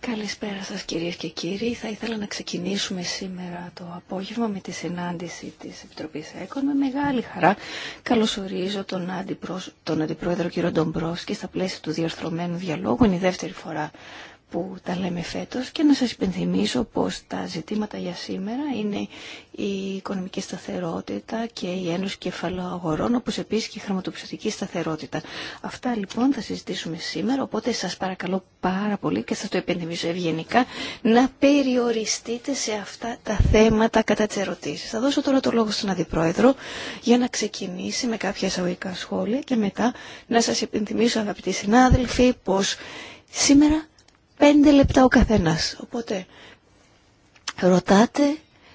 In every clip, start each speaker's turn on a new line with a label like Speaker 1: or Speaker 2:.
Speaker 1: Καλησπέρα σας κυρίες και κύριοι. Θα ήθελα να ξεκινήσουμε σήμερα το απόγευμα με τη συνάντηση της Επιτροπής ΕΚΟΝ. Με μεγάλη χαρά καλωσορίζω τον, τον Αντιπρόεδρο κ. Ντομπρόσκη στα πλαίσια του διαρθρωμένου διαλόγου. Είναι η δεύτερη φορά που τα λέμε φέτος και να σας υπενθυμίσω πως τα ζητήματα για σήμερα είναι η οικονομική σταθερότητα και η ένωση κεφαλαίου αγορών, όπως επίσης και η χρηματοπιστωτική σταθερότητα. Αυτά λοιπόν θα συζητήσουμε σήμερα, οπότε σας παρακαλώ πάρα πολύ και θα το υπενθυμίσω ευγενικά να περιοριστείτε σε αυτά τα θέματα κατά τι ερωτήσει. Θα δώσω τώρα το λόγο στον Αντιπρόεδρο για να ξεκινήσει με κάποια εισαγωγικά σχόλια και μετά να σας υπενθυμίσω αγαπητοί συνάδελφοι πως σήμερα πέντε λεπτά ο καθένας. Οπότε ρωτάτε,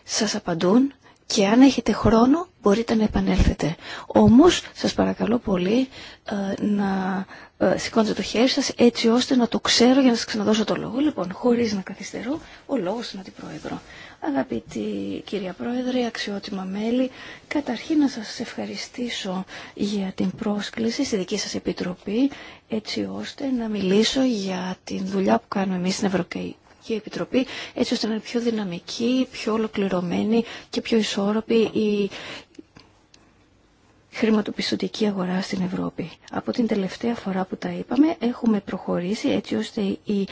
Speaker 1: σας απαντούν και αν έχετε χρόνο μπορείτε να επανέλθετε. Όμως σας παρακαλώ πολύ ε, να ε, σηκώνετε το χέρι σας έτσι ώστε να το ξέρω για να σας ξαναδώσω το λόγο. Λοιπόν, χωρίς να καθυστερώ, ο λόγος την Πρόεδρο. Αγαπητή κυρία Πρόεδρε, αξιότιμα μέλη, καταρχήν να σας ευχαριστήσω για την πρόσκληση στη δική σας επιτροπή, έτσι ώστε να μιλήσω για την δουλειά που κάνουμε εμείς στην Ευρωπαϊκή Επιτροπή έτσι ώστε να είναι πιο δυναμική, πιο ολοκληρωμένη και πιο ισόρροπη η χρηματοπιστωτική αγορά στην Ευρώπη. Από την τελευταία φορά που τα είπαμε έχουμε προχωρήσει έτσι ώστε η,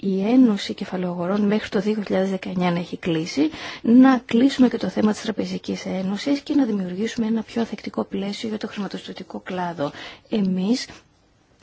Speaker 1: η, Ένωση Κεφαλαιογορών μέχρι το 2019 να έχει κλείσει, να κλείσουμε και το θέμα της Τραπεζικής Ένωσης και να δημιουργήσουμε ένα πιο αθεκτικό πλαίσιο για το χρηματοπιστωτικό κλάδο. Εμείς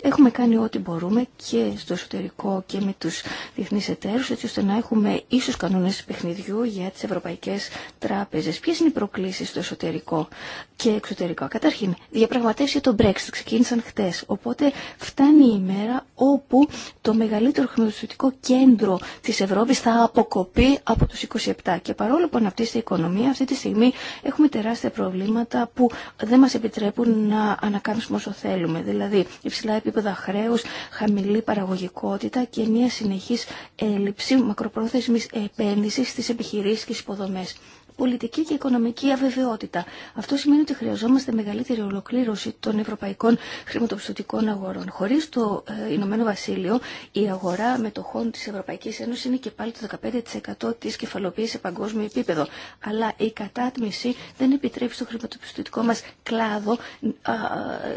Speaker 1: Έχουμε κάνει ό,τι μπορούμε και στο εσωτερικό και με τους διεθνείς εταίρους έτσι ώστε να έχουμε ίσους κανόνες παιχνιδιού για τις ευρωπαϊκές τράπεζες. Ποιες είναι οι προκλήσεις στο εσωτερικό και εξωτερικό. Καταρχήν, διαπραγματεύσει το Brexit ξεκίνησαν χτες. Οπότε φτάνει η ημέρα όπου το μεγαλύτερο χρηματοδοτικό κέντρο της Ευρώπης θα αποκοπεί από τους 27. Και παρόλο που αναπτύσσεται η οικονομία, αυτή τη στιγμή έχουμε τεράστια προβλήματα που δεν μας επιτρέπουν να ανακάμψουμε όσο θέλουμε. Δηλαδή, υψηλά επίπεδα χρέου, χαμηλή παραγωγικότητα και μια συνεχής έλλειψη μακροπρόθεσμη επένδυση στι επιχειρήσει και στι πολιτική και οικονομική αβεβαιότητα. Αυτό σημαίνει ότι χρειαζόμαστε μεγαλύτερη ολοκλήρωση των ευρωπαϊκών χρηματοπιστωτικών αγορών. Χωρί το ε, Ηνωμένο Βασίλειο, η αγορά μετοχών τη Ευρωπαϊκή Ένωση είναι και πάλι το 15% τη κεφαλοποίηση σε παγκόσμιο επίπεδο. Αλλά η κατάτμιση δεν επιτρέπει στο χρηματοπιστωτικό μα κλάδο ε,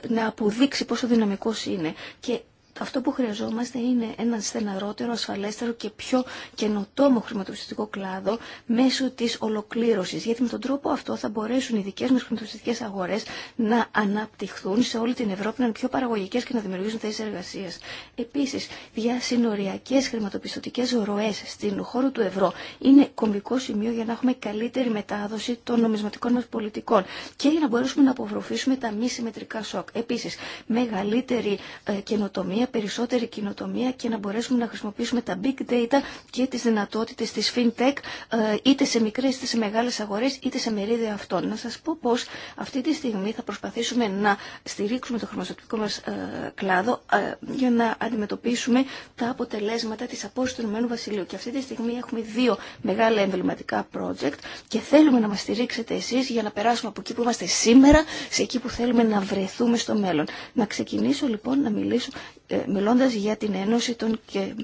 Speaker 1: ε, να αποδείξει πόσο δυναμικό είναι. Και αυτό που χρειαζόμαστε είναι ένα στεναρότερο, ασφαλέστερο και πιο καινοτόμο χρηματοπιστωτικό κλάδο μέσω τη ολοκλήρωση. Γιατί με τον τρόπο αυτό θα μπορέσουν οι δικέ μα χρηματοπιστωτικέ αγορέ να αναπτυχθούν σε όλη την Ευρώπη, να είναι πιο παραγωγικέ και να δημιουργήσουν θέσει εργασία. Επίση, διασυνοριακέ χρηματοπιστωτικέ ροέ στην χώρο του ευρώ είναι κομβικό σημείο για να έχουμε καλύτερη μετάδοση των νομισματικών μα πολιτικών και για να μπορέσουμε να αποβροφήσουμε τα μη συμμετρικά σοκ. Επίση, μεγαλύτερη ε, καινοτομία μια περισσότερη κοινοτομία και να μπορέσουμε να χρησιμοποιήσουμε τα big data και τις δυνατότητες της fintech ε, είτε σε μικρές είτε σε μεγάλες αγορές είτε σε μερίδια αυτών. Να σας πω πως αυτή τη στιγμή θα προσπαθήσουμε να στηρίξουμε το χρηματοδοτικό μας ε, κλάδο ε, για να αντιμετωπίσουμε τα αποτελέσματα της απόσυρσης του Ηνωμένου Βασιλείου. Και αυτή τη στιγμή έχουμε δύο μεγάλα εμβληματικά project και θέλουμε να μας στηρίξετε εσείς για να περάσουμε από εκεί που είμαστε σήμερα σε εκεί που θέλουμε να βρεθούμε στο μέλλον. Να ξεκινήσω λοιπόν να μιλήσω ε, μιλώντας για την Ένωση των και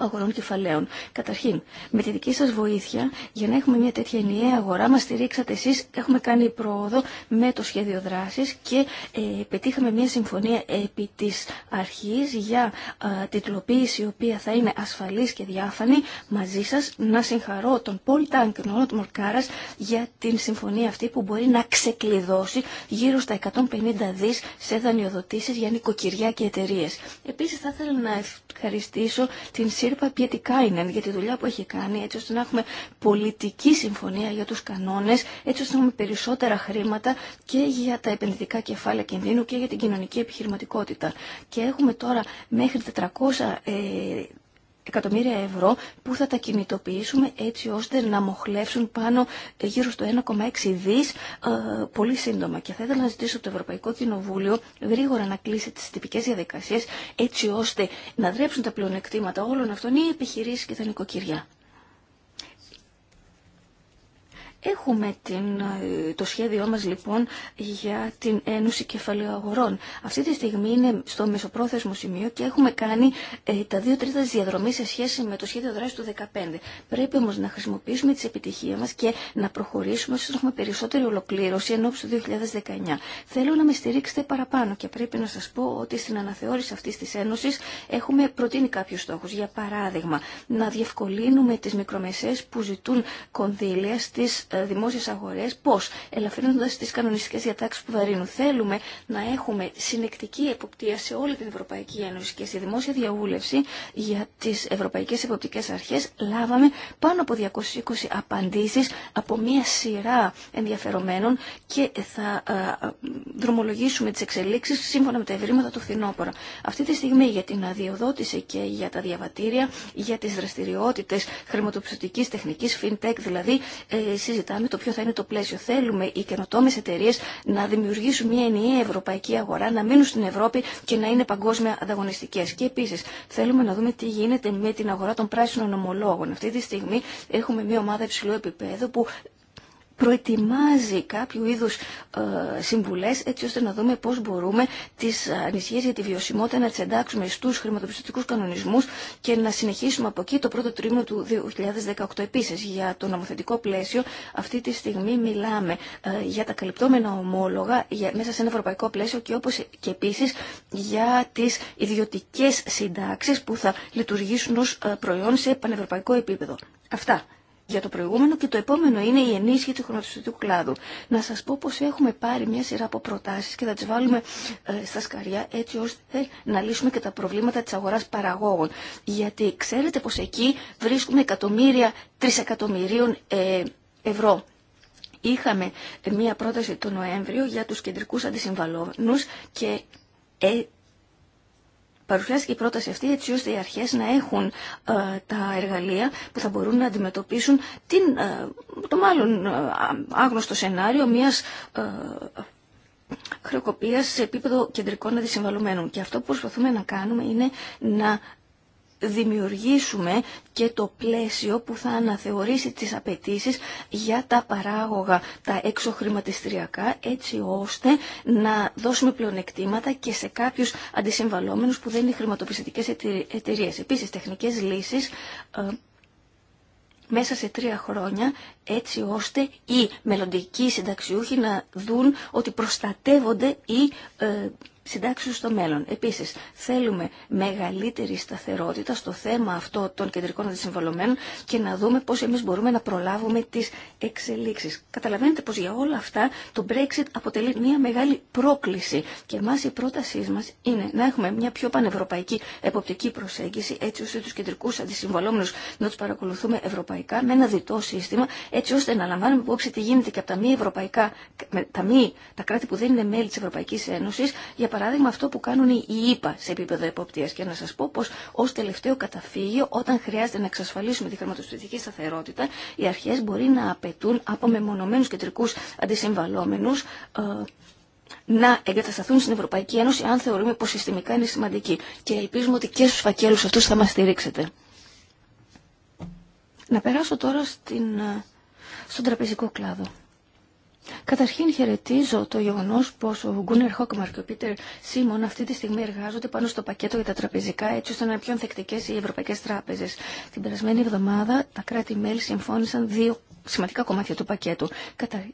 Speaker 1: αγορών κεφαλαίων. Καταρχήν, με τη δική σα βοήθεια, για να έχουμε μια τέτοια ενιαία αγορά, μας στηρίξατε εσείς, έχουμε κάνει πρόοδο με το σχέδιο δράση και ε, πετύχαμε μια συμφωνία επί τη αρχή για ε, τιτλοποίηση, η οποία θα είναι ασφαλή και διάφανη μαζί σα, Να συγχαρώ τον Πολ και τον του Μορκάρας, για την συμφωνία αυτή που μπορεί να ξεκλειδώσει γύρω στα 150 δι σε δανειοδοτήσει για νοικοκυριά και εταιρείε. Επίση θα ήθελα να ευχαριστήσω την σύρπα ποιετικά είναι για τη δουλειά που έχει κάνει, έτσι ώστε να έχουμε πολιτική συμφωνία για τους κανόνες, έτσι ώστε να έχουμε περισσότερα χρήματα και για τα επενδυτικά κεφάλαια κινδύνου και για την κοινωνική επιχειρηματικότητα. Και έχουμε τώρα μέχρι 400 ε, εκατομμύρια ευρώ που θα τα κινητοποιήσουμε έτσι ώστε να μοχλεύσουν πάνω ε, γύρω στο 1,6 δις ε, πολύ σύντομα. Και θα ήθελα να ζητήσω από το Ευρωπαϊκό Κοινοβούλιο γρήγορα να κλείσει τι τυπικέ διαδικασίε, έτσι ώστε να δρέψουν τα πλεονεκτήματα όλων αυτών οι επιχειρήσεις και τα νοικοκυριά. Έχουμε την, ε, το σχέδιό μας λοιπόν για την Ένωση Κεφαλαίου Αγορών. Αυτή τη στιγμή είναι στο μεσοπρόθεσμο σημείο και έχουμε κάνει ε, τα δύο τρίτα της διαδρομής σε σχέση με το σχέδιο δράσης του 2015. Πρέπει όμως να χρησιμοποιήσουμε τις επιτυχίες μας και να προχωρήσουμε ώστε να έχουμε περισσότερη ολοκλήρωση ενώ του 2019. Θέλω να με στηρίξετε παραπάνω και πρέπει να σας πω ότι στην αναθεώρηση αυτής της Ένωσης έχουμε προτείνει κάποιους στόχους. Για παράδειγμα, να διευκολύνουμε τις μικρομεσαίες που ζητούν κονδύλια στις ε, δημόσιες αγορές, πώς ελαφρύνοντας τις κανονιστικές διατάξεις που βαρύνουν. Θέλουμε να έχουμε συνεκτική εποπτεία σε όλη την Ευρωπαϊκή Ένωση και στη δημόσια διαβούλευση για τις Ευρωπαϊκές Εποπτικές Αρχές λάβαμε πάνω από 220 απαντήσεις από μία σειρά ενδιαφερομένων και θα ε, δρομολογήσουμε τις εξελίξεις σύμφωνα με τα ευρήματα του φθινόπωρα. Αυτή τη στιγμή για την αδειοδότηση και για τα διαβατήρια, για τις δραστηριότητες χρηματοπιστωτικής τεχνικής, fintech δηλαδή, ε, ζητάμε το ποιο θα είναι το πλαίσιο. Θέλουμε οι καινοτόμε εταιρείε να δημιουργήσουν μια ενιαία ευρωπαϊκή αγορά, να μείνουν στην Ευρώπη και να είναι παγκόσμια ανταγωνιστικέ. Και επίση θέλουμε να δούμε τι γίνεται με την αγορά των πράσινων ομολόγων. Αυτή τη στιγμή έχουμε μια ομάδα υψηλού επίπεδου που προετοιμάζει κάποιου είδους ε, συμβουλές έτσι ώστε να δούμε πώς μπορούμε τις ανησυχίες για τη βιωσιμότητα να τις εντάξουμε στους χρηματοπιστωτικούς κανονισμούς και να συνεχίσουμε από εκεί το πρώτο τρίμηνο του 2018. Επίσης, για το νομοθετικό πλαίσιο αυτή τη στιγμή μιλάμε ε, για τα καλυπτόμενα ομόλογα για, μέσα σε ένα ευρωπαϊκό πλαίσιο και όπως και επίσης για τις ιδιωτικές συντάξεις που θα λειτουργήσουν ως ε, προϊόν σε πανευρωπαϊκό επίπεδο. Αυτά για το προηγούμενο και το επόμενο είναι η ενίσχυση του χρηματοπιστωτικού κλάδου. Να σας πω πως έχουμε πάρει μια σειρά από προτάσεις και θα τις βάλουμε ε, στα σκαριά έτσι ώστε να λύσουμε και τα προβλήματα της αγοράς παραγόγων. Γιατί ξέρετε πως εκεί βρίσκουμε εκατομμύρια τρισεκατομμυρίων ε, ευρώ. Είχαμε μια πρόταση τον Νοέμβριο για τους κεντρικούς αντισυμβαλώνους και ε, παρουσιάστηκε η πρόταση αυτή έτσι ώστε οι αρχές να έχουν ε, τα εργαλεία που θα μπορούν να αντιμετωπίσουν την, ε, το μάλλον ε, άγνωστο σενάριο μιας χρεοκοπίας σε επίπεδο κεντρικών αντισυμβαλωμένων. Και αυτό που προσπαθούμε να κάνουμε είναι να δημιουργήσουμε και το πλαίσιο που θα αναθεωρήσει τις απαιτήσεις για τα παράγωγα, τα εξοχρηματιστριακά έτσι ώστε να δώσουμε πλεονεκτήματα και σε κάποιους αντισυμβαλόμενους που δεν είναι χρηματοπιστωτικές εταιρείες. Επίσης, τεχνικές λύσεις ε, μέσα σε τρία χρόνια έτσι ώστε οι μελλοντικοί συνταξιούχοι να δουν ότι προστατεύονται οι ε, Συντάξεις στο μέλλον. Επίσης, θέλουμε μεγαλύτερη σταθερότητα στο θέμα αυτό των κεντρικών αντισυμβολωμένων και να δούμε πώς εμείς μπορούμε να προλάβουμε τις εξελίξεις. Καταλαβαίνετε πως για όλα αυτά το Brexit αποτελεί μια μεγάλη πρόκληση και εμάς η πρότασή μας είναι να έχουμε μια πιο πανευρωπαϊκή εποπτική προσέγγιση έτσι ώστε τους κεντρικούς αντισυμβολόμενους να τους παρακολουθούμε ευρωπαϊκά με ένα διτό σύστημα έτσι ώστε να λαμβάνουμε υπόψη τι γίνεται και από τα μη ευρωπαϊκά, τα, τα κράτη που δεν είναι μέλη της Ευρωπαϊκής Ένωσης για παράδειγμα αυτό που κάνουν οι ΙΠΑ σε επίπεδο εποπτείας και να σα πω πω ω τελευταίο καταφύγιο όταν χρειάζεται να εξασφαλίσουμε τη χρηματοσυντητική σταθερότητα οι αρχέ μπορεί να απαιτούν από μεμονωμένους κεντρικούς αντισυμβαλόμενους ε, να εγκατασταθούν στην Ευρωπαϊκή Ένωση αν θεωρούμε πω συστημικά είναι σημαντική. Και ελπίζουμε ότι και στου φακέλου αυτού θα μα στηρίξετε. Να περάσω τώρα στην, ε, στον τραπεζικό κλάδο. Καταρχήν χαιρετίζω το γεγονό πω ο Γκούνερ Χόκμαρ και ο Πίτερ Σίμων αυτή τη στιγμή εργάζονται πάνω στο πακέτο για τα τραπεζικά έτσι ώστε να είναι πιο ανθεκτικέ οι ευρωπαϊκέ τράπεζε. Την περασμένη εβδομάδα τα κράτη-μέλη συμφώνησαν δύο σημαντικά κομμάτια του πακέτου. Κατα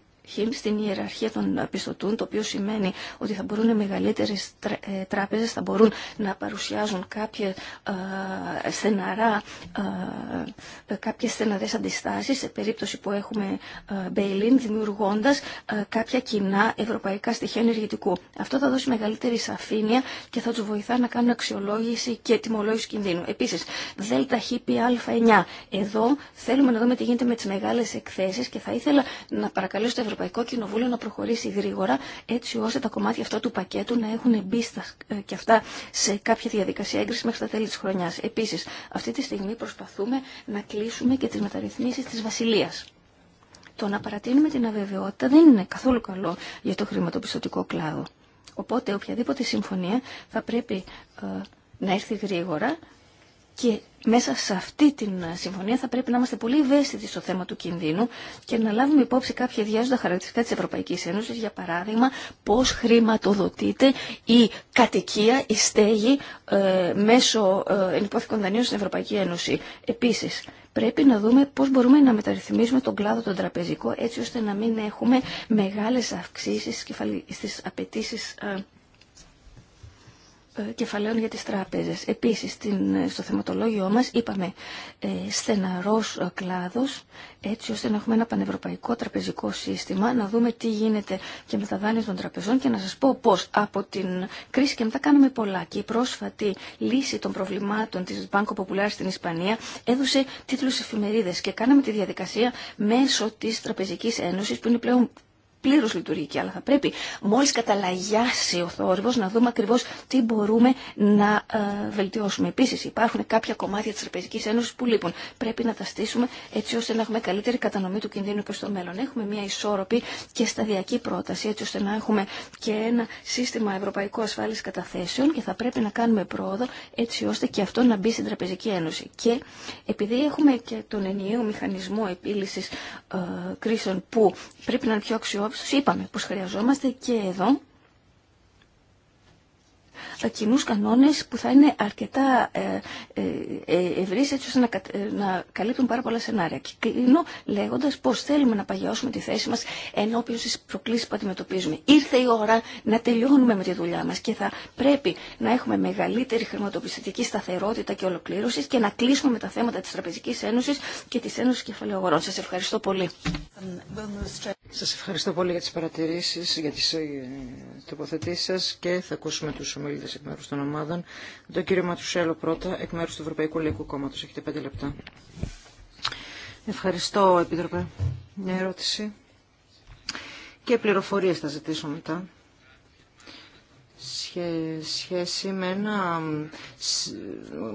Speaker 1: στην ιεραρχία των πιστωτών, το οποίο σημαίνει ότι θα μπορούν οι μεγαλύτερες ε, τράπεζες θα μπορούν να παρουσιάζουν κάποια ε, στεναρά, ε, κάποιες στεναρές αντιστάσεις σε περίπτωση που έχουμε ε, bail-in, δημιουργώντας ε, κάποια κοινά ευρωπαϊκά στοιχεία ενεργητικού. Αυτό θα δώσει μεγαλύτερη σαφήνεια και θα τους βοηθά να κάνουν αξιολόγηση και τιμολόγηση κινδύνου. Επίσης, ΔΕΛΤΑ 9 Εδώ θέλουμε να δούμε τι γίνεται με τις μεγάλες εκθέσεις και θα ήθελα να παρακαλέσω Ευρωπαϊκό Κοινοβούλιο να προχωρήσει γρήγορα έτσι ώστε τα κομμάτια αυτά του πακέτου να έχουν μπει στα, ε, και αυτά σε κάποια διαδικασία έγκριση μέχρι τα τέλη τη χρονιά. Επίση, αυτή τη στιγμή προσπαθούμε να κλείσουμε και τι μεταρρυθμίσει τη Βασιλεία. Το να παρατείνουμε την αβεβαιότητα δεν είναι καθόλου καλό για το χρηματοπιστωτικό κλάδο. Οπότε οποιαδήποτε συμφωνία θα πρέπει ε, να έρθει γρήγορα και μέσα σε αυτή την συμφωνία θα πρέπει να είμαστε πολύ ευαίσθητοι στο θέμα του κινδύνου και να λάβουμε υπόψη κάποια ιδιάζοντα χαρακτηριστικά της Ευρωπαϊκής Ένωσης, για παράδειγμα πώς χρηματοδοτείται η κατοικία, η στέγη ε, μέσω ε, ενυπόθηκων δανείων στην Ευρωπαϊκή Ένωση. Επίσης, πρέπει να δούμε πώς μπορούμε να μεταρρυθμίσουμε τον κλάδο τον τραπεζικό έτσι ώστε να μην έχουμε μεγάλες αυξήσεις στις απαιτήσει. Ε, ε, κεφαλαίων για τις τράπεζες. Επίσης, στο θεματολόγιο μας είπαμε ε, στεναρός ε, κλάδος, έτσι ώστε να έχουμε ένα πανευρωπαϊκό τραπεζικό σύστημα, να δούμε τι γίνεται και με τα δάνεια των τραπεζών και να σας πω πώς από την κρίση και μετά κάναμε πολλά. Και η πρόσφατη λύση των προβλημάτων της Banco Popular στην Ισπανία έδωσε τίτλους εφημερίδες και κάναμε τη διαδικασία μέσω της Τραπεζικής Ένωσης, που είναι πλέον πλήρω λειτουργική, αλλά θα πρέπει μόλι καταλαγιάσει ο θόρυβο, να δούμε ακριβώ τι μπορούμε να ε, βελτιώσουμε. Επίση, υπάρχουν κάποια κομμάτια τη Τραπεζικής Ένωση που λείπουν. Πρέπει να τα στήσουμε έτσι ώστε να έχουμε καλύτερη κατανομή του κινδύνου και στο μέλλον. Έχουμε μια ισόρροπη και σταδιακή πρόταση έτσι ώστε να έχουμε και ένα σύστημα ευρωπαϊκό ασφάλισης καταθέσεων και θα πρέπει να κάνουμε πρόοδο έτσι ώστε και αυτό να μπει στην Τραπεζική Ένωση. Και επειδή έχουμε και τον ενιαίο μηχανισμό επίλυση ε, κρίσεων που πρέπει να είναι πιο αξιόπιστο Σύπαμε είπαμε πως χρειαζόμαστε και εδώ ε, κοινού κανόνε που θα είναι αρκετά ε, ε, ευρύ έτσι ώστε να, να καλύπτουν πάρα πολλά σενάρια. Και κλείνω λέγοντα πώ θέλουμε να παγιώσουμε τη θέση μας ενώπιον στι προκλήσει που αντιμετωπίζουμε. Ήρθε η ώρα να τελειώνουμε με τη δουλειά μα και θα πρέπει να έχουμε μεγαλύτερη χρηματοπιστωτική σταθερότητα και ολοκλήρωση και να κλείσουμε με τα θέματα τη Τραπεζικής Ένωση και τη Ένωση Κεφαλαιογορών Σα Σας ευχαριστώ πολύ.
Speaker 2: Σα ευχαριστώ πολύ για τι παρατηρήσει για τι τοποθετήσει σα και θα ακούσουμε του ομιλητέ ομιλητέ εκ μέρου των ομάδων. Τον κύριο Ματουσέλο πρώτα, εκ μέρου του Ευρωπαϊκού Λαϊκού Κόμματο. Έχετε πέντε λεπτά. Ευχαριστώ, Επίτροπε. Μια ερώτηση. Και πληροφορίες θα ζητήσω μετά. Σχέση με ένα,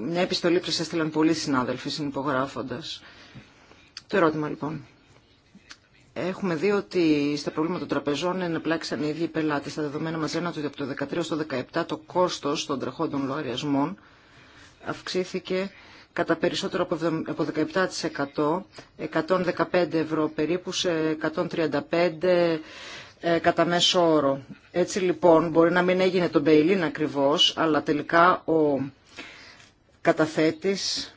Speaker 2: μια επιστολή που σας έστειλαν πολλοί συνάδελφοι συνυπογράφοντας. Το ερώτημα λοιπόν. Έχουμε δει ότι στα προβλήματα των τραπεζών ενεπλάξαν οι ίδιοι οι πελάτε. Τα δεδομένα μα λένε ότι από το 2013 στο 2017 το κόστο των τρεχόντων λογαριασμών αυξήθηκε κατά περισσότερο από 17%, 115 ευρώ περίπου σε 135 ε, κατά μέσο όρο. Έτσι λοιπόν μπορεί να μην έγινε το Μπέιλιν ακριβώς, αλλά τελικά ο καταθέτης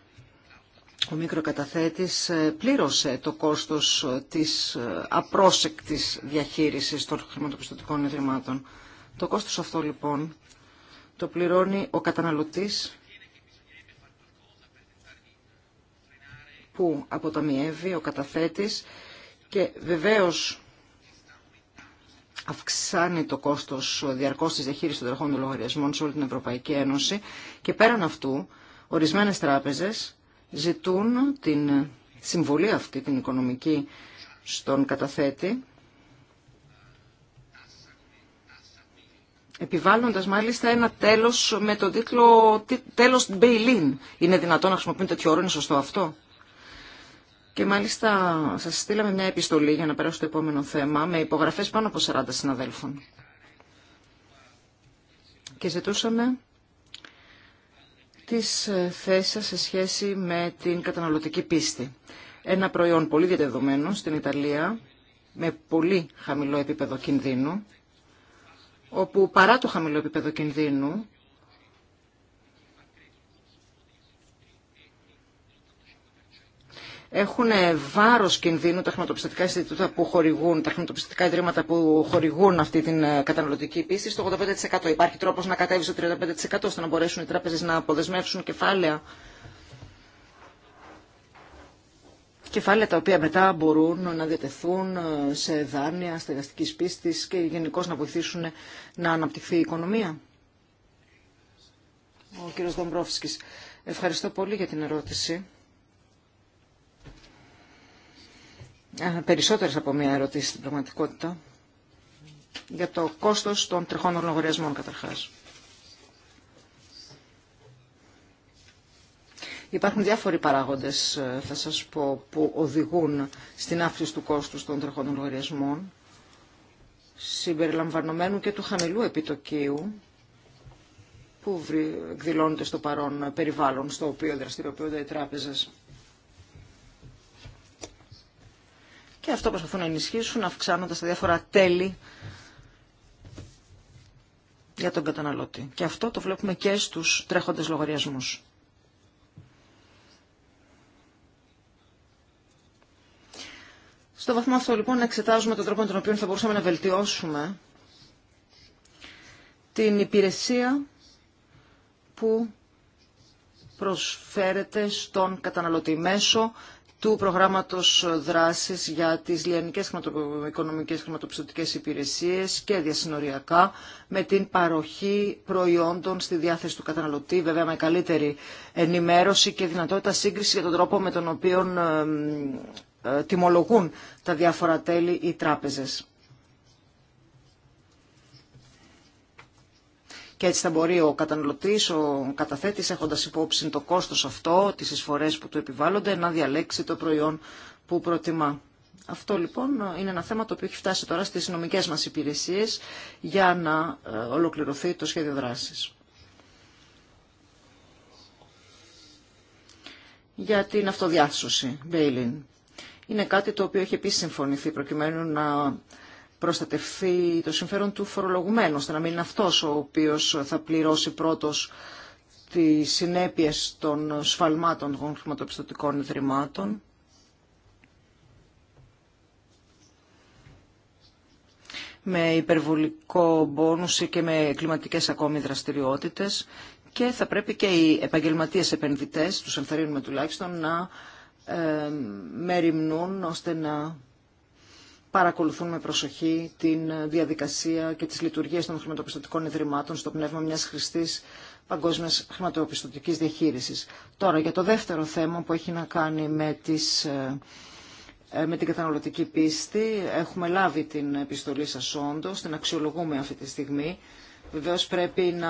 Speaker 2: ο μικροκαταθέτης ε, πλήρωσε το κόστος ε, της ε, απρόσεκτης διαχείρισης των χρηματοπιστωτικών ιδρυμάτων. Το κόστος αυτό λοιπόν το πληρώνει ο καταναλωτής που αποταμιεύει ο καταθέτης και βεβαίως αυξάνει το κόστος διαρκώς της διαχείρισης των τερχών των λογαριασμών σε όλη την Ευρωπαϊκή Ένωση και πέραν αυτού ορισμένες τράπεζες ζητούν την συμβολή αυτή, την οικονομική, στον καταθέτη, επιβάλλοντας μάλιστα ένα τέλος με τον τίτλο «Τέλος Μπέιλιν». Είναι δυνατόν να χρησιμοποιούν τέτοιο όρο, είναι σωστό αυτό. Και μάλιστα σας στείλαμε μια επιστολή για να περάσω στο επόμενο θέμα με υπογραφές πάνω από 40 συναδέλφων. Και ζητούσαμε της ε, θέσης σε σχέση με την καταναλωτική πίστη. Ένα προϊόν πολύ διαδεδομένο στην Ιταλία, με πολύ χαμηλό επίπεδο κινδύνου, όπου παρά το χαμηλό επίπεδο κινδύνου έχουν βάρο κινδύνου τα χρηματοπιστωτικά που χορηγούν, τα χρηματοπιστωτικά ιδρύματα που χορηγούν αυτή την ε, καταναλωτική πίστη στο 85%. Υπάρχει τρόπος να κατέβει στο 35% ώστε να μπορέσουν οι τράπεζες να αποδεσμεύσουν κεφάλαια. Κεφάλαια τα οποία μετά μπορούν να διατεθούν ε, σε δάνεια στεγαστικής πίστης και γενικώ να βοηθήσουν ε, να αναπτυχθεί η οικονομία. Ο κύριος Δομπρόφσκης. Ευχαριστώ πολύ για την ερώτηση. περισσότερες από μία ερωτήση στην πραγματικότητα για το κόστος των τριχών λογαριασμών καταρχάς. Υπάρχουν διάφοροι παράγοντες, ε, θα σας πω, που οδηγούν στην αύξηση του κόστους των τρεχών λογαριασμών, συμπεριλαμβανομένου και του χαμηλού επιτοκίου, που εκδηλώνεται στο παρόν περιβάλλον στο οποίο δραστηριοποιούνται οι τράπεζες. και αυτό προσπαθούν να ενισχύσουν αυξάνοντας τα διάφορα τέλη για τον καταναλώτη. Και αυτό το βλέπουμε και στους τρέχοντες λογαριασμούς. Στο βαθμό αυτό λοιπόν εξετάζουμε τον τρόπο με τον οποίο θα μπορούσαμε να βελτιώσουμε την υπηρεσία που προσφέρεται στον καταναλωτή μέσω του προγράμματος δράσης για τις λιανικές οικονομικές χρηματοπιστωτικές υπηρεσίες και διασυνοριακά με την παροχή προϊόντων στη διάθεση του καταναλωτή, βέβαια με καλύτερη ενημέρωση και δυνατότητα σύγκριση για τον τρόπο με τον οποίο ε, τιμολογούν τα διάφορα τέλη οι τράπεζες. και έτσι θα μπορεί ο καταναλωτής, ο καταθέτης έχοντας υπόψη το κόστος αυτό, τις εισφορές που του επιβάλλονται, να διαλέξει το προϊόν που προτιμά. Αυτό λοιπόν είναι ένα θέμα το οποίο έχει φτάσει τώρα στις νομικές μας υπηρεσίες για να ε, ολοκληρωθεί το σχέδιο δράσης. Για την αυτοδιάσωση, Μπέιλιν. Είναι κάτι το οποίο έχει επίσης συμφωνηθεί προκειμένου να προστατευθεί το συμφέρον του φορολογουμένου, ώστε να μην είναι αυτός ο οποίος θα πληρώσει πρώτος τις συνέπειες των σφαλμάτων των χρηματοπιστωτικών ιδρυμάτων. με υπερβολικό μπόνους και με κλιματικές ακόμη δραστηριότητες και θα πρέπει και οι επαγγελματίες επενδυτές, τους ενθαρρύνουμε τουλάχιστον, να ε, μεριμνούν ώστε να παρακολουθούν με προσοχή την διαδικασία και τις λειτουργίες των χρηματοπιστωτικών ιδρυμάτων στο πνεύμα μιας χρηστής παγκόσμια χρηματοπιστωτική διαχείριση. Τώρα, για το δεύτερο θέμα που έχει να κάνει με τις ε, με την καταναλωτική πίστη. Έχουμε λάβει την επιστολή σας όντως, την αξιολογούμε αυτή τη στιγμή. Βεβαίω πρέπει να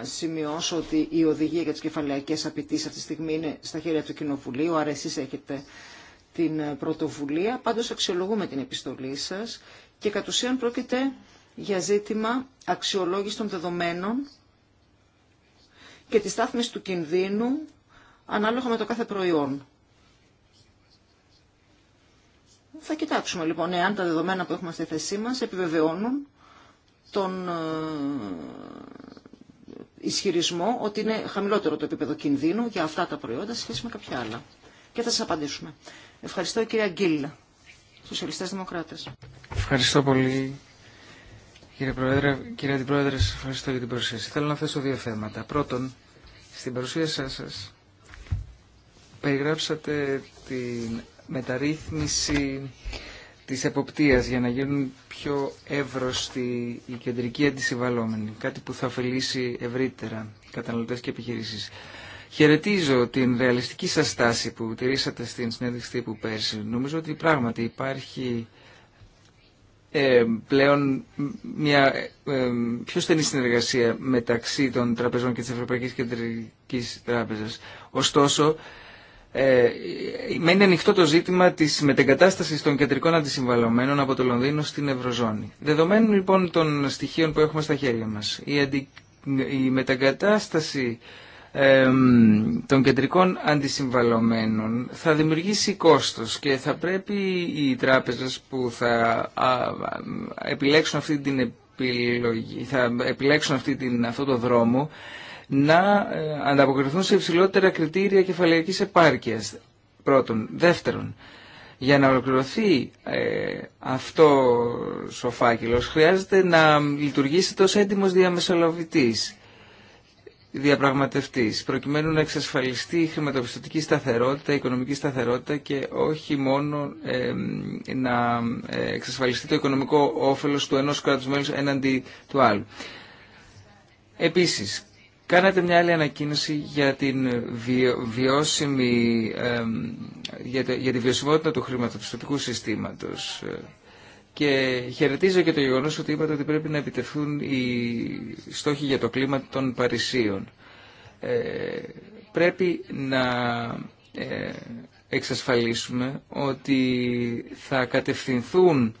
Speaker 2: ε, σημειώσω ότι η οδηγία για τις κεφαλαϊκές απαιτήσει αυτή τη στιγμή είναι στα χέρια του Κοινοβουλίου, άρα έχετε την ε, πρωτοβουλία. Πάντως αξιολογούμε την επιστολή σας και κατ' ουσίαν πρόκειται για ζήτημα αξιολόγηση των δεδομένων και τη στάθμιση του κινδύνου ανάλογα με το κάθε προϊόν. Θα κοιτάξουμε λοιπόν εάν τα δεδομένα που έχουμε στη θέσή μας επιβεβαιώνουν τον ε, ισχυρισμό ότι είναι χαμηλότερο το επίπεδο κινδύνου για αυτά τα προϊόντα σχέση με κάποια άλλα και θα σα απαντήσουμε. Ευχαριστώ κυρία Γκίλ, σοσιαλιστέ Δημοκράτες.
Speaker 3: Ευχαριστώ πολύ κύριε Πρόεδρε. Κύριε Αντιπρόεδρε, σας ευχαριστώ για την παρουσίαση. Θέλω να θέσω δύο θέματα. Πρώτον, στην παρουσίασή σας περιγράψατε τη μεταρρύθμιση της εποπτείας για να γίνουν πιο εύρωστοι η κεντρική αντισυμβαλόμενη, κάτι που θα ωφελήσει ευρύτερα καταναλωτές και επιχειρήσεις. Χαιρετίζω την ρεαλιστική σας στάση που τηρήσατε στην συνέντευξη τύπου πέρσι. Νομίζω ότι πράγματι υπάρχει ε, πλέον μια ε, πιο στενή συνεργασία μεταξύ των τραπεζών και της Ευρωπαϊκής Κεντρικής Τράπεζας. Ωστόσο, ε, μένει ανοιχτό το ζήτημα της μετεγκατάστασης των κεντρικών αντισυμβαλωμένων από το Λονδίνο στην Ευρωζώνη. Δεδομένου λοιπόν των στοιχείων που έχουμε στα χέρια μας, η, αντι... η των κεντρικών αντισυμβαλωμένων θα δημιουργήσει κόστος και θα πρέπει οι τράπεζες που θα επιλέξουν αυτή την επιλογή, θα επιλέξουν αυτή την, αυτό το δρόμο να ε, ανταποκριθούν σε υψηλότερα κριτήρια κεφαλαϊκής επάρκειας. Πρώτον. Δεύτερον, για να ολοκληρωθεί ε, αυτό ο φάκελος χρειάζεται να λειτουργήσει τόσο έντιμος διαμεσολαβητής διαπραγματευτής, προκειμένου να εξασφαλιστεί η χρηματοπιστωτική σταθερότητα, η οικονομική σταθερότητα και όχι μόνο να ε, εξασφαλιστεί το οικονομικό όφελος του ενός κράτους μέλους έναντι του άλλου. Επίσης, Κάνατε μια άλλη ανακοίνωση για, την βιώσιμη, για, τη βιωσιμότητα του χρηματοπιστωτικού συστήματος. Και χαιρετίζω και το γεγονό ότι είπατε ότι πρέπει να επιτεθούν οι στόχοι για το κλίμα των Παρισίων. Ε, πρέπει να ε, εξασφαλίσουμε ότι θα κατευθυνθούν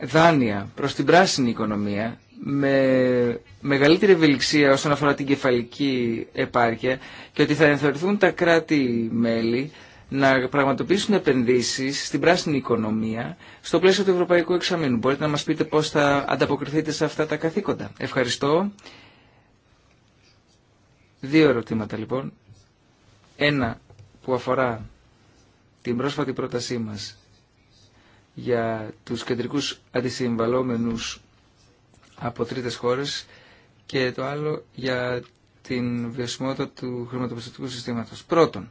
Speaker 3: δάνεια προς την πράσινη οικονομία με μεγαλύτερη ευελιξία όσον αφορά την κεφαλική επάρκεια και ότι θα ενθαρρυνθούν τα κράτη-μέλη να πραγματοποιήσουν επενδύσεις στην πράσινη οικονομία στο πλαίσιο του Ευρωπαϊκού Εξαμήνου. Μπορείτε να μας πείτε πώς θα ανταποκριθείτε σε αυτά τα καθήκοντα. Ευχαριστώ. Δύο ερωτήματα λοιπόν. Ένα που αφορά την πρόσφατη πρότασή μας για τους κεντρικούς αντισυμβαλόμενους από τρίτες χώρες και το άλλο για την βιωσιμότητα του χρηματοπιστωτικού συστήματος. Πρώτον,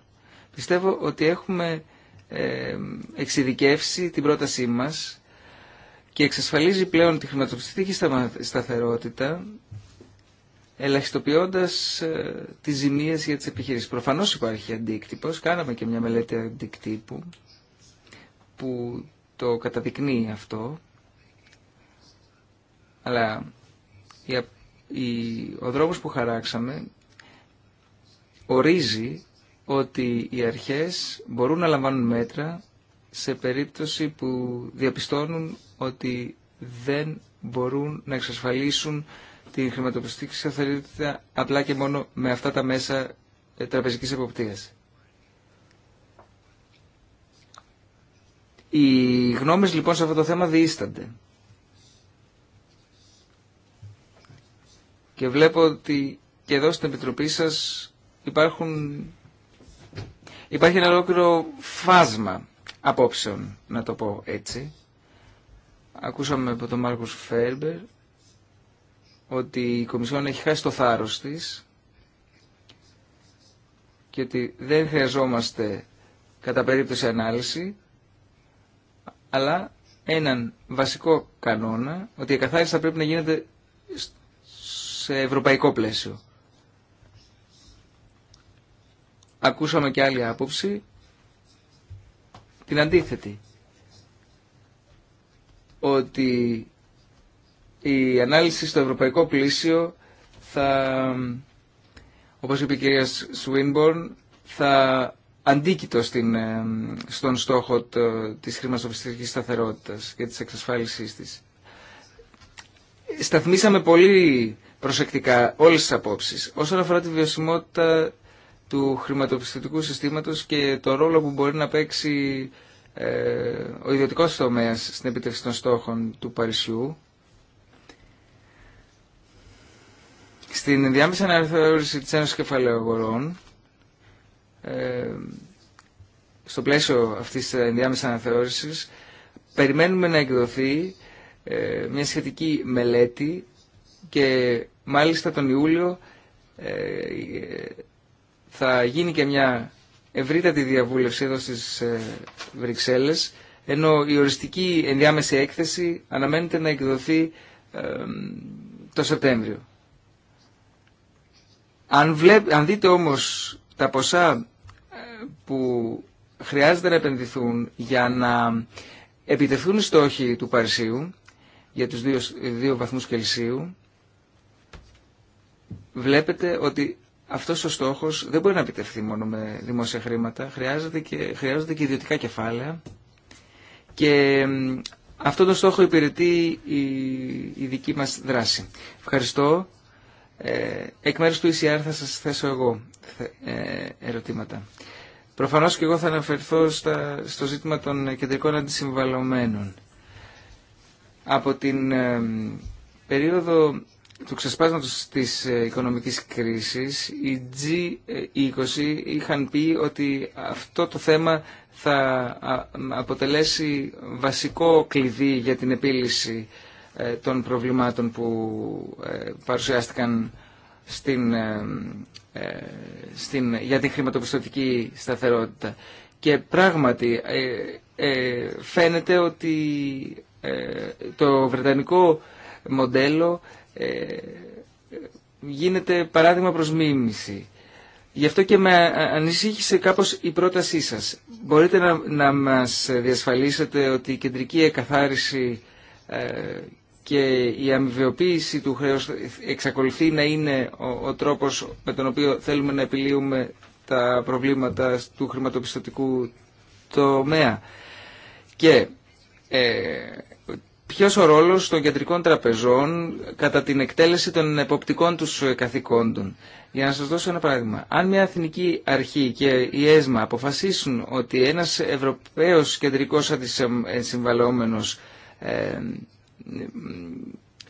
Speaker 3: πιστεύω ότι έχουμε ε, εξειδικεύσει την πρότασή μας και εξασφαλίζει πλέον τη χρηματοπιστική σταθερότητα ελαχιστοποιώντας ε, τις ζημίες για τις επιχειρήσεις. Προφανώς υπάρχει αντίκτυπος, κάναμε και μια μελέτη αντικτύπου που το καταδεικνύει αυτό, αλλά ο δρόμος που χαράξαμε ορίζει ότι οι αρχές μπορούν να λαμβάνουν μέτρα σε περίπτωση που διαπιστώνουν ότι δεν μπορούν να εξασφαλίσουν την χρηματοπιστική σταθερότητα απλά και μόνο με αυτά τα μέσα ε, τραπεζικής εποπτείας. Οι γνώμες λοιπόν σε αυτό το θέμα διήστανται. Και βλέπω ότι και εδώ στην Επιτροπή σας υπάρχουν Υπάρχει ένα ολόκληρο φάσμα απόψεων, να το πω έτσι. Ακούσαμε από τον Μάρκους Φέρμπερ ότι η Κομισιόν έχει χάσει το θάρρος της και ότι δεν χρειαζόμαστε κατά περίπτωση ανάλυση, αλλά έναν βασικό κανόνα ότι η καθάριση θα πρέπει να γίνεται σε ευρωπαϊκό πλαίσιο. ακούσαμε και άλλη άποψη, την αντίθετη. Ότι η ανάλυση στο ευρωπαϊκό πλήσιο θα, όπως είπε η κυρία Σουίνμπορν, θα αντίκειτο στην, ε, στον στόχο το, της χρηματοπιστωτικής σταθερότητας και της εξασφάλισης της. Σταθμίσαμε πολύ προσεκτικά όλες τις απόψεις. Όσον αφορά τη βιωσιμότητα του χρηματοπιστωτικού συστήματος και το ρόλο που μπορεί να παίξει ε, ο ιδιωτικός τομέας στην επιτεύξη των στόχων του Παρισιού. Στην ενδιάμεση αναθεώρηση της Ένωσης Κεφαλαίου Αγορών, ε, στο πλαίσιο αυτής της ενδιάμεσης αναθεώρησης, περιμένουμε να εκδοθεί ε, μια σχετική μελέτη και μάλιστα τον Ιούλιο θα γίνει και μια ευρύτατη διαβούλευση εδώ στις ε, Βρυξέλλες, ενώ η οριστική ενδιάμεση έκθεση αναμένεται να εκδοθεί το Σεπτέμβριο. Αν, δείτε όμως τα ποσά ε, που χρειάζεται να επενδυθούν για να επιτεθούν οι στόχοι του Παρισίου για τους δύο, δύο βαθμούς Κελσίου, βλέπετε ότι αυτός ο στόχος δεν μπορεί να επιτευχθεί μόνο με δημόσια χρήματα, χρειάζεται και, χρειάζονται και ιδιωτικά κεφάλαια και αυτόν τον στόχο υπηρετεί η, η δική μας δράση. Ευχαριστώ. Ε, εκ μέρους του ECR θα σας θέσω εγώ ε, ερωτήματα. Προφανώς και εγώ θα αναφερθώ στα, στο ζήτημα των κεντρικών αντισυμβαλωμένων. Από την ε, περίοδο του ξεσπάσματος της ε, οικονομικής κρίσης, οι G20 είχαν πει ότι αυτό το θέμα θα αποτελέσει βασικό κλειδί για την επίλυση ε, των προβλημάτων που ε, παρουσιάστηκαν στην, στην, για την χρηματοπιστωτική σταθερότητα. Και πράγματι φαίνεται ότι το βρετανικό μοντέλο ε, γίνεται παράδειγμα προς μίμηση. Γι' αυτό και με ανησύχησε κάπως η πρότασή σας. Μπορείτε να, μας διασφαλίσετε ότι η κεντρική εκαθάριση ε, και η αμοιβαιοποίηση του χρέους εξακολουθεί να είναι ο, ο τρόπος με τον οποίο θέλουμε να επιλύουμε τα προβλήματα του χρηματοπιστωτικού τομέα. Και ε, Ποιο ο ρόλος των κεντρικών τραπεζών κατά την εκτέλεση των εποπτικών τους καθηκόντων. Για να σας δώσω ένα παράδειγμα. Αν μια εθνική αρχή και η ΕΣΜΑ αποφασίσουν ότι ένας Ευρωπαίος κεντρικός ε,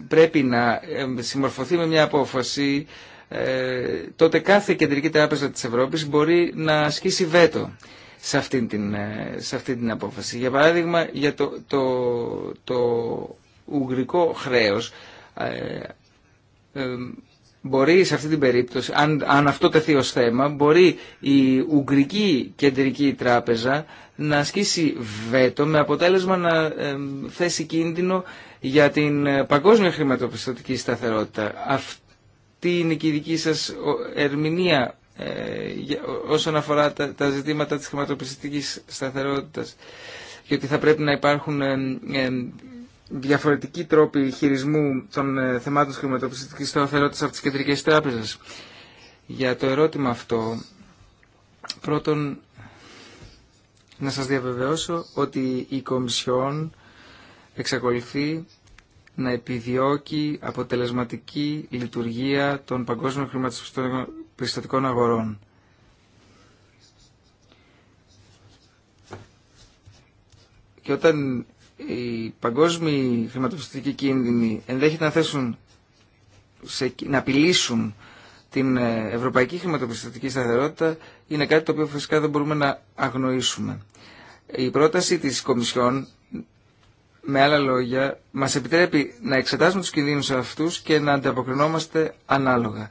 Speaker 3: πρέπει να ε, συμμορφωθεί με μια απόφαση, ε, τότε κάθε κεντρική τράπεζα της Ευρώπης μπορεί να ασκήσει βέτο σε αυτή την, ε, σε αυτή την απόφαση. Για παράδειγμα, για το, το, το ουγγρικό χρέος ε, ε, μπορεί σε αυτή την περίπτωση, αν, αν αυτό τεθεί ως θέμα, μπορεί η Ουγγρική Κεντρική Τράπεζα να ασκήσει βέτο με αποτέλεσμα να θέσει κίνδυνο για την παγκόσμια χρηματοπιστωτική σταθερότητα. Αυτή είναι και η δική σας ερμηνεία ε, όσον αφορά τα ζητήματα της χρηματοπιστικής σταθερότητας γιατί θα πρέπει να υπάρχουν ε, ε, διαφορετικοί τρόποι χειρισμού των θεμάτων της χρηματοπιστικής σταθερότητας από τις κεντρικές τράπεζες. Για το ερώτημα αυτό, πρώτον να σας διαβεβαιώσω ότι η Κομισιόν εξακολουθεί να επιδιώκει αποτελεσματική λειτουργία των παγκόσμιων περιστατικών αγορών. Και όταν οι παγκόσμιοι χρηματοπιστωτικοί κίνδυνοι ενδέχεται να θέσουν να απειλήσουν την ε, ευρωπαϊκή χρηματοπιστωτική σταθερότητα είναι κάτι το οποίο φυσικά δεν μπορούμε να αγνοήσουμε. Η πρόταση της Κομισιόν με άλλα λόγια μας επιτρέπει να εξετάσουμε τους κινδύνους αυτούς και να ανταποκρινόμαστε ανάλογα.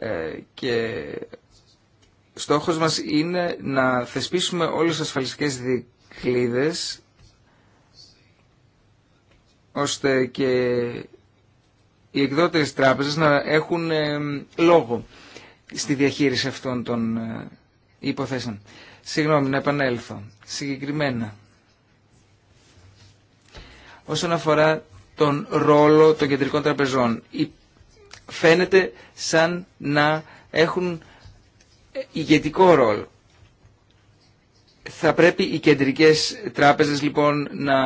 Speaker 3: Ε, και στόχος μας είναι να θεσπίσουμε όλες τις ασφαλιστικές δικλίδες ώστε και οι εκδότες τράπεζες να έχουν ε, λόγο στη διαχείριση αυτών των ε, υποθέσεων. Συγγνώμη, να επανέλθω. Συγκεκριμένα. Όσον αφορά τον ρόλο των κεντρικών τραπεζών φαίνεται σαν να έχουν ηγετικό ρόλο. Θα πρέπει οι κεντρικές τράπεζες λοιπόν να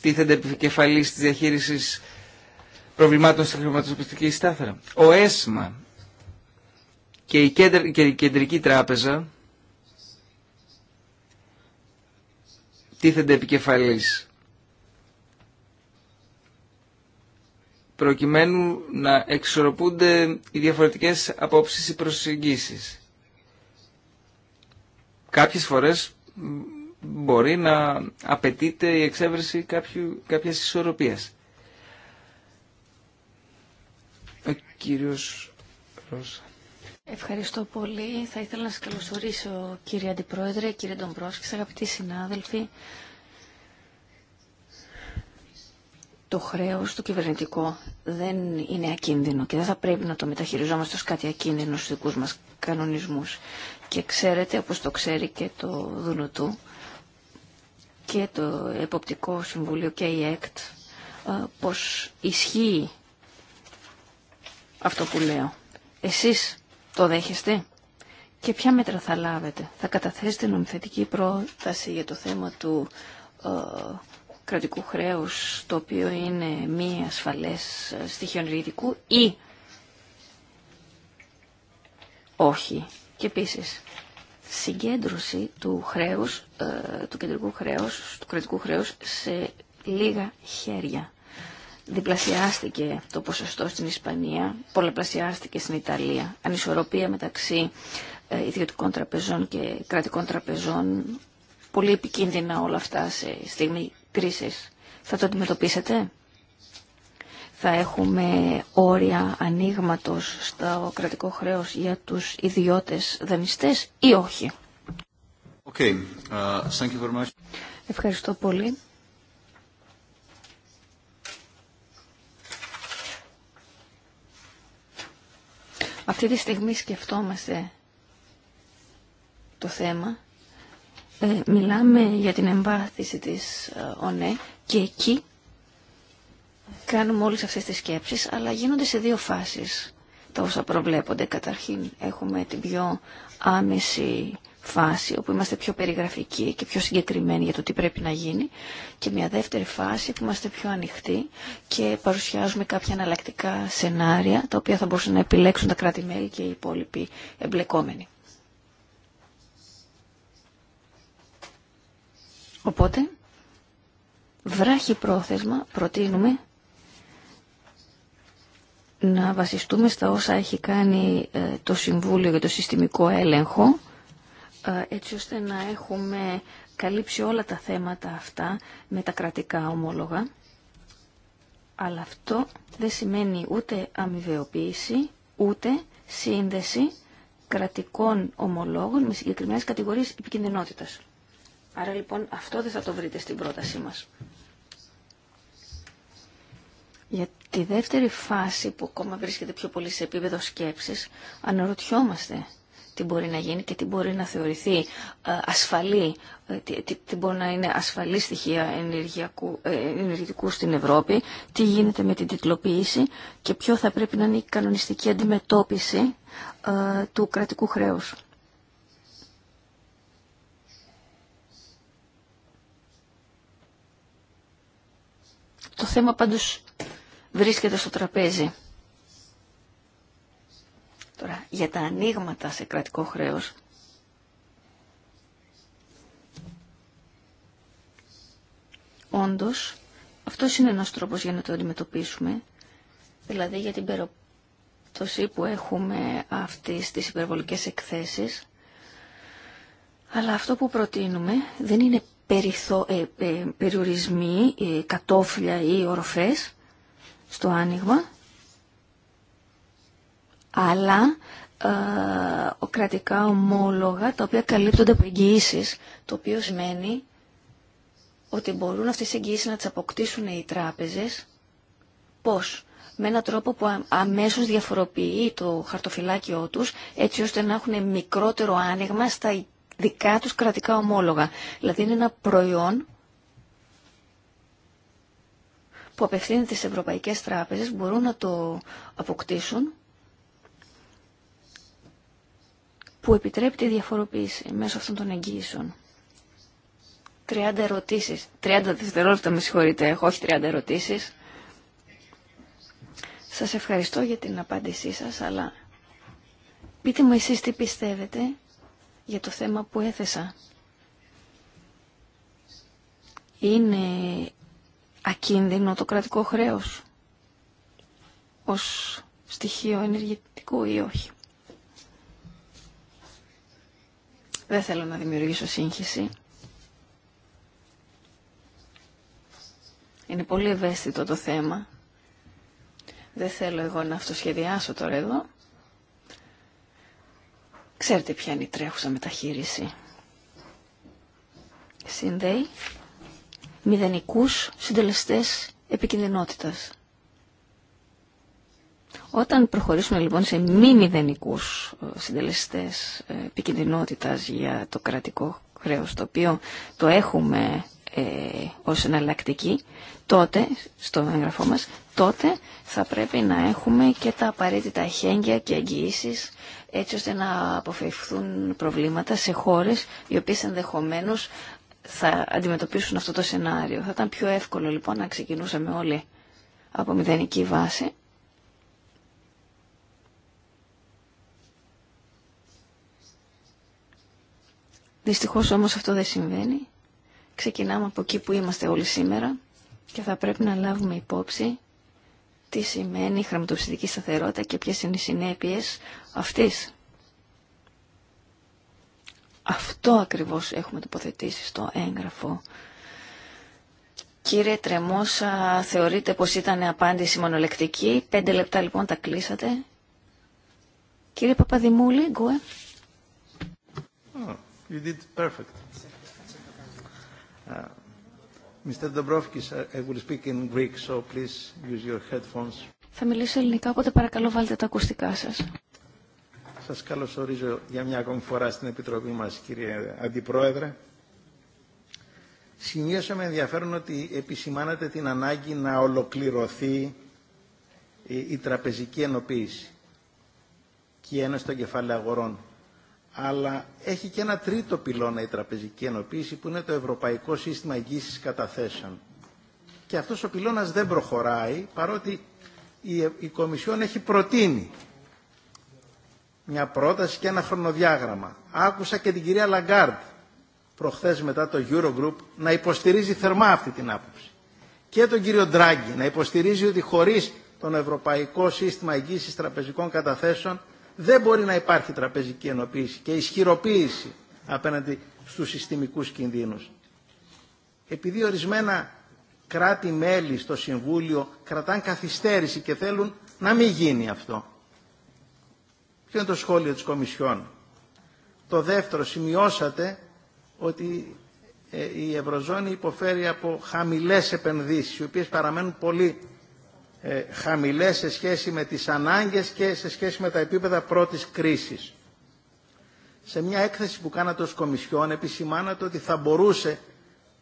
Speaker 3: τίθενται επικεφαλής της διαχείρισης προβλημάτων στη χρηματοπιστική στάθερα. Ο ΕΣΜΑ και η, και η Κεντρική Τράπεζα τίθενται επικεφαλής προκειμένου να εξορροπούνται οι διαφορετικές απόψεις ή προσεγγίσεις. Κάποιες φορές μπορεί να απαιτείται η εξέβρεση κάποιου, κάποιας ισορροπίας. κύριος
Speaker 1: Ευχαριστώ πολύ. Θα ήθελα να σας καλωσορίσω κύριε Αντιπρόεδρε, κύριε Ντομπρόσκης, αγαπητοί συνάδελφοι. το χρέος, το κυβερνητικό, δεν είναι ακίνδυνο και δεν θα πρέπει να το μεταχειριζόμαστε ως κάτι ακίνδυνο στους δικούς μας κανονισμούς. Και ξέρετε, όπως το ξέρει και το Δουνουτού και το Εποπτικό Συμβουλίο και η ΕΚΤ, ε, πως ισχύει αυτό που λέω. Εσείς το δέχεστε και ποια μέτρα θα λάβετε. Θα καταθέσετε νομιθετική πρόταση για το θέμα του ε, κρατικού χρέους το οποίο είναι μη ασφαλές στοιχείων ή όχι. Και επίσης, συγκέντρωση του χρέους, ε, του κεντρικού χρέους, του κρατικού χρέους σε λίγα χέρια. Διπλασιάστηκε το ποσοστό στην Ισπανία, πολλαπλασιάστηκε στην Ιταλία. Ανισορροπία μεταξύ ε, ιδιωτικών τραπεζών και κρατικών τραπεζών. Πολύ επικίνδυνα όλα αυτά σε στιγμή θα το αντιμετωπίσετε? Θα έχουμε όρια ανοίγματο στο κρατικό χρέος για τους ιδιώτες δανειστές ή όχι.
Speaker 4: Okay. Uh, thank you very much.
Speaker 1: Ευχαριστώ πολύ. Αυτή τη στιγμή σκεφτόμαστε το θέμα ε, μιλάμε για την εμβάθυνση της ε, ΟΝΕ και εκεί κάνουμε όλες αυτές τις σκέψεις, αλλά γίνονται σε δύο φάσεις τα όσα προβλέπονται. Καταρχήν έχουμε την πιο άμεση φάση, όπου είμαστε πιο περιγραφικοί και πιο συγκεκριμένοι για το τι πρέπει να γίνει και μια δεύτερη φάση που είμαστε πιο ανοιχτοί και παρουσιάζουμε κάποια αναλλακτικά σενάρια τα οποία θα μπορούσαν να επιλέξουν τα κράτη-μέλη και οι υπόλοιποι εμπλεκόμενοι. Οπότε, βράχη πρόθεσμα προτείνουμε να βασιστούμε στα όσα έχει κάνει ε, το Συμβούλιο για το Συστημικό Έλεγχο, ε, έτσι ώστε να έχουμε καλύψει όλα τα θέματα αυτά με τα κρατικά ομόλογα. Αλλά αυτό δεν σημαίνει ούτε αμοιβαιοποίηση, ούτε σύνδεση κρατικών ομολόγων με συγκεκριμένες κατηγορίες επικινδυνότητας. Άρα λοιπόν αυτό δεν θα το βρείτε στην πρότασή μας. Για τη δεύτερη φάση που ακόμα βρίσκεται πιο πολύ σε επίπεδο σκέψης, αναρωτιόμαστε τι μπορεί να γίνει και τι μπορεί να θεωρηθεί ε, ασφαλή, ε, τι, μπορεί να είναι ασφαλή στοιχεία ενεργειακού, ε, ενεργητικού στην Ευρώπη, τι γίνεται με την τιτλοποίηση και ποιο θα πρέπει να είναι η κανονιστική αντιμετώπιση του κρατικού χρέους. Το θέμα πάντως βρίσκεται στο τραπέζι. Τώρα, για τα ανοίγματα σε κρατικό χρέος, όντως, αυτό είναι ένας τρόπος για να το αντιμετωπίσουμε, δηλαδή για την περίπτωση που έχουμε αυτές τις υπερβολικές εκθέσεις, αλλά αυτό που προτείνουμε δεν είναι περιθω, ε, ε, περιορισμοί, ε, κατόφλια ή οροφές στο άνοιγμα, αλλά ο κρατικά ομόλογα τα οποία καλύπτονται από εγγυήσεις, το οποίο σημαίνει ότι μπορούν αυτές οι εγγυήσεις να τις αποκτήσουν οι τράπεζες. Πώς? Με έναν τρόπο που αμέσως διαφοροποιεί το χαρτοφυλάκιό τους, έτσι ώστε να έχουν μικρότερο άνοιγμα στα δικά τους κρατικά ομόλογα. Δηλαδή είναι ένα προϊόν που απευθύνεται στις ευρωπαϊκές τράπεζες, μπορούν να το αποκτήσουν, που επιτρέπει τη διαφοροποίηση μέσω αυτών των εγγύησεων. 30 ερωτήσεις, 30 δευτερόλεπτα με συγχωρείτε, έχω όχι 30 ερωτήσεις. Σας ευχαριστώ για την απάντησή σας, αλλά πείτε μου εσείς τι πιστεύετε για το θέμα που έθεσα. Είναι ακίνδυνο το κρατικό χρέος ως στοιχείο ενεργητικού ή όχι. Δεν θέλω να δημιουργήσω σύγχυση. Είναι πολύ ευαίσθητο το θέμα. Δεν θέλω εγώ να αυτοσχεδιάσω τώρα εδώ. Ξέρετε ποια είναι η τρέχουσα μεταχείριση. Συνδέει μηδενικούς συντελεστές επικινδυνότητας. Όταν προχωρήσουμε λοιπόν σε μη μηδενικούς ε, συντελεστές ε, επικινδυνότητας για το κρατικό χρέος, το οποίο το έχουμε ε, ως εναλλακτική, τότε, στο έγγραφό μας, τότε θα πρέπει να έχουμε και τα απαραίτητα χέγγια και εγγυήσει έτσι ώστε να αποφευχθούν προβλήματα σε χώρες οι οποίες ενδεχομένως θα αντιμετωπίσουν αυτό το σενάριο. Θα ήταν πιο εύκολο λοιπόν να ξεκινούσαμε όλοι από μηδενική βάση. Δυστυχώς όμως αυτό δεν συμβαίνει. Ξεκινάμε από εκεί που είμαστε όλοι σήμερα και θα πρέπει να λάβουμε υπόψη τι σημαίνει η χρηματοπιστική σταθερότητα και ποιες είναι οι συνέπειες αυτής. Αυτό ακριβώς έχουμε τοποθετήσει στο έγγραφο. Κύριε Τρεμόσα, θεωρείτε πως ήταν απάντηση μονολεκτική. Πέντε λεπτά λοιπόν τα κλείσατε. Κύριε Παπαδημούλη, γκουε.
Speaker 4: Oh, you did perfect. Uh, Mr. I will speak in Greek, so please use your headphones.
Speaker 1: Θα μιλήσω ελληνικά, οπότε παρακαλώ βάλτε τα ακουστικά σας.
Speaker 4: Σας καλωσορίζω για μια ακόμη φορά στην Επιτροπή μας, κύριε Αντιπρόεδρε. Σημείωσα με ενδιαφέρον ότι επισημάνατε την ανάγκη να ολοκληρωθεί η, η τραπεζική ενοποίηση και η Ένωση των Κεφάλαιων Αγορών αλλά έχει και ένα τρίτο πυλώνα η τραπεζική ενοποίηση που είναι το Ευρωπαϊκό Σύστημα Εγγύησης Καταθέσεων. Και αυτός ο πυλώνας δεν προχωράει παρότι η, Κομισιόν έχει προτείνει μια πρόταση και ένα χρονοδιάγραμμα. Άκουσα και την κυρία Λαγκάρντ προχθές μετά το Eurogroup να υποστηρίζει θερμά αυτή την άποψη. Και τον κύριο Ντράγκη να υποστηρίζει ότι χωρίς τον Ευρωπαϊκό Σύστημα Εγγύησης Τραπεζικών Καταθέσεων δεν μπορεί να υπάρχει τραπεζική ενοποίηση και ισχυροποίηση απέναντι στους συστημικούς κινδύνους. Επειδή ορισμένα κράτη-μέλη στο Συμβούλιο κρατάν καθυστέρηση και θέλουν να μην γίνει αυτό. Ποιο είναι το σχόλιο της Κομισιόν. Το δεύτερο, σημειώσατε ότι ε, η Ευρωζώνη υποφέρει από χαμηλές επενδύσεις, οι οποίες παραμένουν πολύ ε, χαμηλές σε σχέση με τις ανάγκες και σε σχέση με τα επίπεδα πρώτης κρίσης. Σε μια έκθεση που κάνατε ως Κομισιόν επισημάνατε ότι θα μπορούσε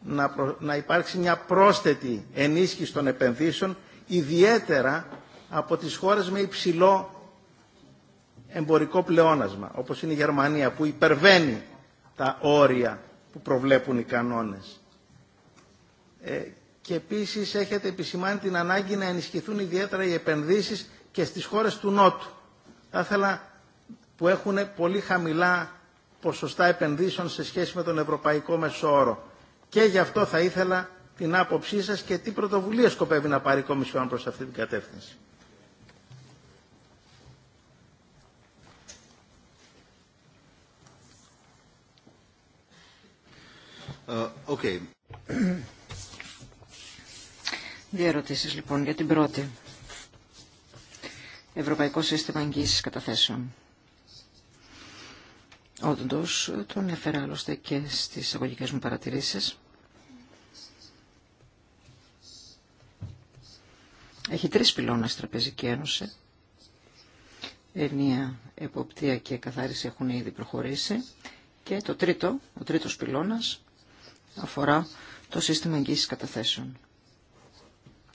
Speaker 4: να, να υπάρξει μια πρόσθετη ενίσχυση των επενδύσεων ιδιαίτερα από τις χώρες με υψηλό εμπορικό πλεόνασμα, όπως είναι η Γερμανία, που υπερβαίνει τα όρια που προβλέπουν οι κανόνες. Ε, και επίση έχετε επισημάνει την ανάγκη να ενισχυθούν ιδιαίτερα οι επενδύσει και στις χώρες του Νότου. Θα ήθελα που έχουν πολύ χαμηλά ποσοστά επενδύσεων σε σχέση με τον Ευρωπαϊκό Μεσόωρο. Και γι' αυτό θα ήθελα την άποψή σας και τι πρωτοβουλία σκοπεύει να πάρει η Κομισιόν προς αυτή την κατεύθυνση. Uh, ε,
Speaker 5: okay.
Speaker 2: Δύο ερωτήσει λοιπόν για την πρώτη. Ευρωπαϊκό Σύστημα Εγγύησης Καταθέσεων. Όντω, τον έφερα άλλωστε και στις αγωγικές μου παρατηρήσεις. Έχει τρεις πυλώνες τραπεζική ένωση. Ενία, εποπτεία και καθάριση έχουν ήδη προχωρήσει. Και το τρίτο, ο τρίτος πυλώνας αφορά το σύστημα εγγύησης καταθέσεων.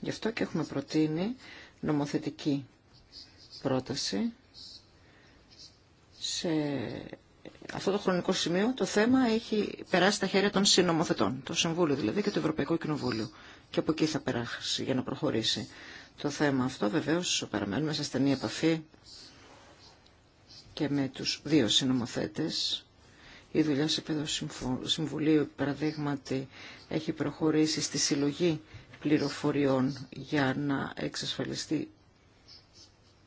Speaker 2: Γι' αυτό και έχουμε προτείνει νομοθετική πρόταση σε αυτό το χρονικό σημείο το θέμα έχει περάσει στα χέρια των συνομοθετών, το Συμβούλιο δηλαδή και το Ευρωπαϊκό Κοινοβούλιο. Και από εκεί θα περάσει για να προχωρήσει το θέμα αυτό. Βεβαίως παραμένουμε σε στενή επαφή και με τους δύο συνομοθέτες. Η δουλειά σε επίπεδο Συμβουλίου, παραδείγματι, έχει προχωρήσει στη συλλογή πληροφοριών για να εξασφαλιστεί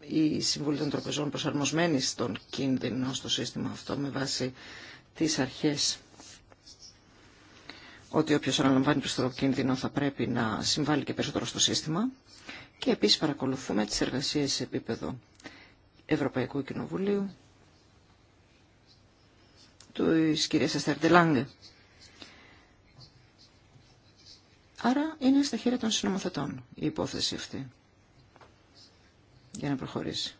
Speaker 2: η Συμβουλή των Τραπεζών προσαρμοσμένη στον κίνδυνο στο σύστημα αυτό με βάση τις αρχές ότι όποιος αναλαμβάνει πιστοκίνδυνο κίνδυνο θα πρέπει να συμβάλλει και περισσότερο στο σύστημα και επίσης παρακολουθούμε τις εργασίες σε επίπεδο Ευρωπαϊκού Κοινοβουλίου του κυρία Αστέρντε Λάγκε Άρα είναι στα χέρια των συνομοθετών η υπόθεση αυτή για να προχωρήσει.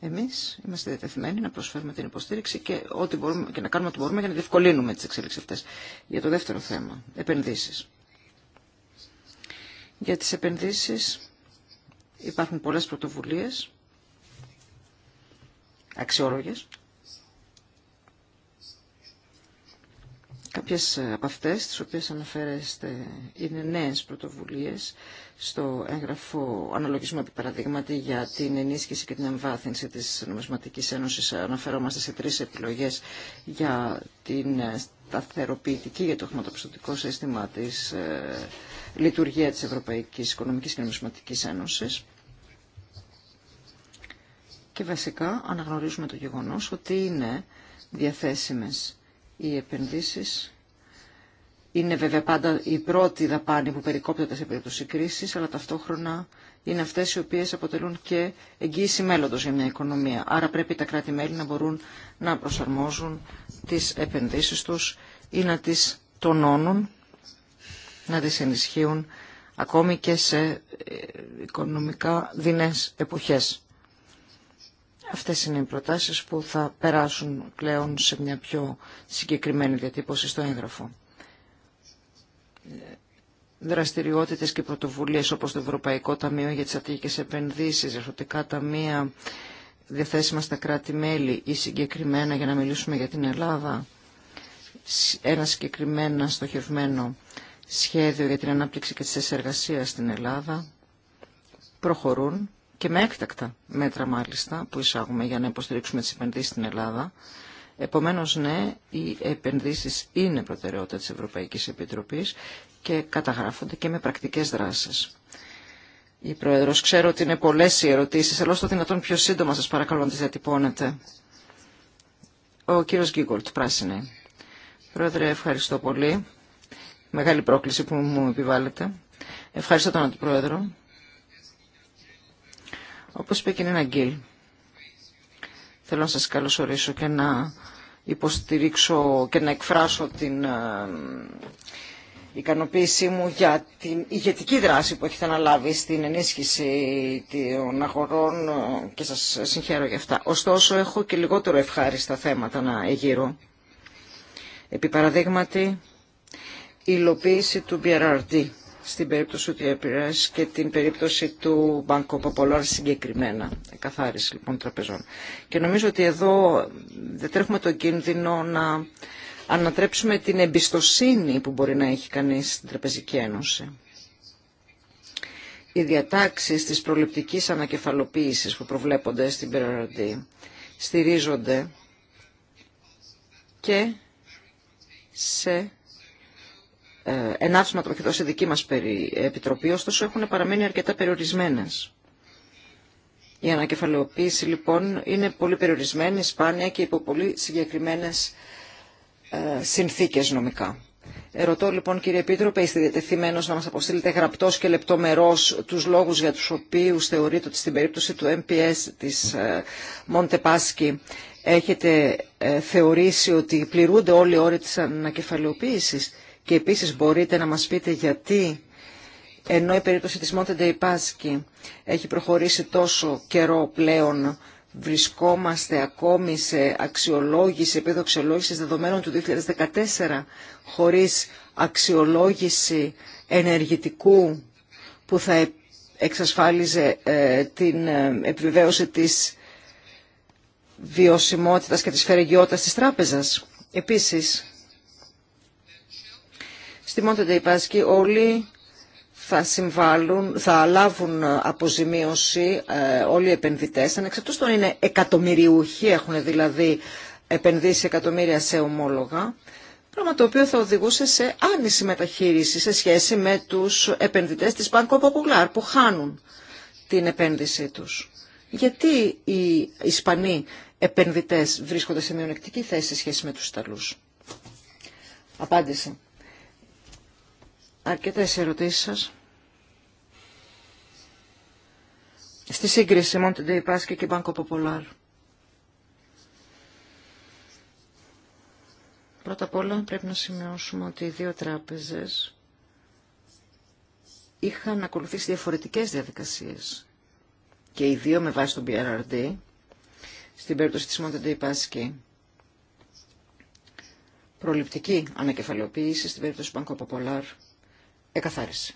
Speaker 2: Εμείς είμαστε διατεθειμένοι να προσφέρουμε την υποστήριξη και, ό,τι μπορούμε, και να κάνουμε ό,τι μπορούμε για να διευκολύνουμε τις εξέλιξεις αυτές. Για το δεύτερο θέμα, επενδύσεις. Για τις επενδύσεις υπάρχουν πολλές πρωτοβουλίες, αξιόλογες, Κάποιες ε, από αυτές, τις οποίες αναφέρεστε, είναι νέες πρωτοβουλίες στο έγγραφο αναλογισμού επί παραδείγματι για την ενίσχυση και την εμβάθυνση της Νομισματικής Ένωσης. Αναφερόμαστε σε τρεις επιλογές για την ε, σταθεροποιητική για το χρηματοπιστωτικό σύστημα της ε, λειτουργία της Ευρωπαϊκής Οικονομικής και Νομισματικής Ένωσης. Και βασικά αναγνωρίζουμε το γεγονός ότι είναι διαθέσιμες οι επενδύσεις. Είναι βέβαια πάντα η πρώτη δαπάνη που περικόπτεται σε περίπτωση κρίσης, αλλά ταυτόχρονα είναι αυτές οι οποίες αποτελούν και εγγύηση μέλλοντο για μια οικονομία. Άρα πρέπει τα κράτη-μέλη να μπορούν να προσαρμόζουν τις επενδύσεις τους ή να τις τονώνουν, να τις ενισχύουν ακόμη και σε ε, οικονομικά δεινές εποχές. Αυτές είναι οι προτάσεις που θα περάσουν πλέον σε μια πιο συγκεκριμένη διατύπωση στο έγγραφο. Δραστηριότητες και πρωτοβουλίες όπως το Ευρωπαϊκό Ταμείο για τις Αττικές Επενδύσεις, Ερωτικά Ταμεία, διαθέσιμα στα κράτη-μέλη ή συγκεκριμένα για να μιλήσουμε για την Ελλάδα, ένα συγκεκριμένα στοχευμένο σχέδιο για την ανάπτυξη και τη εργασία στην Ελλάδα, προχωρούν και με έκτακτα μέτρα μάλιστα που εισάγουμε για να υποστηρίξουμε τις επενδύσεις στην Ελλάδα. Επομένως, ναι, οι επενδύσεις είναι προτεραιότητα της Ευρωπαϊκής Επιτροπής και καταγράφονται και με πρακτικές δράσεις. Η Πρόεδρος, ξέρω ότι είναι πολλές οι ερωτήσεις, αλλά στο δυνατόν πιο σύντομα σας παρακαλώ να τις διατυπώνετε. Ο κύριος Γκίγκολτ, πράσινη. Πρόεδρε, ευχαριστώ πολύ. Μεγάλη πρόκληση που μου επιβάλλετε. Ευχαριστώ τον Αντιπρόεδρο όπως είπε και Νίνα γκίλ. Θέλω να σας καλωσορίσω και να υποστηρίξω και να εκφράσω την ε, ικανοποίησή μου για την ηγετική δράση που έχετε αναλάβει στην ενίσχυση των αγορών ε, και σας συγχαίρω για αυτά. Ωστόσο, έχω και λιγότερο ευχάριστα θέματα να εγείρω. Επί παραδείγματι, η υλοποίηση του BRRD στην περίπτωση του Επηρέας και την περίπτωση του Μπάνκο Popular συγκεκριμένα, καθάριση λοιπόν τραπεζών. Και νομίζω ότι εδώ δεν τρέχουμε τον κίνδυνο να ανατρέψουμε την εμπιστοσύνη που μπορεί να έχει κανείς στην Τραπεζική Ένωση. Οι διατάξεις της προληπτικής ανακεφαλοποίησης που προβλέπονται στην Περαραντή στηρίζονται και σε ε, ενάψματα που έχει δώσει η δική μας επιτροπή, ωστόσο έχουν παραμείνει αρκετά περιορισμένες. Η ανακεφαλαιοποίηση λοιπόν είναι πολύ περιορισμένη, σπάνια και υπό πολύ συγκεκριμένες ε, συνθήκες νομικά. Ερωτώ λοιπόν κύριε Επίτροπε, είστε διατεθειμένος να μας αποστείλετε γραπτός και λεπτομερός τους λόγους για τους οποίους θεωρείτε ότι στην περίπτωση του MPS της Μοντεπάσκη έχετε ε, θεωρήσει ότι πληρούνται όλοι οι όροι της ανακεφαλαιοποίησης και επίσης μπορείτε να μας πείτε γιατί ενώ η περίπτωση της Μόντεντε Ιπάσκη έχει προχωρήσει τόσο καιρό πλέον βρισκόμαστε ακόμη σε αξιολόγηση, επίπεδο αξιολόγηση δεδομένων του 2014 χωρίς αξιολόγηση ενεργητικού που θα ε, εξασφάλιζε ε, την ε, επιβεβαίωση της βιωσιμότητας και της φερεγιότητας της τράπεζας. Επίσης, Στη Μόντε Πάσκη όλοι θα συμβάλλουν, θα λάβουν αποζημίωση ε, όλοι οι επενδυτές, Ανεξαρτούστον των είναι εκατομμυριούχοι, έχουν δηλαδή επενδύσει εκατομμύρια σε ομόλογα, πράγμα το οποίο θα οδηγούσε σε άνηση μεταχείριση σε σχέση με τους επενδυτές της Banco Popular που χάνουν την επένδυσή τους. Γιατί οι Ισπανοί επενδυτές βρίσκονται σε μειονεκτική θέση σε σχέση με τους Ιταλούς. Απάντηση αρκετές ερωτήσεις σας. Στη σύγκριση Monte Dei και Μπάνκο Ποπολάρ. Πρώτα απ' όλα πρέπει να σημειώσουμε ότι οι δύο τράπεζες είχαν ακολουθήσει διαφορετικές διαδικασίες και οι δύο με βάση τον BRRD στην περίπτωση της Monte Dei προληπτική ανακεφαλαιοποίηση στην περίπτωση Banco Popular εκαθάριση.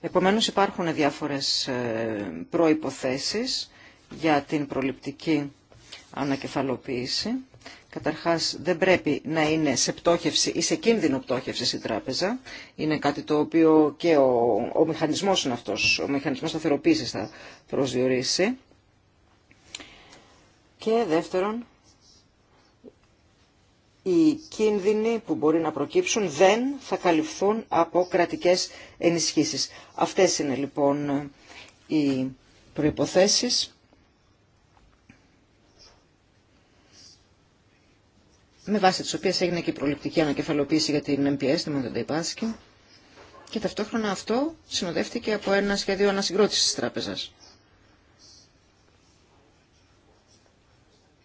Speaker 2: Επομένως υπάρχουν διάφορες ε, προϋποθέσεις για την προληπτική ανακεφαλοποίηση. Καταρχάς δεν πρέπει να είναι σε πτώχευση ή σε κίνδυνο πτώχευση η τράπεζα. Είναι κάτι το οποίο και ο, ο μηχανισμός είναι αυτός, ο μηχανισμός θα προσδιορίσει. Και δεύτερον, οι κίνδυνοι που μπορεί να προκύψουν δεν θα καλυφθούν από κρατικές ενισχύσεις. Αυτές είναι λοιπόν οι προϋποθέσεις. με βάση τις οποίες έγινε και η προληπτική ανακεφαλοποίηση για την MPS, τη Μοντενταϊπάσκη, και ταυτόχρονα αυτό συνοδεύτηκε από ένα σχέδιο ανασυγκρότησης της τράπεζας.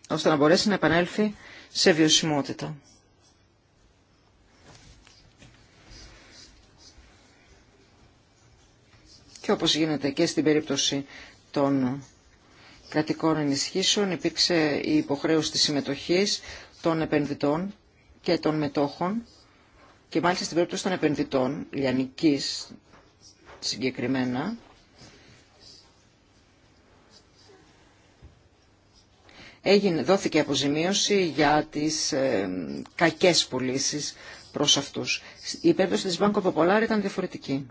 Speaker 2: ώστε να μπορέσει να επανέλθει σε βιωσιμότητα. Και όπως γίνεται και στην περίπτωση των κρατικών ενισχύσεων υπήρξε η υποχρέωση της συμμετοχής των επενδυτών και των μετόχων και μάλιστα στην περίπτωση των επενδυτών, λιανικής συγκεκριμένα, έγινε, δόθηκε αποζημίωση για τις κακές πωλήσει προς αυτούς. Η περίπτωση της Banco Popular ήταν διαφορετική.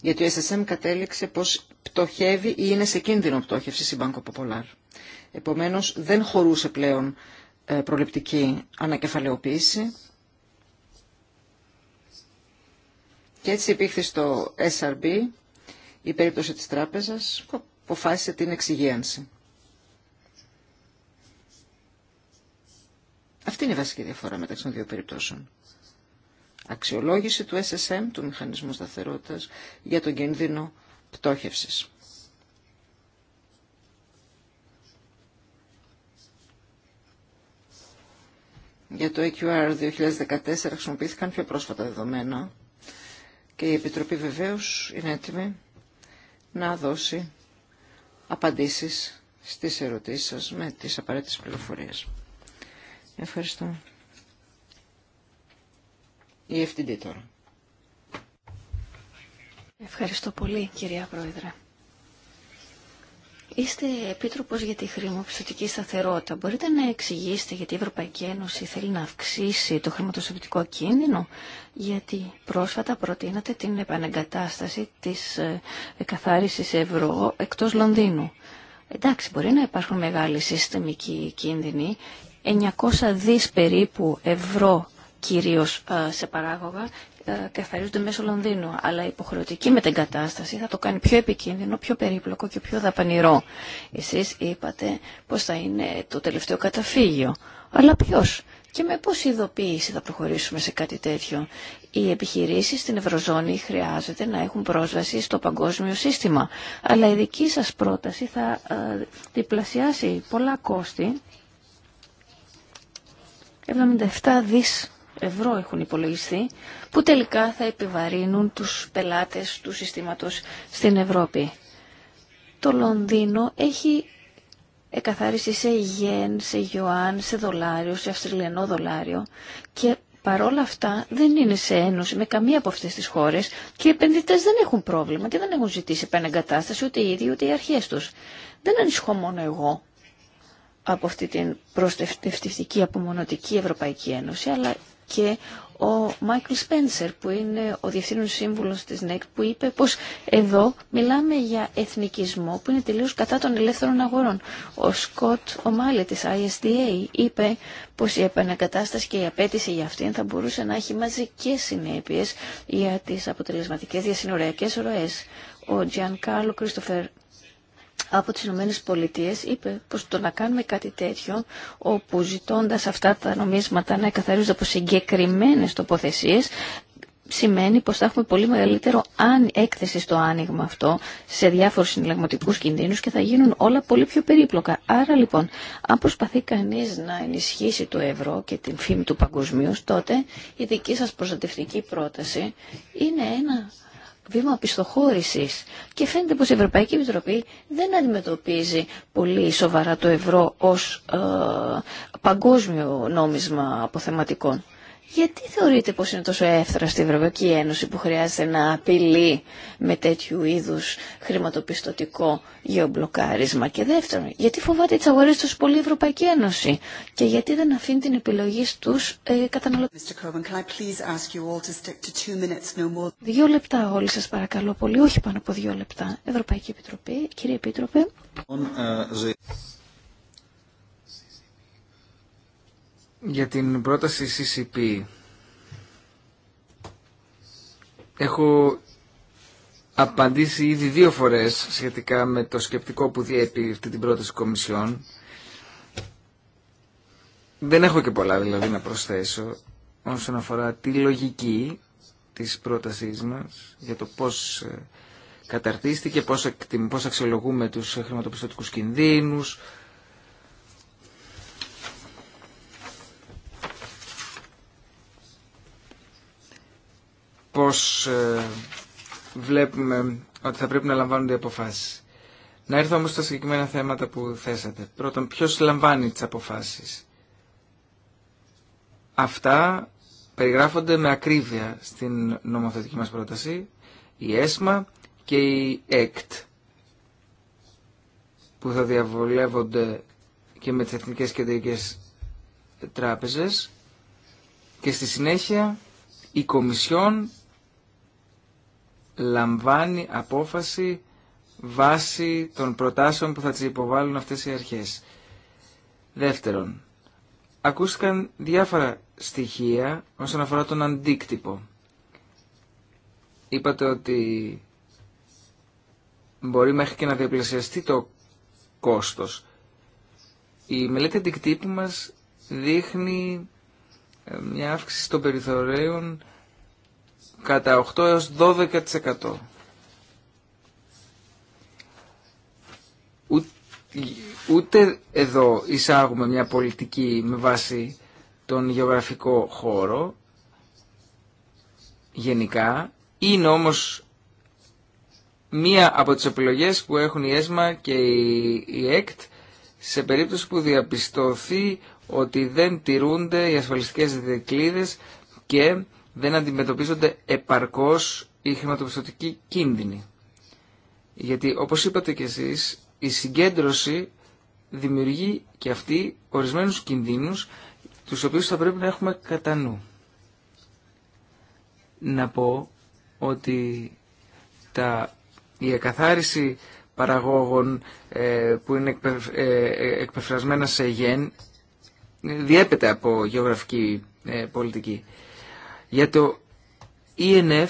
Speaker 2: Γιατί ο SSM κατέληξε πως πτωχεύει ή είναι σε κίνδυνο πτωχευση η Banco Popular. Επομένως δεν χωρούσε πλέον ε, προληπτική ανακεφαλαιοποίηση. Και έτσι υπήρχε στο SRB η περίπτωση της τράπεζας που αποφάσισε την εξυγίανση. Αυτή είναι η βασική διαφορά μεταξύ των δύο περιπτώσεων. Αξιολόγηση του SSM, του Μηχανισμού Σταθερότητας, για τον κίνδυνο πτώχευσης. Για το EQR 2014 χρησιμοποιήθηκαν πιο πρόσφατα δεδομένα και η Επιτροπή βεβαίως είναι έτοιμη να δώσει απαντήσεις στις ερωτήσεις σας με τις απαραίτητες πληροφορίες. Ευχαριστώ. Η ευθυντή τώρα. Ευχαριστώ πολύ
Speaker 1: κυρία Πρόεδρε. Είστε επίτροπο για τη χρηματοπιστωτική σταθερότητα. Μπορείτε να εξηγήσετε γιατί η Ευρωπαϊκή Ένωση θέλει να αυξήσει το χρηματοπιστωτικό κίνδυνο, γιατί πρόσφατα προτείνατε την επανεγκατάσταση τη ε, καθάριση ευρώ εκτό Λονδίνου. Εντάξει, μπορεί να υπάρχουν μεγάλοι συστημικοί κίνδυνοι, 900 δις περίπου ευρώ κυρίω ε, σε παράγωγα ε, καθαρίζονται μέσω Λονδίνου. Αλλά η υποχρεωτική μετεγκατάσταση θα το κάνει πιο επικίνδυνο, πιο περίπλοκο και πιο δαπανηρό. Εσείς είπατε πως θα είναι το τελευταίο καταφύγιο. Αλλά ποιος και με πόση ειδοποίηση θα προχωρήσουμε σε κάτι τέτοιο. Οι επιχειρήσεις στην Ευρωζώνη χρειάζεται να έχουν πρόσβαση στο παγκόσμιο σύστημα. Αλλά η δική σας πρόταση θα ε, διπλασιάσει πολλά κόστη. 77 δις ευρώ έχουν υπολογιστεί, που τελικά θα επιβαρύνουν τους πελάτες του συστήματος στην Ευρώπη. Το Λονδίνο έχει εκαθάριση σε γεν, σε γιοάν, σε δολάριο, σε αυστριλιανό δολάριο και παρόλα αυτά δεν είναι σε ένωση με καμία από αυτές τις χώρες και οι επενδυτές δεν έχουν πρόβλημα και δεν έχουν ζητήσει επαναγκατάσταση ούτε οι ίδιοι ούτε οι αρχές τους. Δεν ανησυχώ μόνο εγώ από αυτή την προστευτευτική, απομονωτική Ευρωπαϊκή Ένωση, αλλά και ο Μάικλ Σπένσερ που είναι ο διευθύνων σύμβουλος της ΝΕΚ που είπε πως εδώ μιλάμε για εθνικισμό που είναι τελείως κατά των ελεύθερων αγορών. Ο Σκοτ Ομάλε της ISDA είπε πως η επανακατάσταση και η απέτηση για αυτήν θα μπορούσε να έχει μαζικές συνέπειες για τις αποτελεσματικές διασυνοριακές ροές. Ο Τζιαν Κάρλο Κρίστοφερ από τις Ηνωμένες Πολιτείες είπε πως το να κάνουμε κάτι τέτοιο όπου ζητώντα αυτά τα νομίσματα να εκαθαρίζονται από συγκεκριμένε τοποθεσίε, σημαίνει πως θα έχουμε πολύ μεγαλύτερο έκθεση στο άνοιγμα αυτό σε διάφορους συνελεγματικούς κινδύνους και θα γίνουν όλα πολύ πιο περίπλοκα. Άρα λοιπόν, αν προσπαθεί κανείς να ενισχύσει το ευρώ και την φήμη του παγκοσμίου, τότε η δική σας προστατευτική πρόταση είναι ένα βήμα πιστοχώρησης και φαίνεται πως η Ευρωπαϊκή Επιτροπή δεν αντιμετωπίζει πολύ σοβαρά το ευρώ ως ε, παγκόσμιο νόμισμα αποθεματικών. Γιατί θεωρείτε πως είναι τόσο εύθρα στη Ευρωπαϊκή Ένωση που χρειάζεται να απειλεί με τέτοιου είδους χρηματοπιστωτικό γεωμπλοκάρισμα και δεύτερον, γιατί φοβάται τις αγορές τους πολύ η Ευρωπαϊκή Ένωση και γιατί δεν αφήνει την επιλογή στους ε, καταναλωτές. δύο λεπτά όλοι σας παρακαλώ πολύ, όχι πάνω από δύο λεπτά. Ευρωπαϊκή Επιτροπή, κύριε Επίτροπε. On,
Speaker 4: λοιπόν, ε,
Speaker 3: Για την πρόταση CCP έχω απαντήσει ήδη δύο φορές σχετικά με το σκεπτικό που διέπει αυτή την πρόταση Κομισιόν. Δεν έχω και πολλά δηλαδή να προσθέσω όσον αφορά τη λογική της πρότασής μας για το πώς ε, καταρτίστηκε, πώς, πώς αξιολογούμε τους χρηματοπιστωτικούς κινδύνους, πώς ε, βλέπουμε ότι θα πρέπει να λαμβάνονται οι αποφάσεις. Να έρθω όμως στα συγκεκριμένα θέματα που θέσατε. Πρώτον, ποιος λαμβάνει τις αποφάσεις. Αυτά περιγράφονται με ακρίβεια στην νομοθετική μας πρόταση, η ΕΣΜΑ και η ΕΚΤ, που θα διαβολεύονται και με τις Εθνικές Κεντρικές Τράπεζες και στη συνέχεια η Κομισιόν λαμβάνει απόφαση βάσει των προτάσεων που θα τις υποβάλουν αυτές οι αρχές. Δεύτερον, ακούστηκαν διάφορα στοιχεία όσον αφορά τον αντίκτυπο. Είπατε ότι μπορεί μέχρι και να διαπλασιαστεί το κόστος. Η μελέτη αντικτύπου μας δείχνει ε, μια αύξηση των περιθωρέων κατά 8 έως 12%. Ούτε εδώ εισάγουμε μια πολιτική με βάση τον γεωγραφικό χώρο γενικά. Είναι όμως μία από τις επιλογές που έχουν η ΕΣΜΑ και η ΕΚΤ σε περίπτωση που διαπιστωθεί ότι δεν τηρούνται οι ασφαλιστικές δικλείδες και δεν αντιμετωπίζονται επαρκώς οι χρηματοπιστωτικοί κίνδυνοι. Γιατί όπως είπατε κι εσείς, η συγκέντρωση δημιουργεί και αυτή ορισμένους κινδύνους τους οποίους θα πρέπει να έχουμε κατά νου. Να πω ότι τα, η εκαθάριση παραγόγων ε, που είναι ε, ε, εκπεφρασμένα σε γεν διέπεται από γεωγραφική πολιτική. Για το ENF,